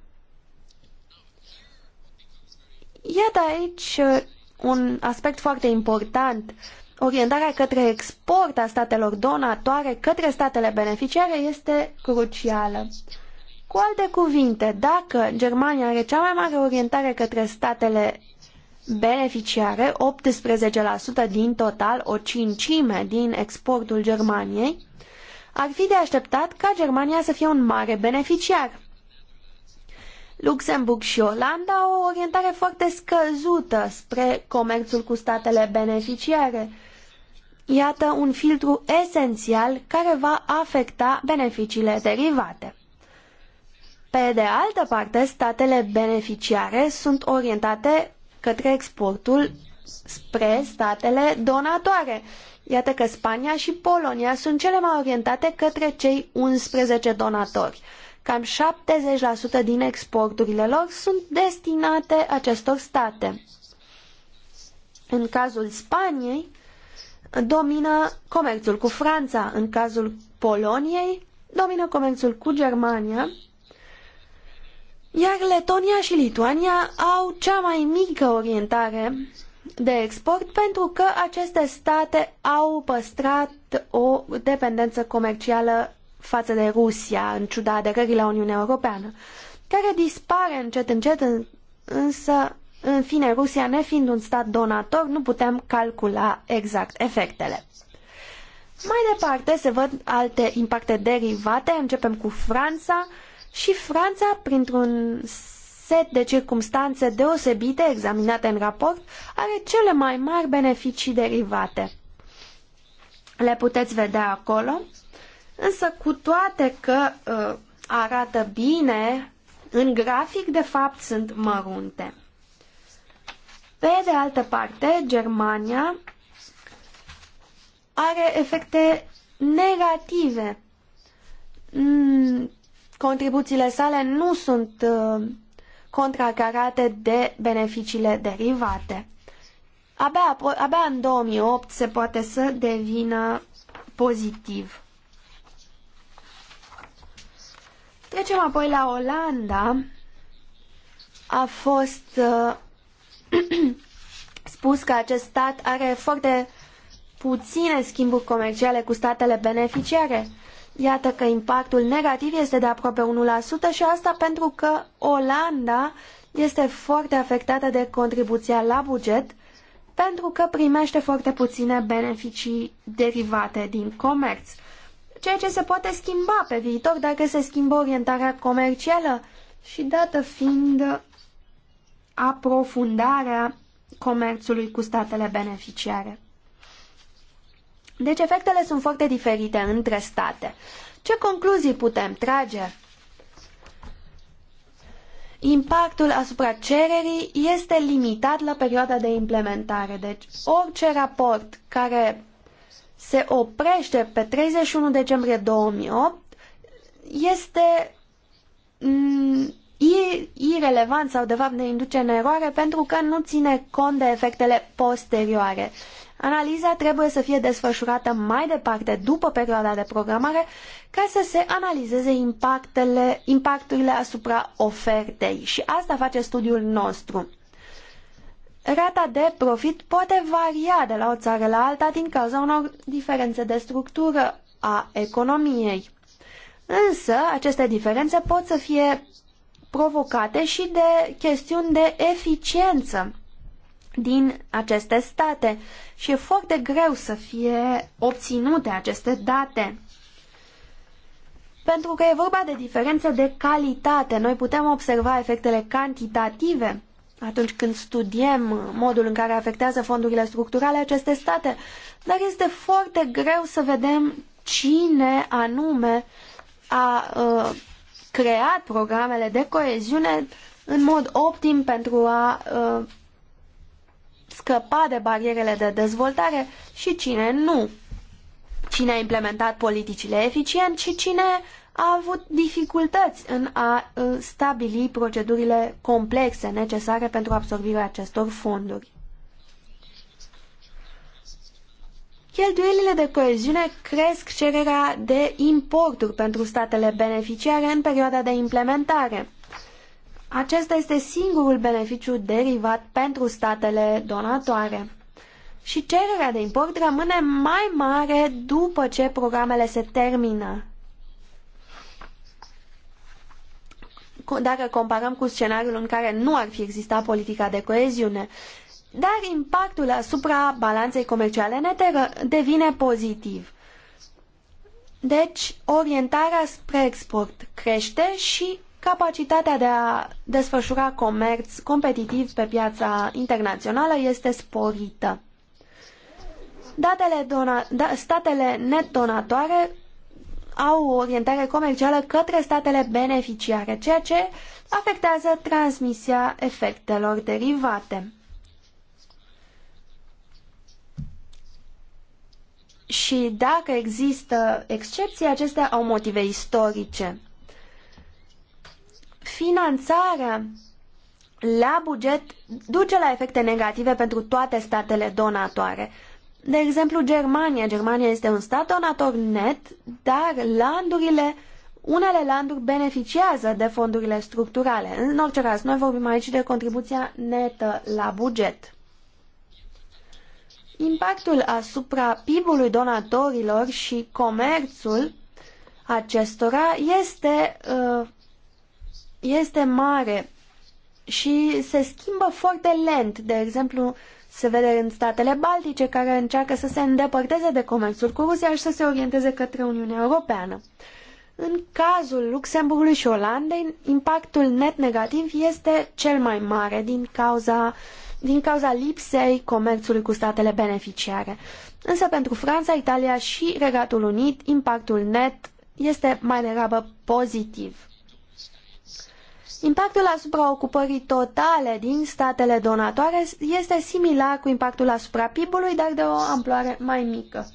Iată aici uh, un aspect foarte important. Orientarea către export a statelor donatoare către statele beneficiare este crucială. Cu alte cuvinte, dacă Germania are cea mai mare orientare către statele beneficiare, 18% din total, o cincime din exportul Germaniei, ar fi de așteptat ca Germania să fie un mare beneficiar. Luxemburg și Olanda au o orientare foarte scăzută spre comerțul cu statele beneficiare. Iată un filtru esențial care va afecta beneficiile derivate. Pe de altă parte, statele beneficiare sunt orientate către exportul spre statele donatoare. Iată că Spania și Polonia sunt cele mai orientate către cei 11 donatori. Cam 70% din exporturile lor sunt destinate acestor state. În cazul Spaniei, domină comerțul cu Franța, în cazul Poloniei, domină comerțul cu Germania, iar Letonia și Lituania au cea mai mică orientare de export pentru că aceste state au păstrat o dependență comercială față de Rusia, în ciuda aderării la Uniunea Europeană, care dispare încet, încet, însă, în fine, Rusia nefiind un stat donator, nu putem calcula exact efectele. Mai departe se văd alte impacte derivate, începem cu Franța și Franța, printr-un set de circumstanțe deosebite examinate în raport, are cele mai mari beneficii derivate. Le puteți vedea acolo. Însă, cu toate că uh, arată bine, în grafic, de fapt, sunt mărunte. Pe de altă parte, Germania are efecte negative. Mm, contribuțiile sale nu sunt uh, contracarate de beneficiile derivate. Abia, abia în 2008 se poate să devină pozitiv. Trecem apoi la Olanda. A fost uh, spus că acest stat are foarte puține schimburi comerciale cu statele beneficiare. Iată că impactul negativ este de aproape 1% și asta pentru că Olanda este foarte afectată de contribuția la buget pentru că primește foarte puține beneficii derivate din comerț ceea ce se poate schimba pe viitor dacă se schimbă orientarea comercială și dată fiind aprofundarea comerțului cu statele beneficiare. Deci efectele sunt foarte diferite între state. Ce concluzii putem trage? Impactul asupra cererii este limitat la perioada de implementare, deci orice raport care se oprește pe 31 decembrie 2008 este mm, irelevant sau de fapt ne induce în eroare pentru că nu ține cont de efectele posterioare. Analiza trebuie să fie desfășurată mai departe după perioada de programare ca să se analizeze impactele, impacturile asupra ofertei și asta face studiul nostru. Rata de profit poate varia de la o țară la alta din cauza unor diferențe de structură a economiei. Însă, aceste diferențe pot să fie provocate și de chestiuni de eficiență din aceste state și e foarte greu să fie obținute aceste date. Pentru că e vorba de diferențe de calitate, noi putem observa efectele cantitative atunci când studiem modul în care afectează fondurile structurale aceste state, dar este foarte greu să vedem cine anume a uh, creat programele de coeziune în mod optim pentru a uh, scăpa de barierele de dezvoltare și cine nu. Cine a implementat politicile eficient și cine a avut dificultăți în a uh, stabili procedurile complexe necesare pentru absorbirea acestor fonduri. Cheltuielile de coeziune cresc cererea de importuri pentru statele beneficiare în perioada de implementare. Acesta este singurul beneficiu derivat pentru statele donatoare. Și cererea de import rămâne mai mare după ce programele se termină. dacă comparăm cu scenariul în care nu ar fi existat politica de coeziune. Dar impactul asupra balanței comerciale nete devine pozitiv. Deci, orientarea spre export crește și capacitatea de a desfășura comerț competitiv pe piața internațională este sporită. Datele dona, da, statele net donatoare au o orientare comercială către statele beneficiare, ceea ce afectează transmisia efectelor derivate. Și dacă există excepții, acestea au motive istorice. Finanțarea la buget duce la efecte negative pentru toate statele donatoare. De exemplu, Germania. Germania este un stat donator net, dar landurile, unele landuri beneficiază de fondurile structurale. În orice caz, noi vorbim aici de contribuția netă la buget. Impactul asupra PIB-ului donatorilor și comerțul acestora este, uh, este mare și se schimbă foarte lent. De exemplu, se vede în statele baltice, care încearcă să se îndepărteze de comerțul cu Rusia și să se orienteze către Uniunea Europeană. În cazul Luxemburgului și Olandei, impactul net negativ este cel mai mare din cauza, din cauza lipsei comerțului cu statele beneficiare. Însă pentru Franța, Italia și Regatul Unit, impactul net este mai degrabă pozitiv. Impactul asupra ocupării totale din statele donatoare este similar cu impactul asupra PIB-ului, dar de o amploare mai mică.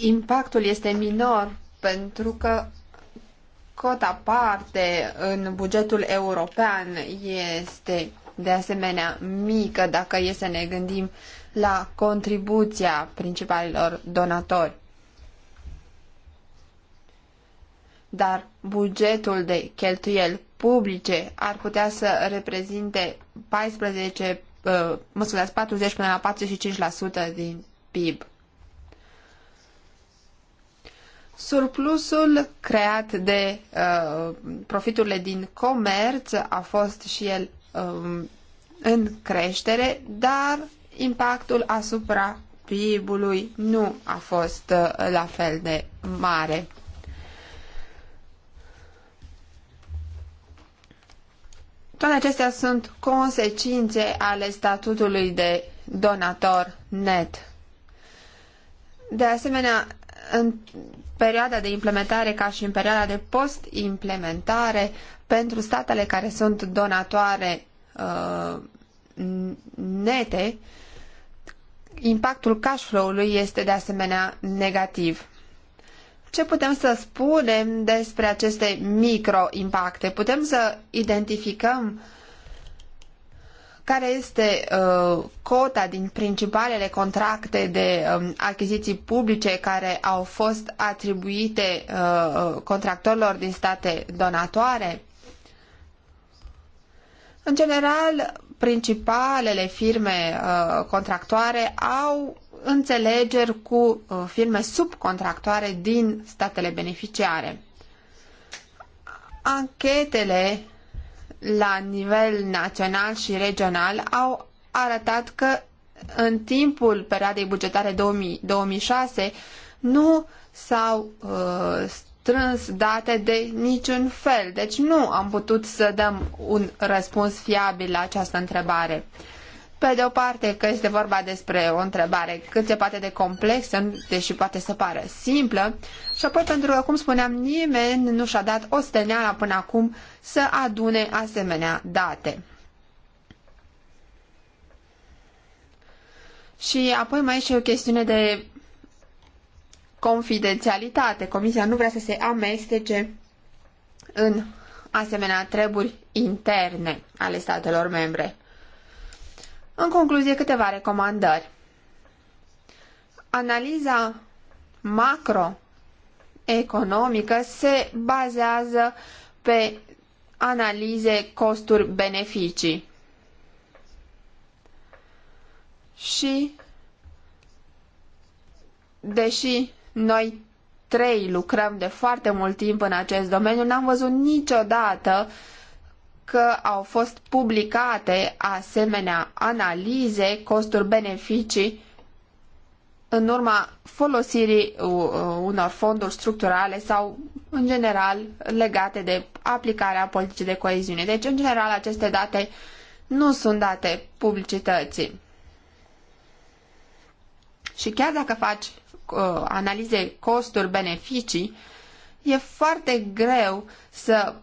Impactul este minor pentru că cota parte în bugetul european este de asemenea mică dacă e să ne gândim la contribuția principalilor donatori. dar bugetul de cheltuieli publice ar putea să reprezinte 14, uh, mă scuzați, 40 până la 45% din PIB. Surplusul creat de uh, profiturile din comerț a fost și el um, în creștere, dar impactul asupra PIB-ului nu a fost uh, la fel de mare. Toate acestea sunt consecințe ale statutului de donator net. De asemenea, în perioada de implementare ca și în perioada de post-implementare, pentru statele care sunt donatoare uh, nete, impactul cash flow-ului este de asemenea negativ ce putem să spunem despre aceste microimpacte? Putem să identificăm care este uh, cota din principalele contracte de um, achiziții publice care au fost atribuite uh, uh contractorilor din state donatoare? În general, principalele firme uh, contractoare au înțelegeri cu uh, firme subcontractoare din statele beneficiare. Anchetele la nivel național și regional au arătat că în timpul perioadei bugetare 2006 nu s-au uh, strâns date de niciun fel, deci nu am putut să dăm un răspuns fiabil la această întrebare. Pe de o parte că este vorba despre o întrebare cât se poate de complexă, deși poate să pară simplă, și apoi pentru că, cum spuneam, nimeni nu și-a dat o steneală până acum să adune asemenea date. Și apoi mai e și o chestiune de confidențialitate. Comisia nu vrea să se amestece în asemenea treburi interne ale statelor membre. În concluzie, câteva recomandări. Analiza macroeconomică se bazează pe analize costuri-beneficii. Și deși noi trei lucrăm de foarte mult timp în acest domeniu, n-am văzut niciodată uh, că au fost publicate asemenea analize, costuri-beneficii, în urma folosirii unor fonduri structurale sau, în general, legate de aplicarea politicii de coeziune. Deci, în general, aceste date nu sunt date publicității. Și chiar dacă faci uh, analize costuri-beneficii, e foarte greu să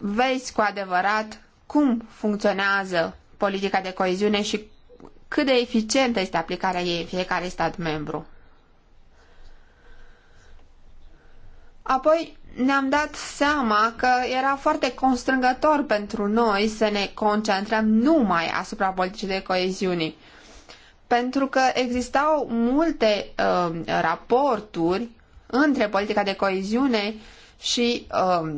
vezi cu adevărat cum funcționează politica de coeziune și cât de eficientă este aplicarea ei în fiecare stat membru. Apoi ne-am dat seama că era foarte constrângător pentru noi să ne concentrăm numai asupra politicii de coeziune, pentru că existau multe uh, raporturi între politica de coeziune și uh,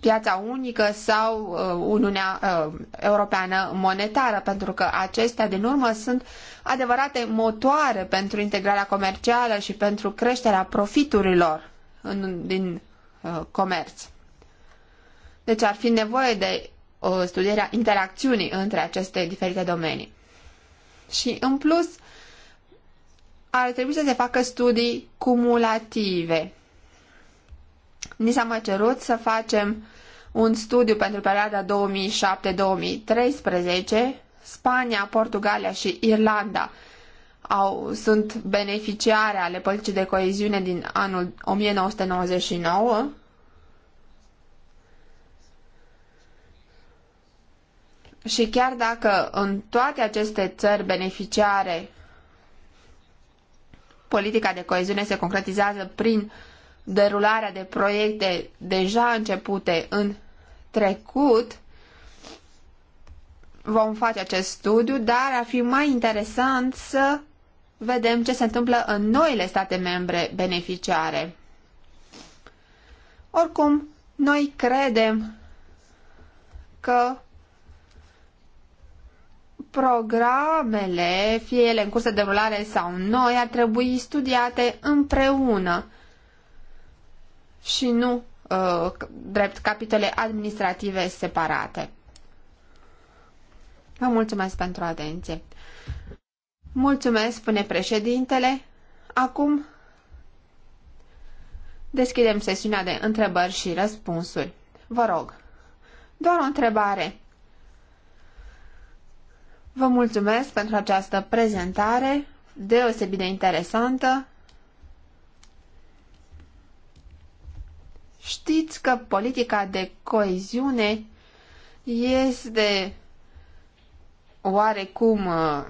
piața unică sau uh, Uniunea uh, Europeană monetară, pentru că acestea, din urmă, sunt adevărate motoare pentru integrarea comercială și pentru creșterea profiturilor în, din uh, comerț. Deci ar fi nevoie de uh, studierea interacțiunii între aceste diferite domenii. Și, în plus, ar trebui să se facă studii cumulative Ni s-a mai cerut să facem un studiu pentru perioada 2007-2013. Spania, Portugalia și Irlanda au, sunt beneficiare ale politicii de coeziune din anul 1999. Și chiar dacă în toate aceste țări beneficiare politica de coeziune se concretizează prin derularea de proiecte deja începute în trecut, vom face acest studiu, dar ar fi mai interesant să vedem ce se întâmplă în noile state membre beneficiare. Oricum, noi credem că programele, fie ele în curs de derulare sau noi, ar trebui studiate împreună și nu uh, drept capitole administrative separate. Vă mulțumesc pentru atenție. Mulțumesc, spune președintele. Acum deschidem sesiunea de întrebări și răspunsuri. Vă rog, doar o întrebare. Vă mulțumesc pentru această prezentare deosebit de interesantă Știți că politica de coeziune este oarecum uh,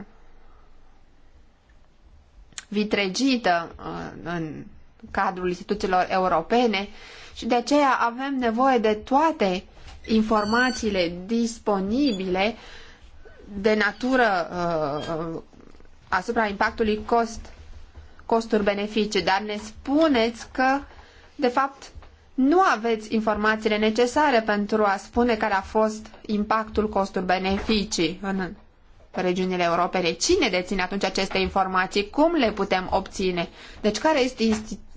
vitregită uh, în cadrul instituțiilor europene și de aceea avem nevoie de toate informațiile disponibile de natură uh, asupra impactului cost, costuri-beneficii, dar ne spuneți că, de fapt, nu aveți informațiile necesare pentru a spune care a fost impactul costuri-beneficii în regiunile europene. Cine deține atunci aceste informații? Cum le putem obține? Deci care este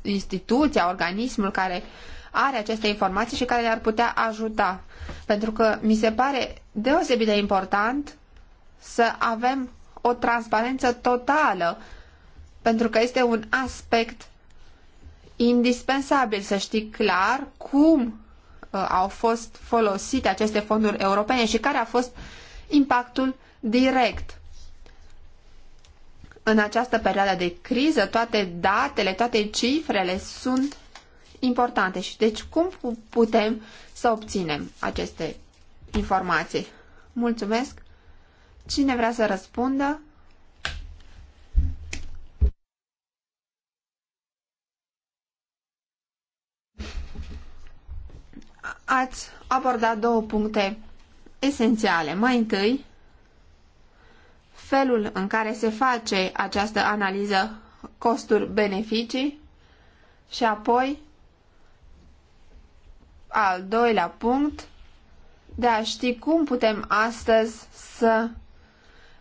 instituția, organismul care are aceste informații și care le-ar putea ajuta? Pentru că mi se pare deosebit de important să avem o transparență totală, pentru că este un aspect indispensabil să știi clar cum uh, au fost folosite aceste fonduri europene și care a fost impactul direct. În această perioadă de criză, toate datele, toate cifrele sunt importante și deci cum putem să obținem aceste informații? Mulțumesc! Cine vrea să răspundă? ați abordat două puncte esențiale. Mai întâi, felul în care se face această analiză costuri-beneficii și apoi, al doilea punct, de a ști cum putem astăzi să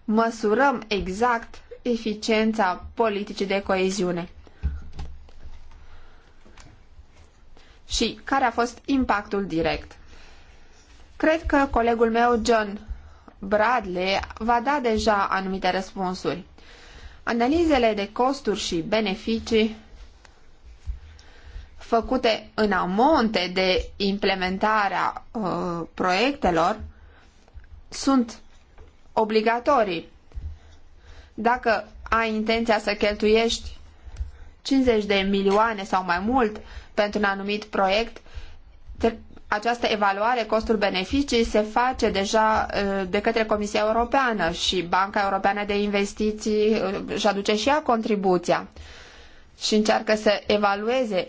măsurăm exact eficiența politicii de coeziune. și care a fost impactul direct. Cred că colegul meu, John Bradley, va da deja anumite răspunsuri. Analizele de costuri și beneficii făcute în amonte de implementarea uh, proiectelor sunt obligatorii. Dacă ai intenția să cheltuiești 50 de milioane sau mai mult pentru un anumit proiect, această evaluare costul-beneficii se face deja ă, de către Comisia Europeană și Banca Europeană de Investiții ă, își aduce și ea contribuția și încearcă să evalueze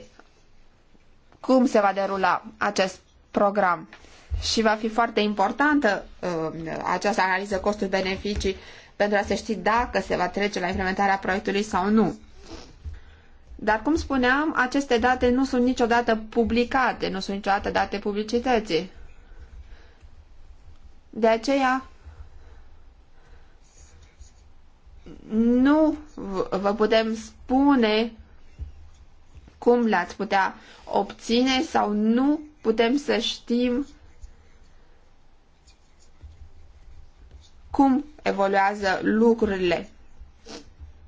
cum se va derula acest program. Și va fi foarte importantă ă, această analiză costul-beneficii pentru a se ști dacă se va trece la implementarea proiectului sau nu. Dar, cum spuneam, aceste date nu sunt niciodată publicate, nu sunt niciodată date publicității. De aceea, nu vă putem spune cum l-ați putea obține sau nu putem să știm cum evoluează lucrurile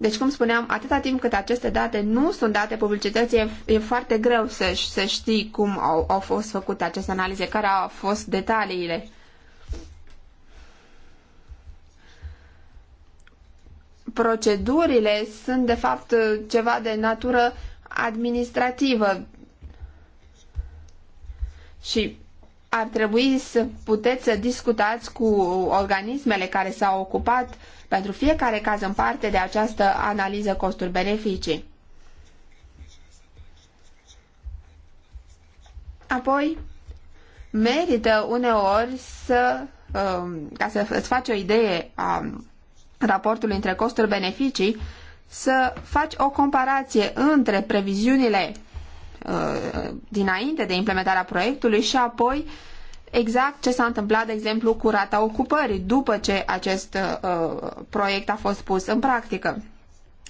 deci, cum spuneam, atâta timp cât aceste date nu sunt date publicității, e, e foarte greu să, să știi cum au, au fost făcute aceste analize, care au fost detaliile. Procedurile sunt, de fapt, ceva de natură administrativă și ar trebui să puteți să discutați cu organismele care s-au ocupat pentru fiecare caz în parte de această analiză costuri-beneficii. Apoi, merită uneori să, um, ca să îți faci o idee a raportului între costuri-beneficii, să faci o comparație între previziunile Uh, dinainte de implementarea proiectului și apoi exact ce s-a întâmplat, de exemplu, cu rata ocupării după ce acest uh, proiect a fost pus în practică.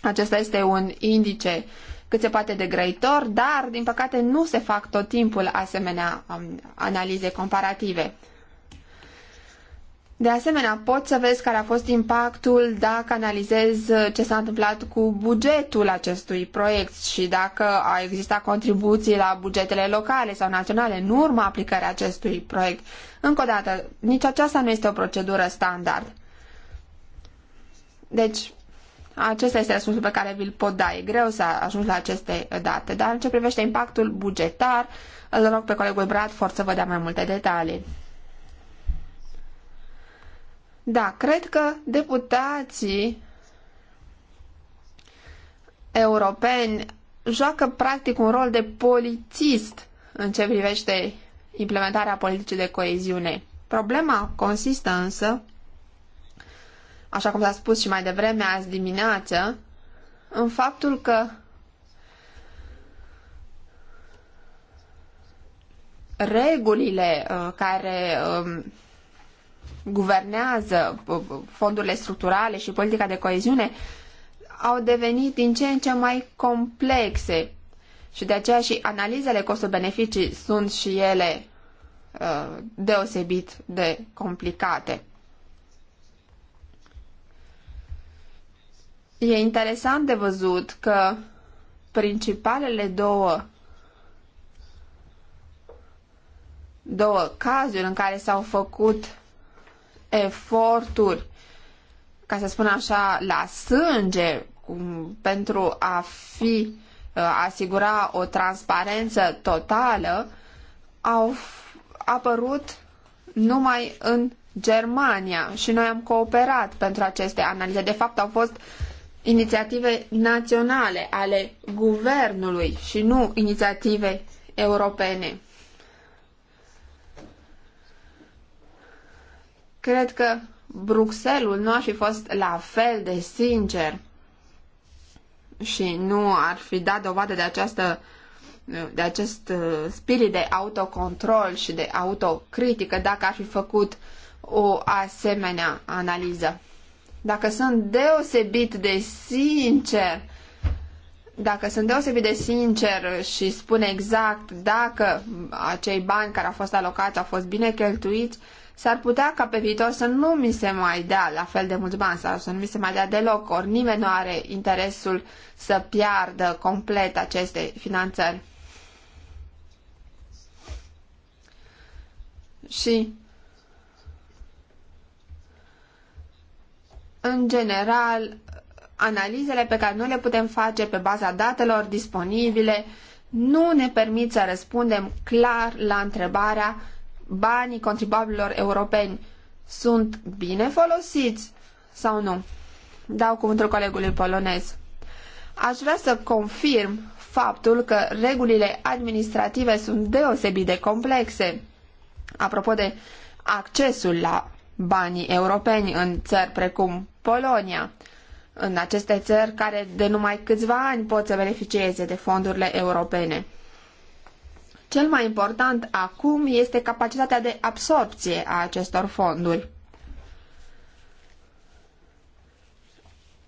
Acesta este un indice cât se poate de grăitor, dar, din păcate, nu se fac tot timpul asemenea um, analize comparative. De asemenea, poți să vezi care a fost impactul dacă analizezi uh, ce s-a întâmplat cu bugetul acestui proiect și dacă a existat contribuții la bugetele locale sau naționale în urma aplicării acestui proiect. Încă o dată, nici aceasta nu este o procedură standard. Deci, acesta este răspunsul pe care vi-l pot da. E greu să ajungi la aceste date, dar în ce privește impactul bugetar, îl rog pe colegul Bradford să vă dea mai multe detalii. Da, cred că deputații europeni joacă practic un rol de polițist în ce privește implementarea politicii de coeziune. Problema consistă însă, așa cum s-a spus și mai devreme azi dimineață, în faptul că regulile uh, care um, guvernează fondurile structurale și politica de coeziune au devenit din ce în ce mai complexe și de aceea și analizele cost-beneficii sunt și ele uh, deosebit de complicate. E interesant de văzut că principalele două două cazuri în care s-au făcut eforturi, ca să spun așa, la sânge pentru a fi a uh, asigura o transparență totală, au apărut numai în Germania și noi am cooperat pentru aceste analize. De fapt, au fost inițiative naționale ale guvernului și nu inițiative europene. Cred că Bruxelul nu ar fi fost la fel de sincer și nu ar fi dat dovadă de această de acest uh, spirit de autocontrol și de autocritică dacă ar fi făcut o asemenea analiză. Dacă sunt deosebit de sincer, dacă sunt deosebit de sincer și spun exact dacă acei bani care au fost alocați au fost bine cheltuiți, S-ar putea ca pe viitor să nu mi se mai dea la fel de mulți bani sau să nu mi se mai dea deloc, ori nimeni nu are interesul să piardă complet aceste finanțări. Și în general, analizele pe care nu le putem face pe baza datelor disponibile nu ne permit să răspundem clar la întrebarea banii contribuabililor europeni sunt bine folosiți sau nu? Dau cuvântul colegului polonez. Aș vrea să confirm faptul că regulile administrative sunt deosebit de complexe. Apropo de accesul la banii europeni în țări precum Polonia, în aceste țări care de numai câțiva ani pot să beneficieze de fondurile europene. Cel mai important acum este capacitatea de absorpție a acestor fonduri.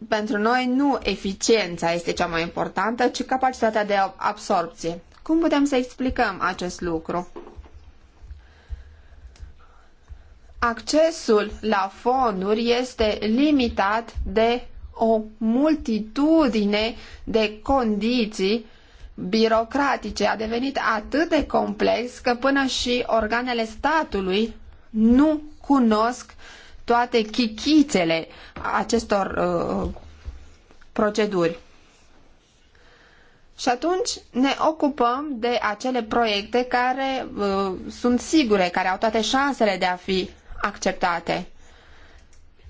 Pentru noi nu eficiența este cea mai importantă, ci capacitatea de absorpție. Cum putem să explicăm acest lucru? Accesul la fonduri este limitat de o multitudine de condiții birocratice a devenit atât de complex că până și organele statului nu cunosc toate chichițele acestor uh, proceduri. Și atunci ne ocupăm de acele proiecte care uh, sunt sigure, care au toate șansele de a fi acceptate.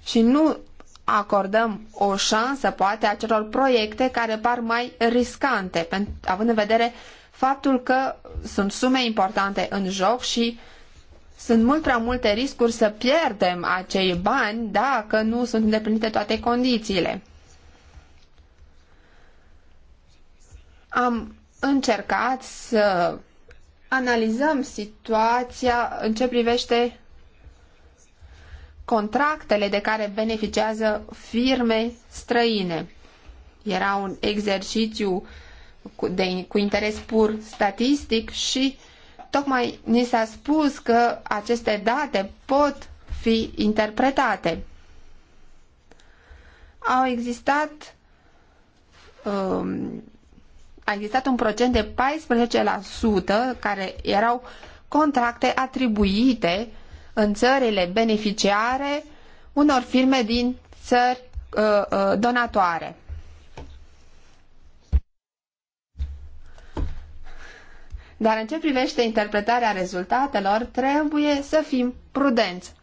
Și nu acordăm o șansă, poate, acelor proiecte care par mai riscante, având în vedere faptul că sunt sume importante în joc și sunt mult prea multe riscuri să pierdem acei bani dacă nu sunt îndeplinite toate condițiile. Am încercat să analizăm situația în ce privește contractele de care beneficiază firme străine. Era un exercițiu cu, de, cu interes pur statistic și tocmai ni s-a spus că aceste date pot fi interpretate. Au existat um, a existat un procent de 14% care erau contracte atribuite uh, în țările beneficiare unor firme din țări uh, uh, donatoare. Dar în ce privește interpretarea rezultatelor, trebuie să fim prudenți.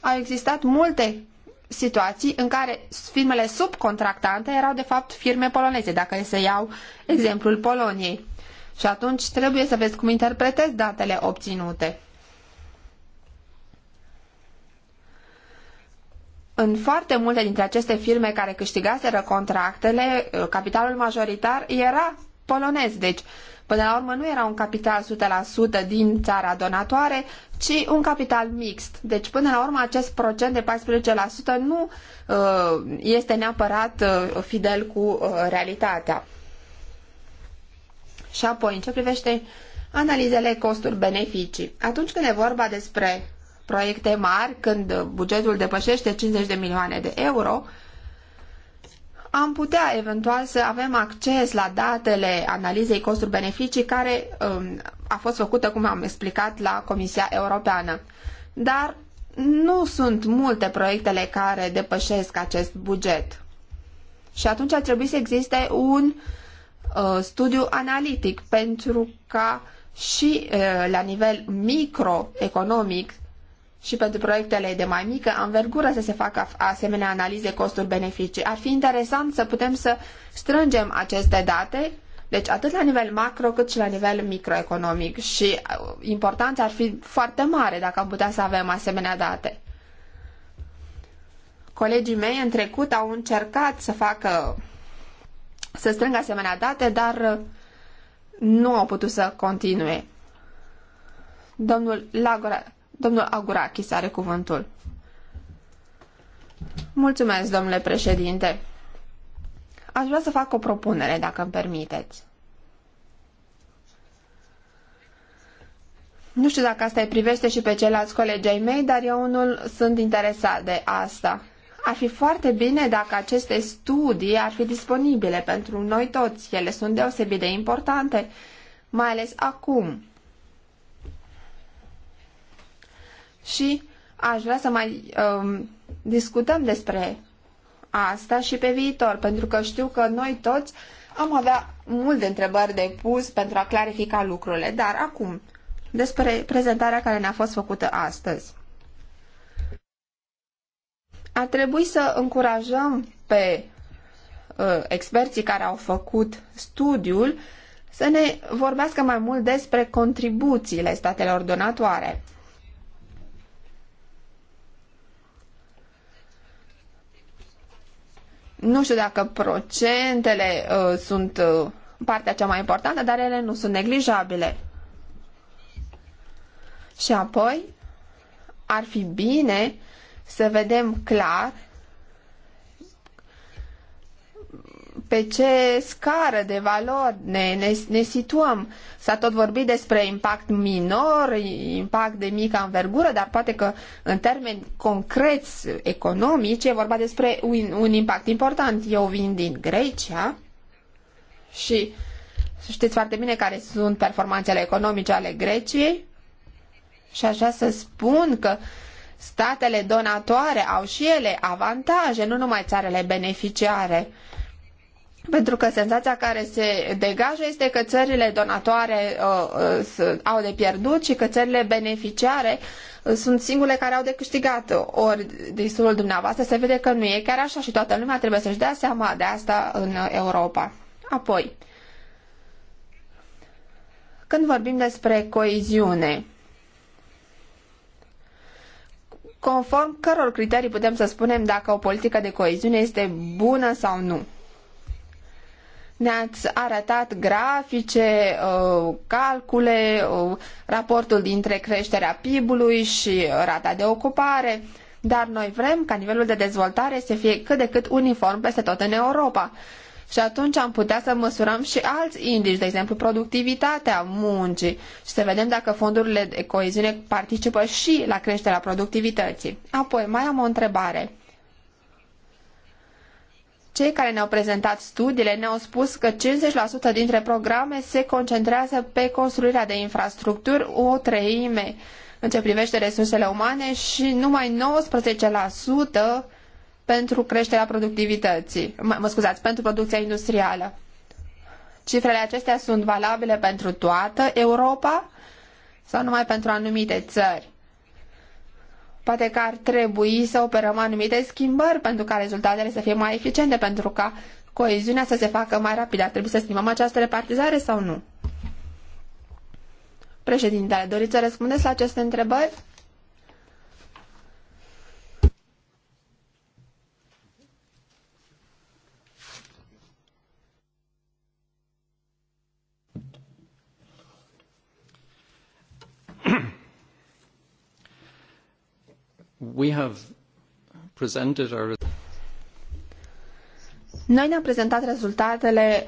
Au existat multe situații în care firmele subcontractante erau de fapt firme poloneze, dacă e să iau exemplul Poloniei. Și atunci trebuie să vezi cum interpretezi datele obținute. În foarte multe dintre aceste firme care câștigaseră contractele, uh, capitalul majoritar era polonez, deci până la urmă nu era un capital 100% din țara donatoare, ci un capital mixt. Deci până la urmă acest procent de 14% nu uh, este neapărat uh, fidel cu realitatea. Și apoi, în ce privește analizele costuri-beneficii, atunci când e vorba despre proiecte mari, când bugetul depășește 50 de milioane de euro, am putea eventual să avem acces la datele analizei costuri-beneficii care um, a fost făcută, cum am explicat, la Comisia Europeană. Dar nu sunt multe proiectele care depășesc acest buget. Și atunci ar trebui să existe un uh, studiu analitic pentru ca și uh, la nivel microeconomic și pentru proiectele de mai mică anvergură să se facă asemenea analize costuri-beneficii. Ar fi interesant să putem să strângem aceste date, deci atât la nivel macro cât și la nivel microeconomic și uh, importanța ar fi foarte mare dacă am putea să avem asemenea date. Colegii mei în trecut au încercat să facă să strângă asemenea date, dar uh, nu au putut să continue. Domnul Lagora Domnul Agurachis are cuvântul. Mulțumesc, domnule președinte. Aș vrea să fac o propunere, dacă îmi permiteți. Nu știu dacă asta îi privește și pe ceilalți colegi ai mei, dar eu unul sunt interesat de asta. Ar fi foarte bine dacă aceste studii ar fi disponibile pentru noi toți. Ele sunt deosebit de importante, mai ales acum, și aș vrea să mai um, discutăm despre asta și pe viitor, pentru că știu că noi toți am avea multe întrebări de pus pentru a clarifica lucrurile, dar acum, despre prezentarea care ne-a fost făcută astăzi. Ar trebui să încurajăm pe uh, experții care au făcut studiul să ne vorbească mai mult despre contribuțiile statelor donatoare. Nu știu dacă procentele uh, sunt uh, partea cea mai importantă, dar ele nu sunt neglijabile. Și apoi ar fi bine să vedem clar pe ce scară de valori ne, ne, ne situăm. S-a tot vorbit despre impact minor, impact de mică învergură, dar poate că în termeni concreți economici e vorba despre un, un impact important. Eu vin din Grecia și știți foarte bine care sunt performanțele economice ale Greciei și așa să spun că statele donatoare au și ele avantaje, nu numai țarele beneficiare pentru că senzația care se degajă este că țările donatoare uh, uh au de pierdut și că țările beneficiare uh, sunt singurele care au de câștigat. Ori din studiul dumneavoastră se vede că nu e chiar așa și toată lumea trebuie să-și dea seama de asta în Europa. Apoi, când vorbim despre coeziune, conform căror criterii putem să spunem dacă o politică de coeziune este bună sau nu. Ne-ați arătat grafice, uh, calcule, uh, raportul dintre creșterea PIB-ului și rata de ocupare, dar noi vrem ca nivelul de dezvoltare să fie cât de cât uniform peste tot în Europa. Și atunci am putea să măsurăm și alți indici, de exemplu productivitatea muncii și să vedem dacă fondurile de coeziune participă și la creșterea productivității. Apoi, mai am o întrebare. Cei care ne-au prezentat studiile ne-au spus că 50% dintre programe se concentrează pe construirea de infrastructuri, o treime în ce privește resursele umane și numai 19% pentru creșterea productivității, mă, scuzați, pentru producția industrială. Cifrele acestea sunt valabile pentru toată Europa sau numai pentru anumite țări? Poate că ar trebui să operăm anumite schimbări pentru ca rezultatele să fie mai eficiente, pentru ca coeziunea să se facă mai rapid. Ar trebui să schimbăm această repartizare sau nu? Președintele, doriți să răspundeți la aceste întrebări? We have presented our... Noi ne-am prezentat rezultatele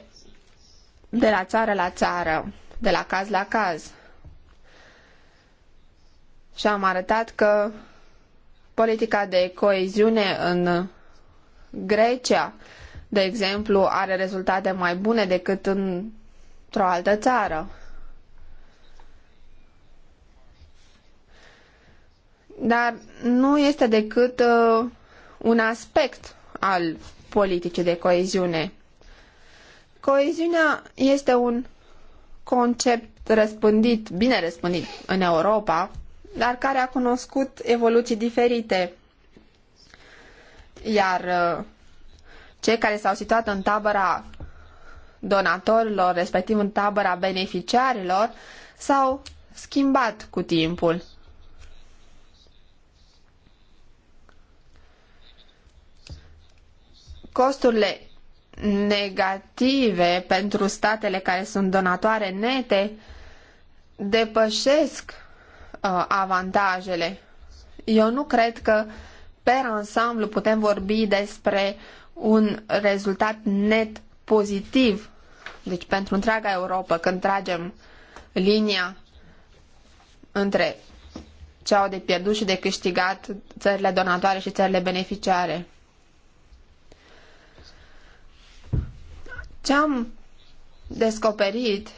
de la țară la țară, de la caz la caz. Și am arătat că politica de coeziune în Grecia, de exemplu, are rezultate mai bune decât într-o altă țară. dar nu este decât uh, un aspect al politicii de coeziune. Coeziunea este un concept răspândit, bine răspândit în Europa, dar care a cunoscut evoluții diferite. Iar uh, cei care s-au situat în tabăra donatorilor, respectiv în tabăra beneficiarilor, s-au schimbat cu timpul. costurile negative pentru statele care sunt donatoare nete depășesc uh, avantajele. Eu nu cred că per ansamblu putem vorbi despre un rezultat net pozitiv. Deci pentru întreaga Europa, când tragem linia între ce au de pierdut și de câștigat țările donatoare și țările beneficiare. Ce am descoperit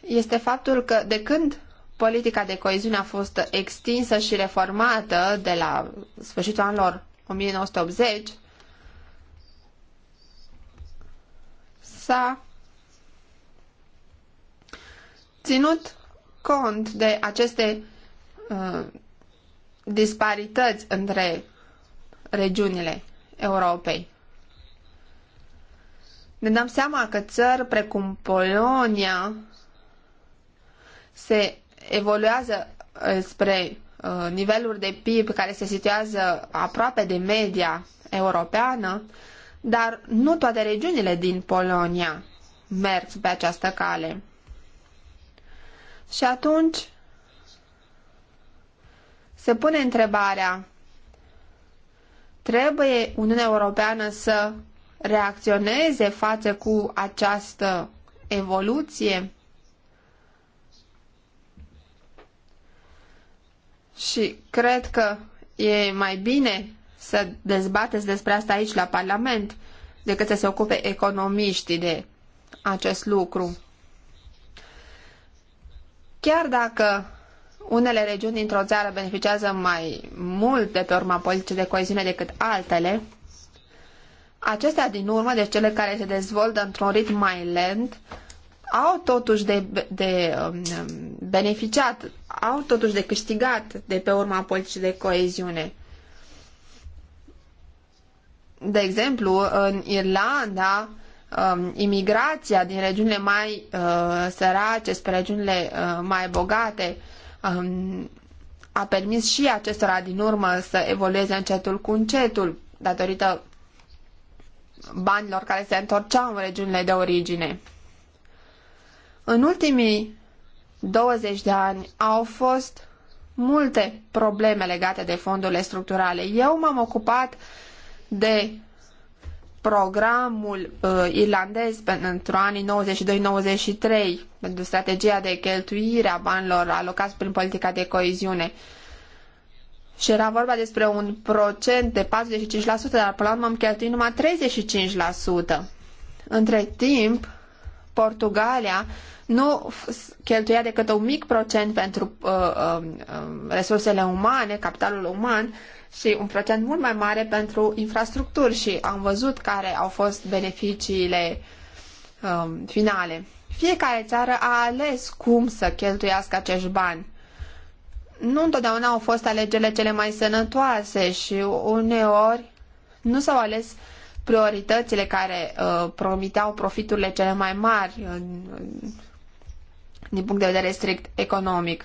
este faptul că de când politica de coeziune a fost extinsă și reformată de la sfârșitul anilor 1980, s-a ținut cont de aceste uh, disparități între regiunile Europei. Ne dăm seama că țări precum Polonia se evoluează spre niveluri de PIB care se situează aproape de media europeană, dar nu toate regiunile din Polonia merg pe această cale. Și atunci se pune întrebarea, trebuie Uniunea Europeană să reacționeze față cu această evoluție? Și cred că e mai bine să dezbateți despre asta aici la Parlament decât să se ocupe economiștii de acest lucru. Chiar dacă unele regiuni dintr-o țară beneficiază mai mult de pe urma politicii de coeziune decât altele, Acestea din urmă, deci cele care se dezvoltă într-un ritm mai lent, au totuși de, de um, beneficiat, au totuși de câștigat de pe urma politicii de coeziune. De exemplu, în Irlanda, um, imigrația din regiunile mai uh, sărace spre regiunile uh, mai bogate um, a permis și acestora din urmă să evolueze încetul cu încetul datorită banilor care se întorceau în regiunile de origine. În ultimii 20 de ani au fost multe probleme legate de fondurile structurale. Eu m-am ocupat de programul uh, irlandez pentru anii 92-93, pentru strategia de cheltuire a banilor alocați prin politica de coeziune. Uh, și era vorba despre un procent de 45%, dar până la urmă am cheltuit numai 35%. Între timp, Portugalia nu cheltuia decât un mic procent pentru uh, uh, resursele umane, capitalul uman, și un procent mult mai mare pentru infrastructuri și am văzut care au fost beneficiile uh, finale. Fiecare țară a ales cum să cheltuiască acești bani nu întotdeauna au fost alegerile cele mai sănătoase și uneori nu s-au ales prioritățile care uh, promiteau profiturile cele mai mari în, din punct de vedere strict economic.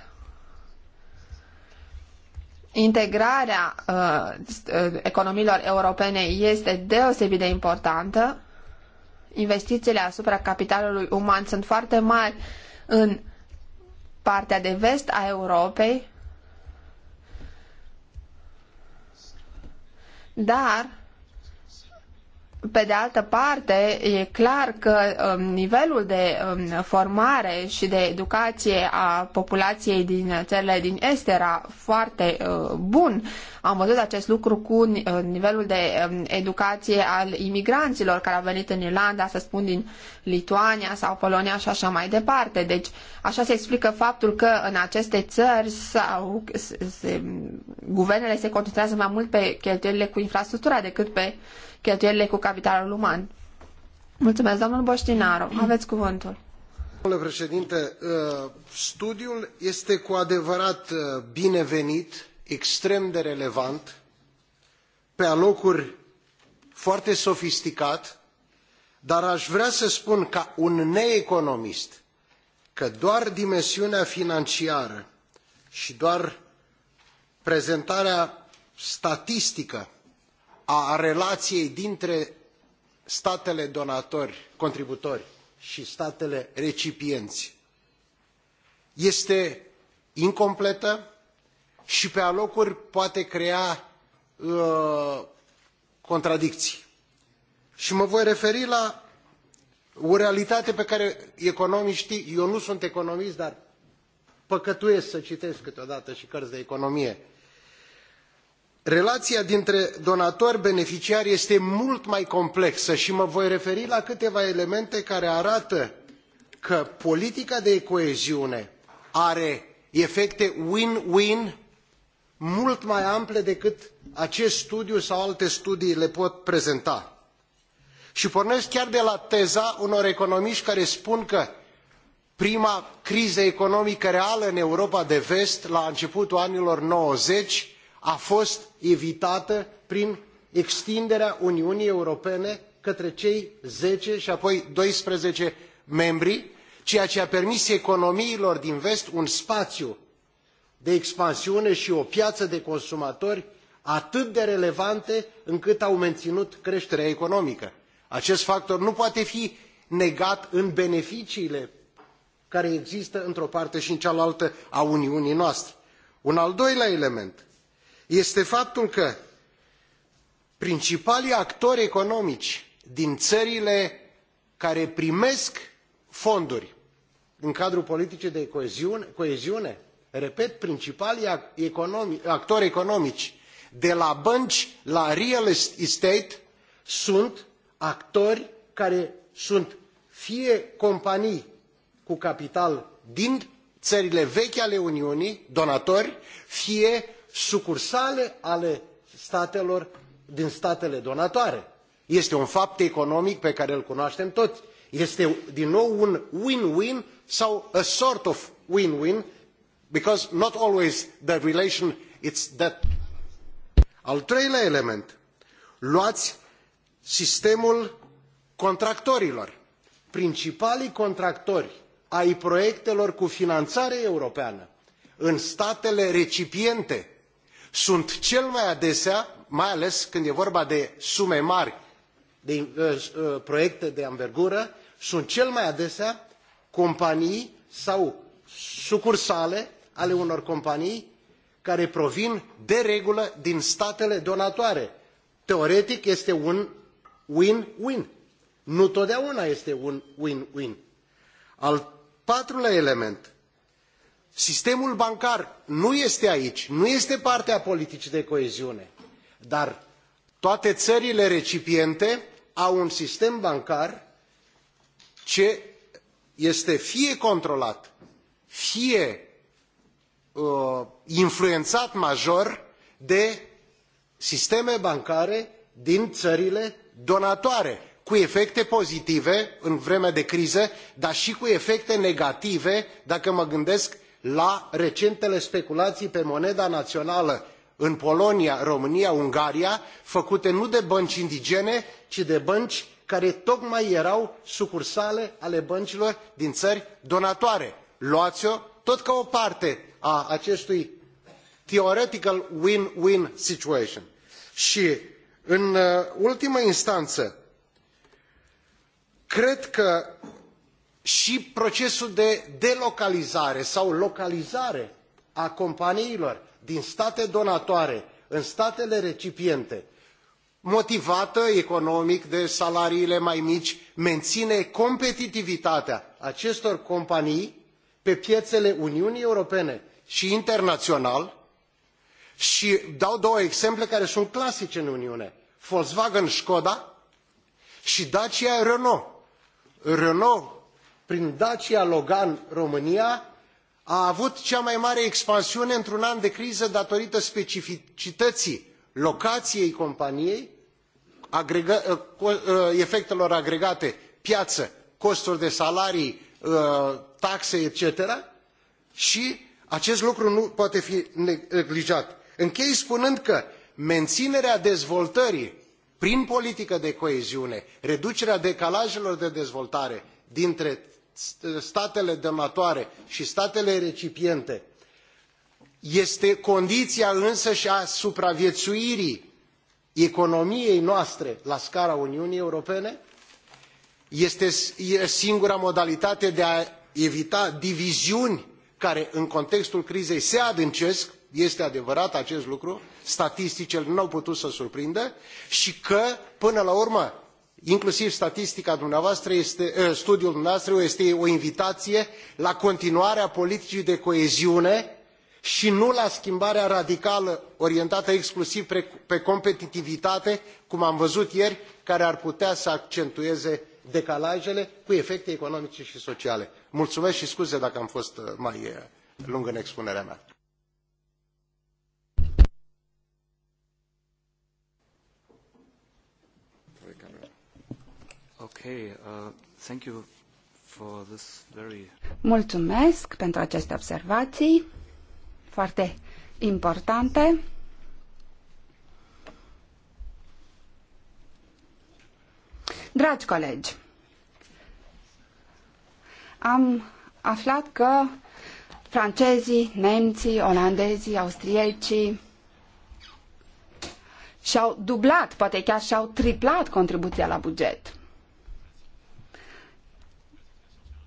Integrarea uh, uh, economiilor europene este deosebit de importantă. Investițiile asupra capitalului uman sunt foarte mari în partea de vest a Europei dar pe de altă parte, e clar că um, nivelul de um, formare și de educație a populației din țările din Est era foarte uh, bun. Am văzut acest lucru cu uh, nivelul de um, educație al imigranților care au venit în Irlanda, să spun din Lituania sau Polonia și așa mai departe. Deci, așa se explică faptul că în aceste țări sau se, guvernele se concentrează mai mult pe cheltuielile cu infrastructura decât pe uh, cheltuielile cu capitalul uman. Mulțumesc, domnul Boștinaru. Aveți cuvântul. Domnule președinte, uh, studiul este cu adevărat uh, binevenit, extrem de relevant, pe alocuri foarte sofisticat, dar aș vrea să spun ca un neeconomist că doar dimensiunea financiară și doar prezentarea statistică a relației dintre statele donatori, contributori și statele recipienți este incompletă și pe alocuri poate crea uh, contradicții. Și mă voi referi la o realitate pe care economiștii, eu nu sunt economist, dar păcătuiesc să citesc câteodată și cărți de economie, relaia dintre donator beneficiar este mult mai complexă i mă voi referi la câteva elemente care arată că politica de coeziune are efecte win win mult mai ample decât acest studiu sau alte studii le pot prezenta i pornesc chiar de la teza unor economiti care spun că prima criză economică reală în europa de vest la începutul anilor nouăzeci a fost evitată prin extinderea uniunii europene către cei zece i apoi doisprezece membri ceea ce a permis economiilor din vest un spaiu de expansiune i o piaă de consumatori atât de relevante încât au meninut creterea economică. acest factor nu poate fi negat în beneficiile care există într o parte i în cealaltă a uniunii noastre. un al doilea element este faptul că principalii actori economici din ările care primesc fonduri în cadrul politicii de coeziune, repet principalii actori economici de la bănci la real estate sunt actori care sunt fie companii cu capital din ările vechi ale Uniunii, donatori, fie sucursale ale statelor din statele donatoare. Este un fapt economic pe care îl cunoaștem toți. Este din nou un win-win sau a sort of win-win because not always the relation is that. Al treilea element, luați sistemul contractorilor. Principalii contractori ai proiectelor cu finanțare europeană în statele recipiente sunt cel mai adesea, mai ales când e vorba de sume mari, de uh, uh, proiecte de anvergură, sunt cel mai adesea companii sau sucursale ale unor companii care provin de regulă din statele donatoare. Teoretic este un win-win. Nu totdeauna este un win-win. Al patrulea element sistemul bancar nu este aici nu este parte a politicii de coeziune dar toate țările recipiente au un sistem bancar ce este fie controlat fie uh, influențat major de sisteme bancare din țările donatoare cu efecte pozitive în vremea de criză dar și cu efecte negative dacă mă gândesc la recentele speculații pe moneda națională în Polonia, România, Ungaria, făcute nu de bănci indigene, ci de bănci care tocmai erau sucursale ale băncilor din ări donatoare. luai o tot ca o parte a acestui theoretical win-win situation. Și, în uh, ultimă instanță, cred că și procesul de delocalizare sau localizare a companiilor din state donatoare în statele recipiente, motivată economic de salariile mai mici, menține competitivitatea acestor companii pe piețele Uniunii Europene și internațional și dau două exemple care sunt clasice în Uniune. Volkswagen Skoda și Dacia Renault. Renault prin Dacia Logan România, a avut cea mai mare expansiune într-un an de criză datorită specificității locației companiei, agrega uh, uh, efectelor agregate, piață, costuri de salarii, uh, taxe, etc. Și acest lucru nu poate fi neglijat. Închei spunând că menținerea dezvoltării prin politică de coeziune, reducerea decalajelor de dezvoltare dintre statele donatoare și statele recipiente este condiția însăși a supraviețuirii economiei noastre la scara Uniunii Europene, este singura modalitate de a evita diviziuni care în contextul crizei se adâncesc, este adevărat acest lucru, statisticile nu au putut să surprindă, și că, până la urmă, inclusiv statistica dumneavoastră ă, studiul dumneavoastră este o invitaie la continuarea politicii de coeziune i nu la schimbarea radicală orientată exclusiv pe competitivitate cum am văzut ieri care ar putea să accentueze decalajele cu efecte economice i sociale. mulumesc i scuze dacă am fost ă, mai ă, lung în expunerea mea. Uh, Mulțumesc pentru aceste observații foarte importante. Dragi colegi, am aflat că francezii, nemții, olandezii, austriecii și-au dublat, poate chiar și-au triplat contribuția la buget.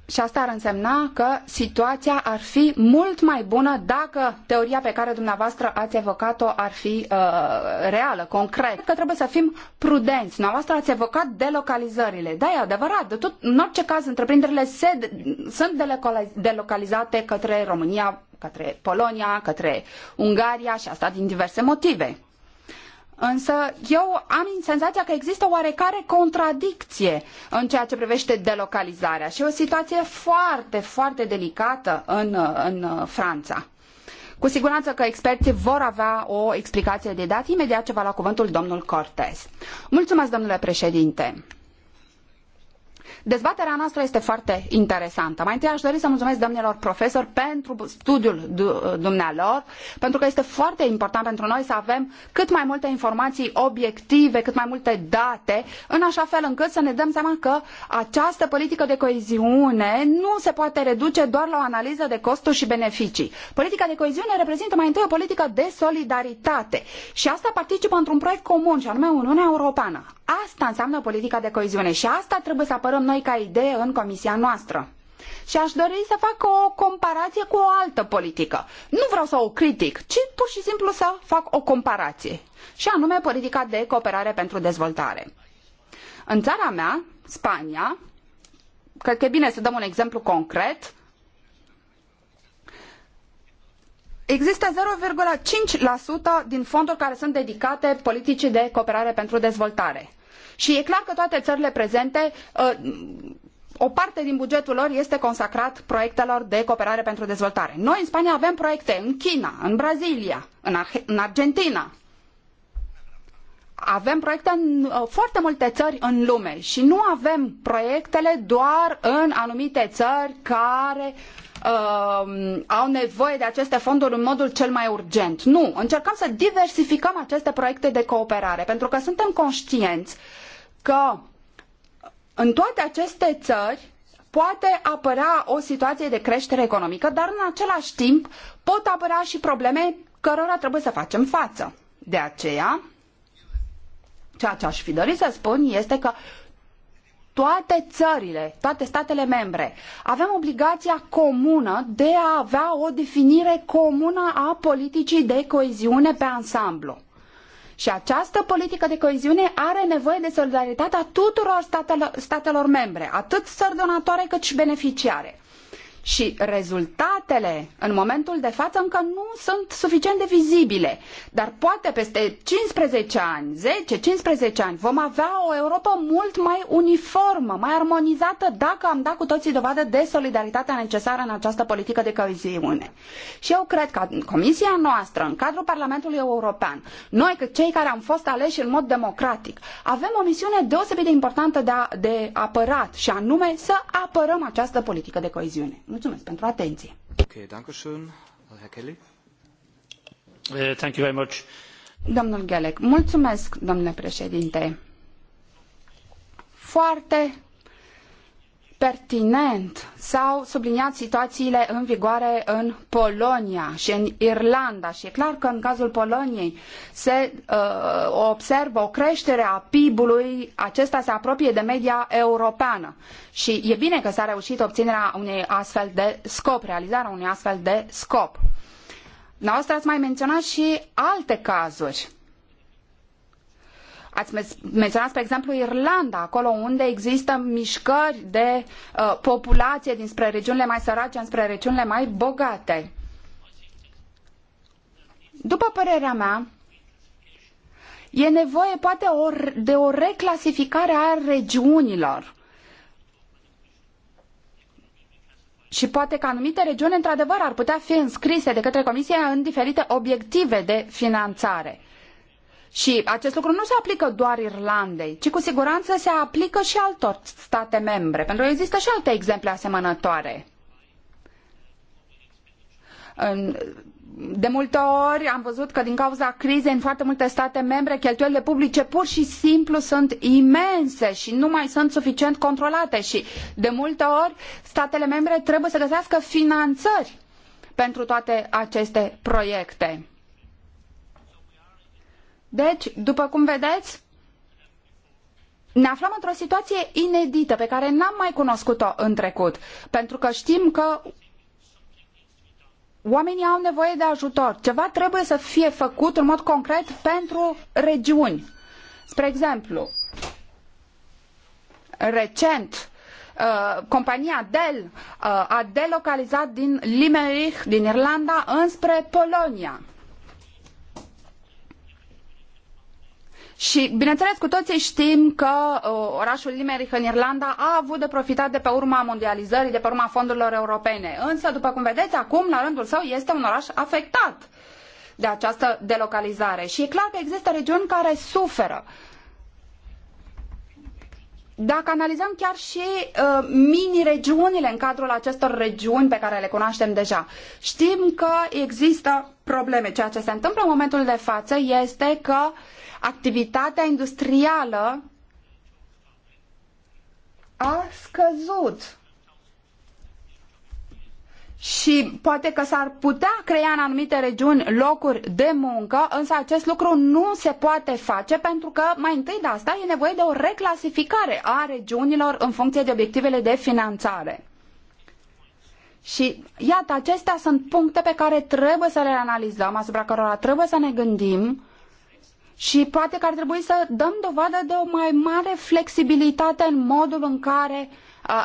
Și asta ar însemna că situația ar fi mult mai bună dacă teoria pe care dumneavoastră ați evocat-o ar fi uh, reală, concret. Că trebuie să fim prudenți. Dumneavoastră ați evocat delocalizările. Da, e adevărat. Tot, în orice caz, întreprinderile se, sunt delocalizate către România, către Polonia, către Ungaria și asta din diverse motive. Însă eu am senzația că există oarecare contradicție în ceea ce privește delocalizarea și o situație foarte, foarte delicată în, în uh, Franța. Cu siguranță că experții vor avea o explicație de dat imediat ce va lua cuvântul domnul Cortez. Mulțumesc, domnule președinte. Dezbaterea noastră este foarte interesantă. Mai întâi aș dori să mulțumesc domnilor profesori pentru studiul dumnealor, pentru că este foarte important pentru noi să avem cât mai multe informații obiective, cât mai multe date, în așa fel încât să ne dăm seama că această politică de coeziune nu se poate reduce doar la o analiză de costuri și beneficii. Politica de coeziune reprezintă mai întâi o politică de solidaritate și asta participă într-un proiect comun, și anume Uniunea Europeană. Asta înseamnă politica de coeziune și asta trebuie să apărăm noi ca idee în comisia noastră. Și aș dori să fac o comparație cu o altă politică. Nu vreau să o critic, ci pur și simplu să fac o comparație. Și anume politica de cooperare pentru dezvoltare. În țara mea, Spania, cred că e bine să dăm un exemplu concret, Există 0,5% din fonduri care sunt dedicate politicii de cooperare pentru dezvoltare. Și e clar că toate țările prezente uh, o parte din bugetul lor este consacrat proiectelor de cooperare pentru dezvoltare. Noi în Spania avem proiecte în China, în Brazilia, în, Ar în Argentina. Avem proiecte în uh, foarte multe țări în lume și nu avem proiectele doar în anumite țări care uh, au nevoie de aceste fonduri în modul cel mai urgent. Nu, încercăm să diversificăm aceste proiecte de cooperare pentru că suntem conștienți uh, că în toate aceste țări poate apărea o situație de creștere economică, dar în același timp pot apărea și probleme cărora trebuie să facem față. De aceea, ceea ce aș fi dorit să spun este că toate țările, toate statele membre, avem obligația comună de a avea o definire comună a politicii de coeziune pe ansamblu. Și această politică de coeziune are nevoie de solidaritatea tuturor statelor, statelor membre, atât sări donatoare cât și beneficiare și rezultatele în momentul de față încă nu sunt suficient de vizibile. Dar poate peste 15 ani, 10-15 ani, vom avea o Europa mult mai uniformă, mai armonizată, dacă am dat cu toții dovadă de solidaritatea necesară în această politică de coeziune. Și eu cred că Comisia noastră, în cadrul Parlamentului European, noi, cât cei care am fost aleși în mod democratic, avem o misiune deosebit de importantă de, a, de apărat și anume să apărăm această politică de coeziune. Mulțumesc pentru atenție. danke schön. Herr Kelly. Uh, thank you very much. Domnul mulțumesc, domnule președinte. Foarte pertinent s-au subliniat situațiile în vigoare în Polonia și în Irlanda și e clar că în cazul Poloniei se uh, observă o creștere a PIB-ului, acesta se apropie de media europeană și e bine că s-a reușit obținerea unei astfel de scop, realizarea unui astfel de scop. Noastră ați mai menționat și alte cazuri Ați menționat, spre exemplu, Irlanda, acolo unde există mișcări de uh, populație dinspre regiunile mai sărace înspre regiunile mai bogate. După părerea mea, e nevoie poate de o reclasificare a regiunilor. Și poate că anumite regiuni, într-adevăr, ar putea fi înscrise de către Comisie în diferite obiective de finanțare. Și acest lucru nu se aplică doar Irlandei, ci cu siguranță se aplică și altor state membre, pentru că există și alte exemple asemănătoare. de multe ori am văzut că din cauza crizei în foarte multe state membre cheltuielile publice pur și simplu sunt imense și nu mai sunt suficient controlate și de multe ori statele membre trebuie să găsească finanțări pentru toate aceste proiecte. Deci, după cum vedeți, ne aflăm într-o situație inedită pe care n-am mai cunoscut-o în trecut, pentru că știm că oamenii au nevoie de ajutor. Ceva trebuie să fie făcut în mod concret pentru regiuni. Spre exemplu, recent, Uh, compania Dell uh, a delocalizat din Limerick, din Irlanda, înspre Polonia. Și, bineînțeles, cu toții știm că uh, orașul Limerick în Irlanda a avut de profitat de pe urma mondializării, de pe urma fondurilor europene. Însă, după cum vedeți, acum, la rândul său, este un oraș afectat de această delocalizare. Și e clar că există regiuni care suferă. Dacă analizăm chiar și uh, mini-regiunile în cadrul acestor regiuni pe care le cunoaștem deja, știm că există probleme. Ceea ce se întâmplă în momentul de față este că uh, activitatea industrială a scăzut. Și poate că s-ar putea crea în anumite regiuni locuri de muncă, însă acest lucru nu se poate face pentru că mai întâi de asta e nevoie de o reclasificare a regiunilor în funcție de obiectivele de finanțare. Și iată, acestea sunt puncte pe care trebuie să le analizăm, asupra cărora trebuie să ne gândim și poate că ar trebui să dăm dovadă de o mai mare flexibilitate în modul în care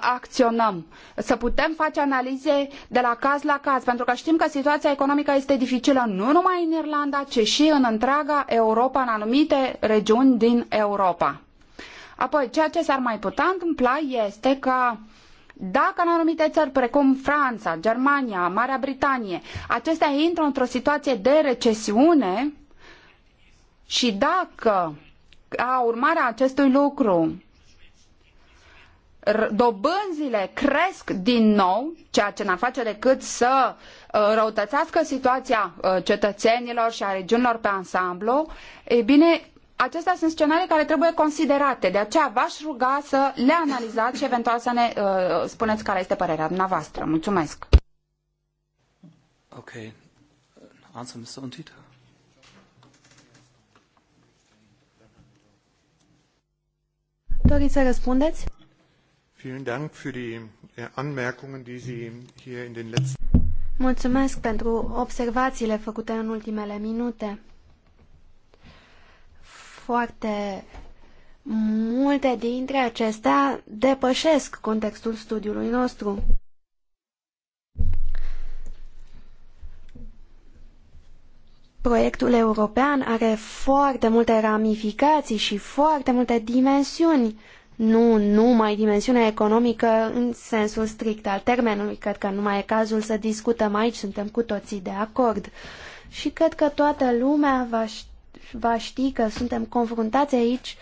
acționăm, să putem face analize de la caz la caz, pentru că știm că situația economică este dificilă nu numai în Irlanda, ci și în întreaga Europa, în anumite regiuni din Europa. Apoi, ceea ce s-ar mai putea întâmpla este că dacă în anumite țări, precum Franța, Germania, Marea Britanie, acestea intră într-o situație de recesiune, și dacă, a urmare a acestui lucru, dobânzile cresc din nou, ceea ce n-ar face decât să uh, răutățească situația uh, cetățenilor și a regiunilor pe ansamblu, e bine, acestea sunt scenarii care trebuie considerate. De aceea v-aș ruga să le analizați și eventual să ne uh, spuneți care este părerea dumneavoastră. Mulțumesc. Ok. Answer, Mr. Untita. Doriți să răspundeți? Mulțumesc pentru observațiile făcute în ultimele minute. Foarte multe dintre acestea depășesc contextul studiului nostru. Proiectul european are foarte multe ramificații și foarte multe dimensiuni, nu numai dimensiunea economică în sensul strict al termenului. Cred că nu mai e cazul să discutăm aici, suntem cu toții de acord. Și cred că toată lumea va va ști că suntem confruntați aici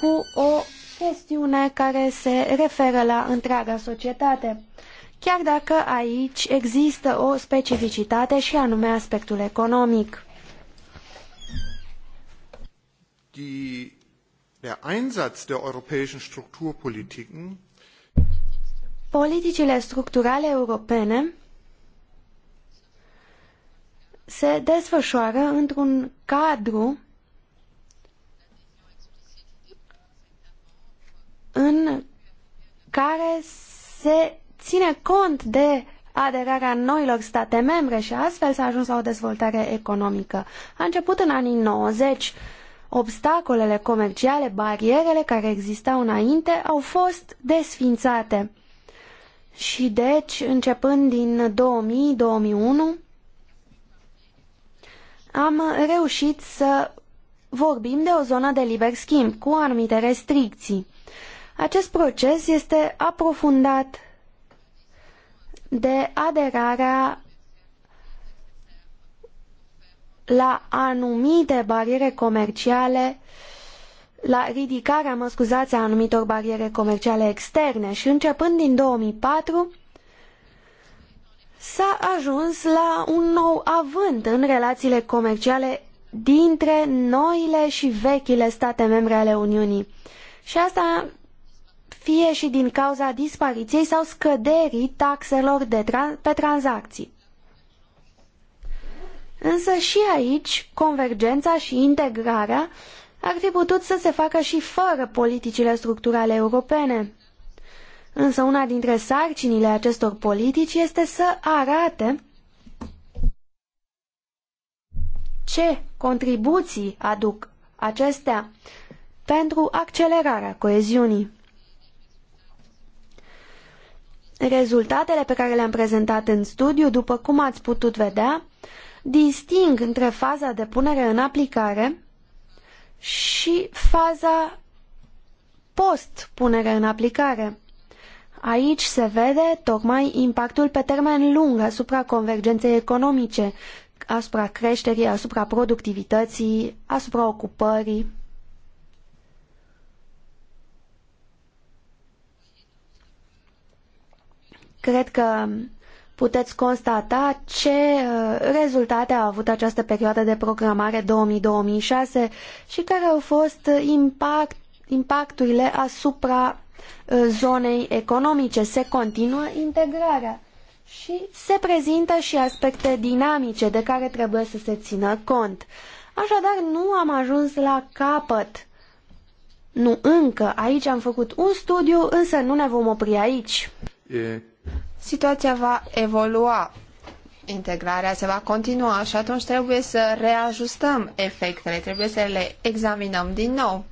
cu o chestiune care se referă la întreaga societate chiar dacă aici există o specificitate și anume aspectul economic die, der Einsatz der europäischen Strukturpolitiken Politicile structurale europene se desfășoară într-un cadru în care se ține cont de aderarea noilor state membre și astfel s-a ajuns la o dezvoltare economică. A început în anii 90 Obstacolele comerciale, barierele care existau înainte au fost desfințate. Și deci, începând din 2000-2001, am reușit să vorbim de o zonă de liber schimb cu anumite restricții. Acest proces este aprofundat de aderarea la anumite bariere comerciale, la ridicarea, mă scuzați, a anumitor bariere comerciale externe și începând din 2004 s-a ajuns la un nou avânt în relațiile comerciale dintre noile și vechile state membre ale Uniunii. Și asta fie și din cauza dispariției sau scăderii taxelor de tra- pe tranzacții. Însă și aici, convergența și integrarea ar fi putut să se facă și fără politicile structurale europene. Însă una dintre sarcinile acestor politici este să arate ce contribuții aduc acestea pentru accelerarea coeziunii. Rezultatele pe care le-am prezentat în studiu, după cum ați putut vedea, disting între faza de punere în aplicare și faza post-punere în aplicare. Aici se vede tocmai impactul pe termen lung asupra convergenței economice, asupra creșterii, asupra productivității, asupra ocupării. Cred că puteți constata ce uh, rezultate a avut această perioadă de programare 2000-2006 și care au fost impact, impacturile asupra uh, zonei economice. Se continuă integrarea și se prezintă și aspecte dinamice de care trebuie să se țină cont. Așadar, nu am ajuns la capăt. Nu încă. Aici am făcut un studiu, însă nu ne vom opri aici. Situația va evolua, integrarea se va continua și atunci trebuie să reajustăm efectele, trebuie să le examinăm din nou.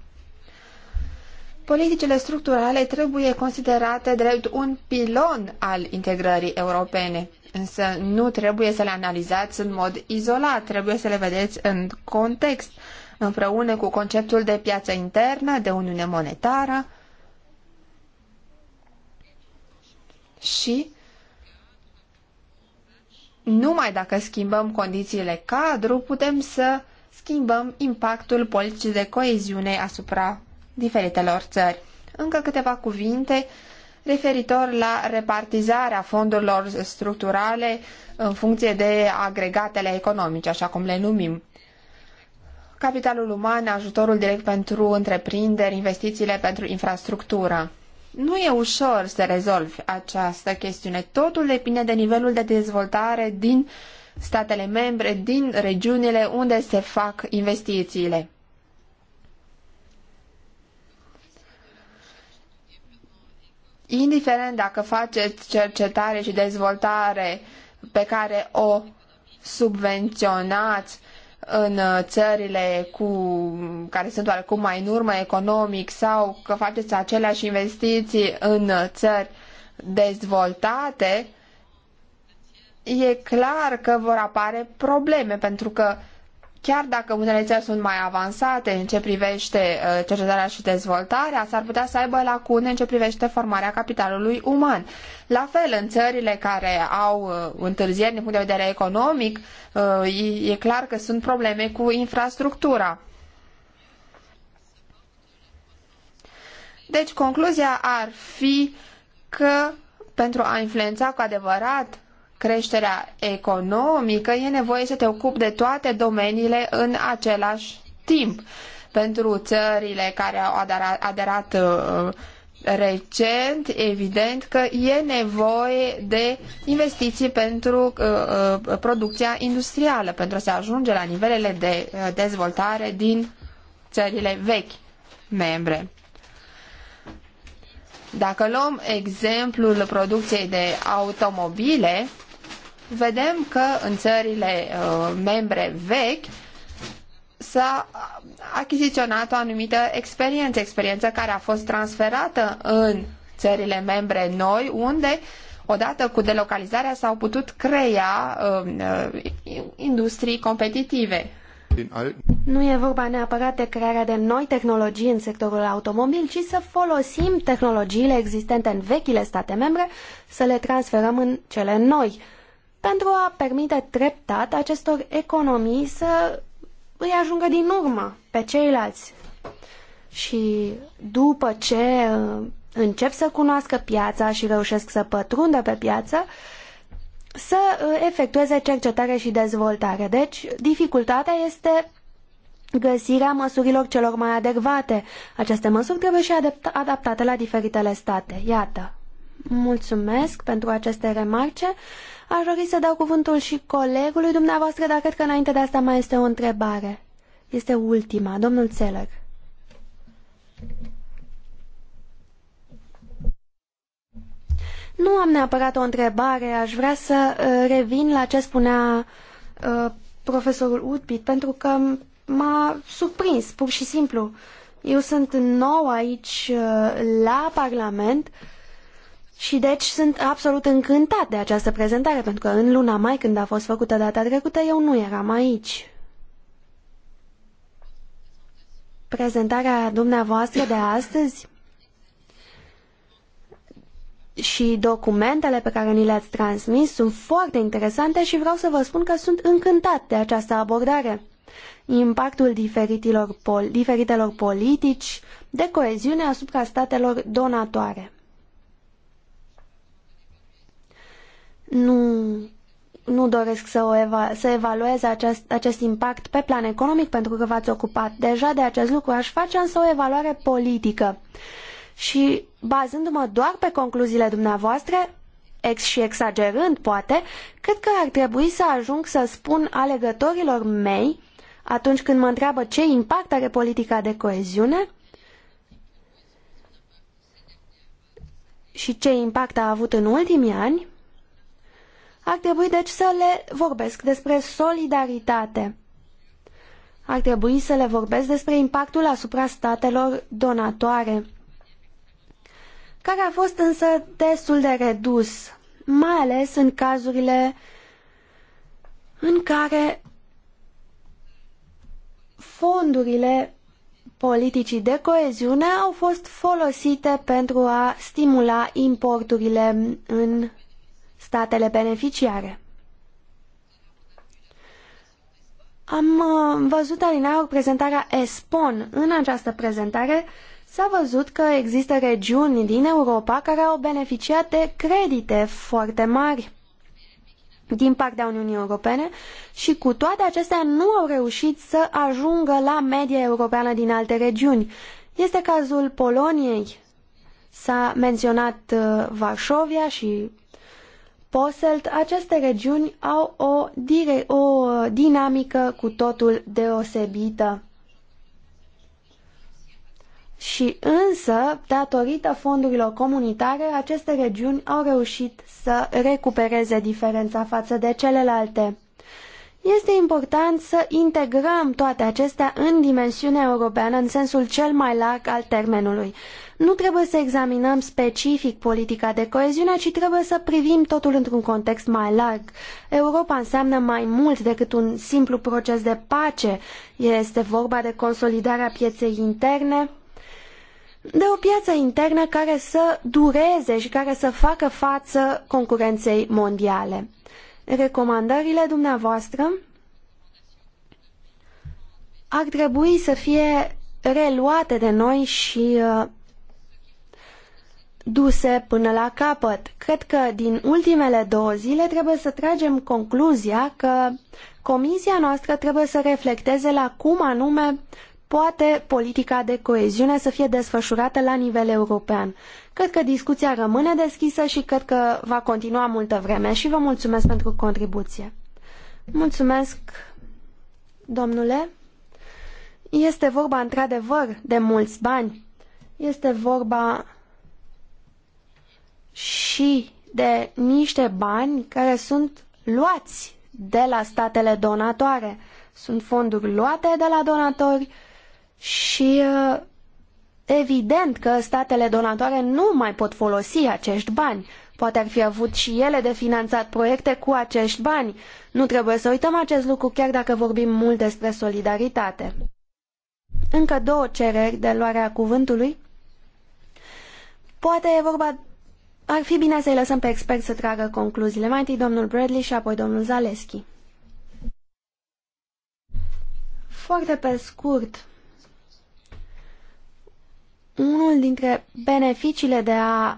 Politicile structurale trebuie considerate drept un pilon al integrării europene, însă nu trebuie să le analizați în mod izolat, trebuie să le vedeți în context, împreună cu conceptul de piață internă, de uniune monetară și numai dacă schimbăm condițiile cadru putem să schimbăm impactul politicii de coeziune asupra diferitelor țări. Încă câteva cuvinte referitor la repartizarea fondurilor structurale în funcție de agregatele economice, așa cum le numim. Capitalul uman, ajutorul direct pentru întreprinderi, investițiile pentru infrastructură. Nu e ușor să rezolvi această chestiune. Totul depinde de nivelul de dezvoltare din statele membre, din regiunile unde se fac investițiile. Indiferent dacă faceți cercetare și dezvoltare pe care o subvenționați în uh, țările cu, care sunt oarecum mai în urmă economic sau că faceți aceleași investiții în uh, țări dezvoltate, e clar că vor apare probleme pentru că Chiar dacă unele țări sunt mai avansate în ce privește uh, cercetarea și dezvoltarea, s-ar putea să aibă lacune în ce privește formarea capitalului uman. La fel, în țările care au uh, întârzieri din punct de vedere economic, uh, e clar că sunt probleme cu infrastructura. Deci, concluzia ar fi că pentru a influența cu adevărat creșterea economică, e nevoie să te ocupi de toate domeniile în același timp. Pentru țările care au aderat, aderat uh, recent, evident că e nevoie de investiții pentru uh, uh, producția industrială, pentru a se ajunge la nivelele de dezvoltare din țările vechi membre. Dacă luăm exemplul producției de automobile, vedem că în țările uh, membre vechi s-a achiziționat o anumită experiență, experiență care a fost transferată în țările membre noi, unde odată cu delocalizarea s-au putut crea um, uh, industrii competitive. Nu e vorba neapărat de crearea de noi tehnologii în sectorul automobil, ci să folosim tehnologiile existente în vechile state membre, să le transferăm în cele noi pentru a permite treptat acestor economii să îi ajungă din urmă pe ceilalți. Și după ce uh, încep să cunoască piața și reușesc să pătrundă pe piață, să uh, efectueze cercetare și dezvoltare. Deci, dificultatea este găsirea măsurilor celor mai adecvate. Aceste măsuri trebuie și adaptate la diferitele state. Iată. Mulțumesc pentru aceste remarce. Aș dori să dau cuvântul și colegului dumneavoastră, dar cred că înainte de asta mai este o întrebare. Este ultima. Domnul Țeler. Nu am neapărat o întrebare, aș vrea să uh, revin la ce spunea uh, profesorul Utpit, pentru că m-a surprins, pur și simplu. Eu sunt nou aici uh, la Parlament uh, și deci sunt absolut încântat de această prezentare, pentru că în luna mai, când a fost făcută data trecută, eu nu eram aici. Prezentarea dumneavoastră de astăzi și documentele pe care ni le-ați transmis sunt foarte interesante și vreau să vă spun că sunt încântat de această abordare. Impactul diferitelor politici de coeziune asupra statelor donatoare. nu, nu doresc să, o eva, să evalueze acest, acest impact pe plan economic, pentru că v-ați ocupat deja de acest lucru. Aș face însă o evaluare politică. Și bazându-mă doar pe concluziile dumneavoastră, ex și exagerând poate, cred că ar trebui să ajung să spun alegătorilor mei, atunci când mă întreabă ce impact are politica de coeziune, și ce impact a avut în ultimii ani, ar trebui deci să le vorbesc despre solidaritate. Ar trebui să le vorbesc despre impactul asupra statelor donatoare, care a fost însă destul de redus, mai ales în cazurile în care fondurile politicii de coeziune au fost folosite pentru a stimula importurile în statele beneficiare. Am uh, văzut Alina, prezentarea ESPON. În această prezentare s-a văzut că există regiuni din Europa care au beneficiat de credite foarte mari din partea Uniunii Europene și cu toate acestea nu au reușit să ajungă la media europeană din alte regiuni. Este cazul Poloniei. S-a menționat uh, Varșovia și Poselt, aceste regiuni au o, dire, o dinamică cu totul deosebită. Și însă, datorită fondurilor comunitare, aceste regiuni au reușit să recupereze diferența față de celelalte. Este important să integrăm toate acestea în dimensiunea europeană în sensul cel mai larg al termenului. Nu trebuie să examinăm specific politica de coeziune, ci trebuie să privim totul într-un context mai larg. Europa înseamnă mai mult decât un simplu proces de pace. Este vorba de consolidarea pieței interne, de o piață internă care să dureze și care să facă față concurenței mondiale. Recomandările dumneavoastră ar trebui să fie reluate de noi și uh, duse până la capăt. Cred că din ultimele două zile trebuie să tragem concluzia că comisia noastră trebuie să reflecteze la cum anume poate politica de coeziune să fie desfășurată la nivel european. Cred că discuția rămâne deschisă și cred că va continua multă vreme și vă mulțumesc pentru contribuție. Mulțumesc, domnule. Este vorba într-adevăr de mulți bani. Este vorba și de niște bani care sunt luați de la statele donatoare. Sunt fonduri luate de la donatori și uh, evident că statele donatoare nu mai pot folosi acești bani. Poate ar fi avut și ele de finanțat proiecte cu acești bani. Nu trebuie să uităm acest lucru chiar dacă vorbim mult despre solidaritate. Încă două cereri de luarea cuvântului. Poate e vorba ar fi bine să-i lăsăm pe expert să tragă concluziile. Mai întâi domnul Bradley și apoi domnul Zaleski. Foarte pe scurt, unul dintre beneficiile de a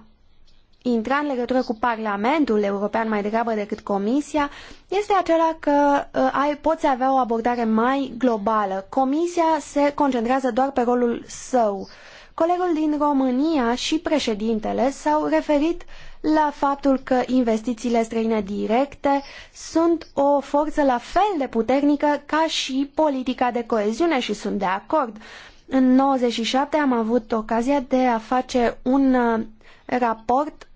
intra în legătură cu Parlamentul European mai degrabă decât Comisia este acela că uh, ai, poți avea o abordare mai globală. Comisia se concentrează doar pe rolul său Colegul din România și președintele s-au referit la faptul că investițiile străine directe sunt o forță la fel de puternică ca și politica de coeziune și sunt de acord. În 97 am avut ocazia de a face un uh, raport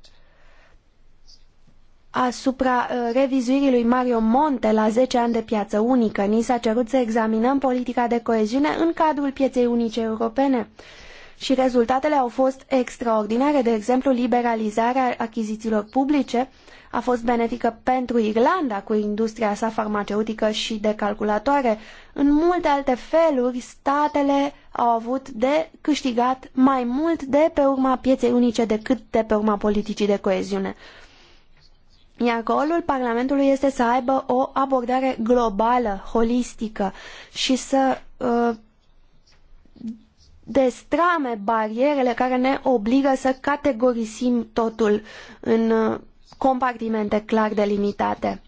asupra uh, revizuirii lui Mario Monte la zece ani de piață unică. Ni s-a cerut să examinăm politica de coeziune în cadrul pieței unice europene și rezultatele au fost extraordinare. De exemplu, liberalizarea achizițiilor publice a fost benefică pentru Irlanda cu industria sa farmaceutică și de calculatoare. În multe alte feluri, statele au avut de câștigat mai mult de pe urma pieței unice decât de pe urma politicii de coeziune. Iar rolul Parlamentului este să aibă o abordare globală, holistică și să uh, destrame barierele care ne obligă să categorisim totul în uh, compartimente clar delimitate.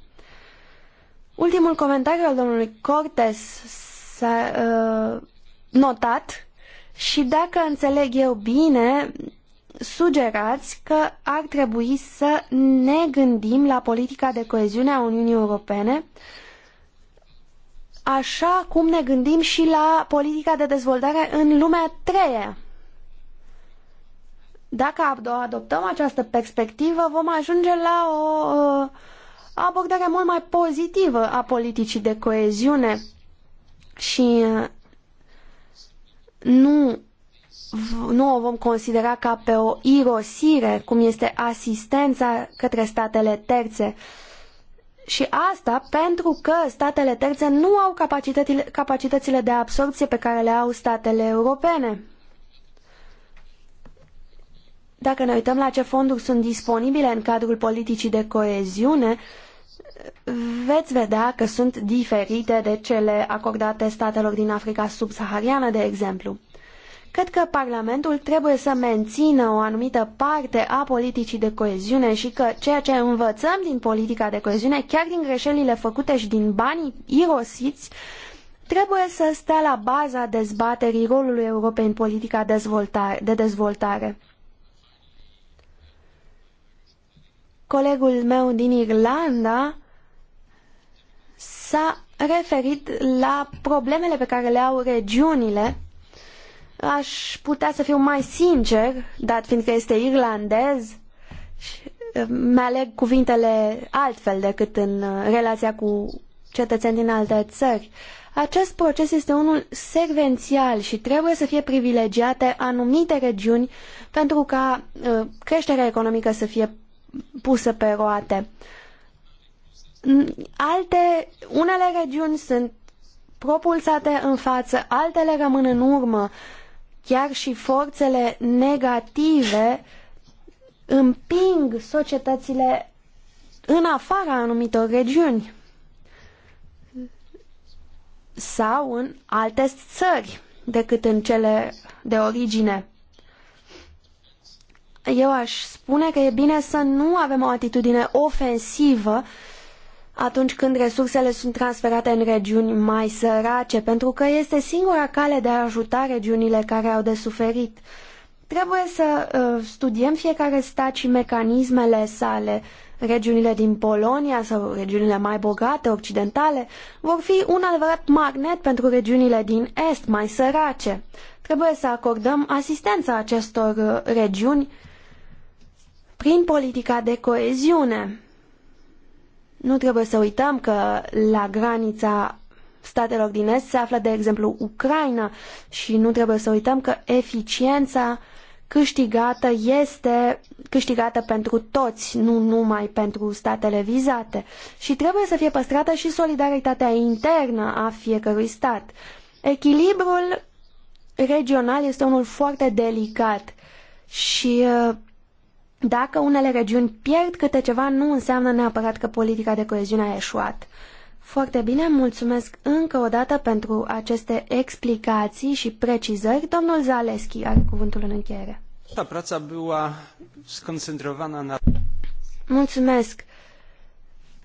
Ultimul comentariu al domnului Cortes s-a uh, notat și dacă înțeleg eu bine, sugerați că ar trebui să ne gândim la politica de coeziune a Uniunii Europene uh, așa cum ne gândim și la politica de dezvoltare în lumea a treia. Dacă adoptăm această perspectivă, vom ajunge la o abordare mult mai pozitivă a politicii de coeziune și uh, nu, nu o vom considera ca pe o irosire, cum este asistența către statele terțe. Uh, și asta pentru că statele terțe nu au capacitățile de absorpție pe care le au statele europene. Dacă ne uităm la ce fonduri sunt disponibile în cadrul politicii de coeziune, veți vedea că sunt diferite de cele acordate statelor din Africa subsahariană, de exemplu. Cred că Parlamentul trebuie să mențină o anumită parte a politicii de coeziune și că ceea ce învățăm din politica de coeziune, chiar din greșelile făcute și din banii irosiți, trebuie să stea la baza dezbaterii rolului Europei în politica de dezvoltare. Colegul meu din Irlanda s-a referit la problemele pe care le au regiunile Aș putea să fiu mai sincer, dat fiindcă este irlandez și uh, mi-aleg cuvintele altfel decât în uh, relația cu cetățeni din alte țări. Acest proces este unul secvențial și trebuie să fie privilegiate anumite regiuni pentru ca uh, creșterea economică să fie pusă pe roate. Alte, unele regiuni sunt propulsate în față, altele rămân în urmă chiar și forțele negative împing societățile în afara anumitor regiuni sau în alte țări decât în cele de origine. Eu aș spune că e bine să nu avem o atitudine ofensivă atunci când resursele sunt transferate în regiuni mai sărace, pentru că este singura cale de a ajuta regiunile care au de suferit. Trebuie să uh, studiem fiecare stat și mecanismele sale. Regiunile din Polonia sau regiunile mai bogate, occidentale, vor fi un adevărat magnet pentru regiunile din Est, mai sărace. Trebuie să acordăm asistența acestor uh, regiuni prin politica de coeziune nu trebuie să uităm că la granița statelor din Est se află, de exemplu, Ucraina și nu trebuie să uităm că eficiența câștigată este câștigată pentru toți, nu numai pentru statele vizate. Și trebuie să fie păstrată și solidaritatea internă a fiecărui stat. Echilibrul regional este unul foarte delicat și uh, dacă unele regiuni pierd câte ceva, nu înseamnă neapărat că politica de coeziune a eșuat. Foarte bine, mulțumesc încă o dată pentru aceste explicații și precizări. Domnul Zaleschi are cuvântul în încheiere. Ta da, była skoncentrowana na... Mulțumesc!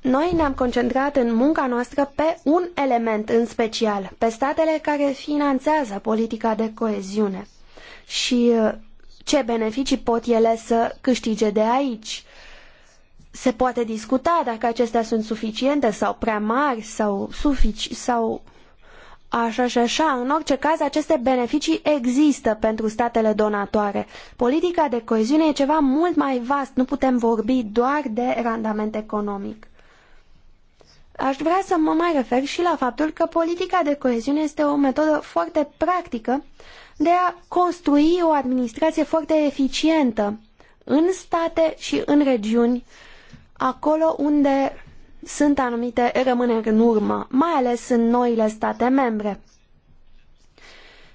Noi ne-am concentrat în munca noastră pe un element în special, pe statele care finanțează politica de coeziune. Și ce beneficii pot ele să câștige de aici. Se poate discuta dacă acestea sunt suficiente sau prea mari sau sufici sau Așa și așa, în orice caz, aceste beneficii există pentru statele donatoare. Politica de coeziune e ceva mult mai vast, nu putem vorbi doar de randament economic. Aș vrea să mă mai refer și la faptul că politica de coeziune este o metodă foarte practică de a construi o administrație foarte eficientă în state și în regiuni, acolo unde sunt anumite rămâneri în urmă, mai ales în noile state membre.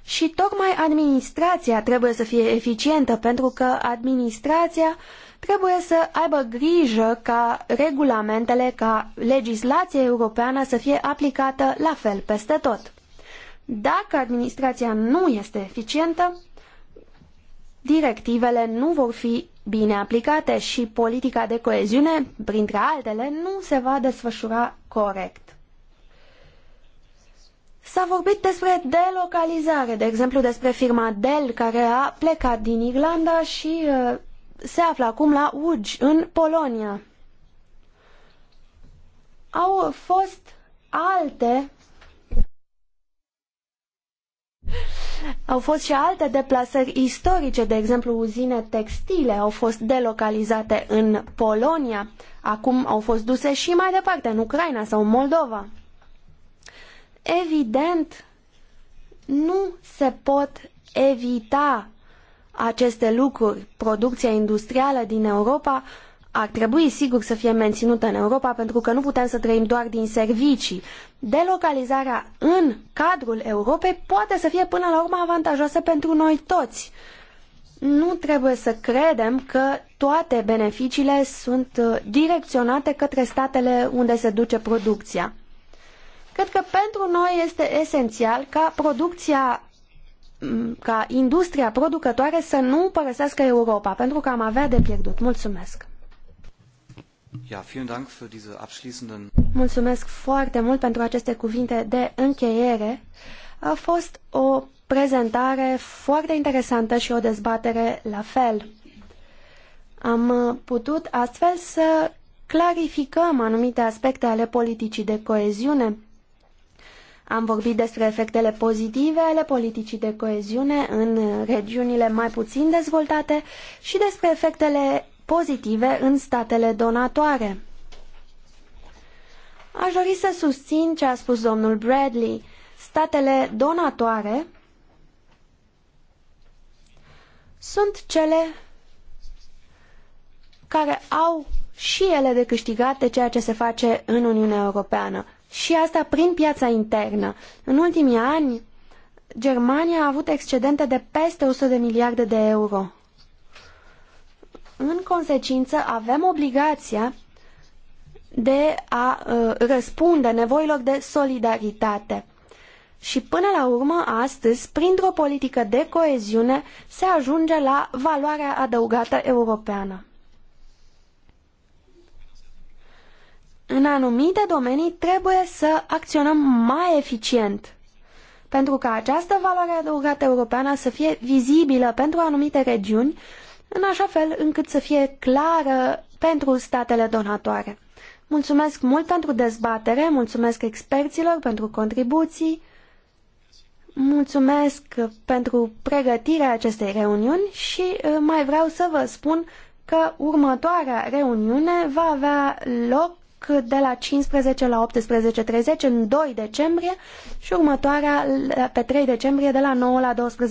Și tocmai administrația trebuie să fie eficientă, pentru că administrația trebuie să aibă grijă ca regulamentele, ca legislația europeană să fie aplicată la fel peste tot. Dacă administrația nu este eficientă, directivele nu vor fi bine aplicate și politica de coeziune, printre altele, nu se va desfășura corect. S-a vorbit despre delocalizare, de exemplu despre firma Dell care a plecat din Irlanda și uh, se află acum la Łódź, în Polonia. Au fost alte Au fost și alte deplasări istorice, de exemplu uzine textile au fost delocalizate în Polonia, acum au fost duse și mai departe, în Ucraina sau în Moldova. Evident, nu se pot evita aceste lucruri. Producția industrială din Europa ar trebui sigur să fie menținută în Europa pentru că nu putem să trăim doar din servicii. Delocalizarea în cadrul Europei poate să fie până la urmă avantajoasă pentru noi toți. Nu trebuie să credem că toate beneficiile sunt uh, direcționate către statele unde se duce producția. Cred că pentru noi este esențial ca producția ca industria producătoare să nu părăsească Europa, pentru că am avea de pierdut. Mulțumesc! Mulțumesc foarte mult pentru aceste cuvinte de încheiere. A fost o prezentare foarte interesantă și o dezbatere la fel. Am putut astfel să clarificăm anumite aspecte ale politicii de coeziune. Am vorbit despre efectele pozitive ale politicii de coeziune în regiunile mai puțin dezvoltate și despre efectele pozitive în statele donatoare. Aș dori să susțin ce a spus domnul Bradley. Statele donatoare sunt cele care au și ele de câștigat de ceea ce se face în Uniunea Europeană. Și asta prin piața internă. În ultimii ani, Germania a avut excedente de peste 100 de miliarde de euro în consecință avem obligația de a uh, răspunde nevoilor de solidaritate. Și până la urmă, astăzi, printr-o politică de coeziune, se ajunge la valoarea adăugată europeană. În anumite domenii trebuie să acționăm mai eficient, pentru ca această valoare adăugată europeană să fie vizibilă pentru anumite regiuni în așa fel încât să fie clară pentru statele donatoare. Mulțumesc mult pentru dezbatere, mulțumesc experților pentru contribuții, mulțumesc pentru pregătirea acestei reuniuni și uh, mai vreau să vă spun că următoarea reuniune va avea loc de la 15 la 18.30 în 2 decembrie și următoarea pe 3 decembrie de la 9 la 12.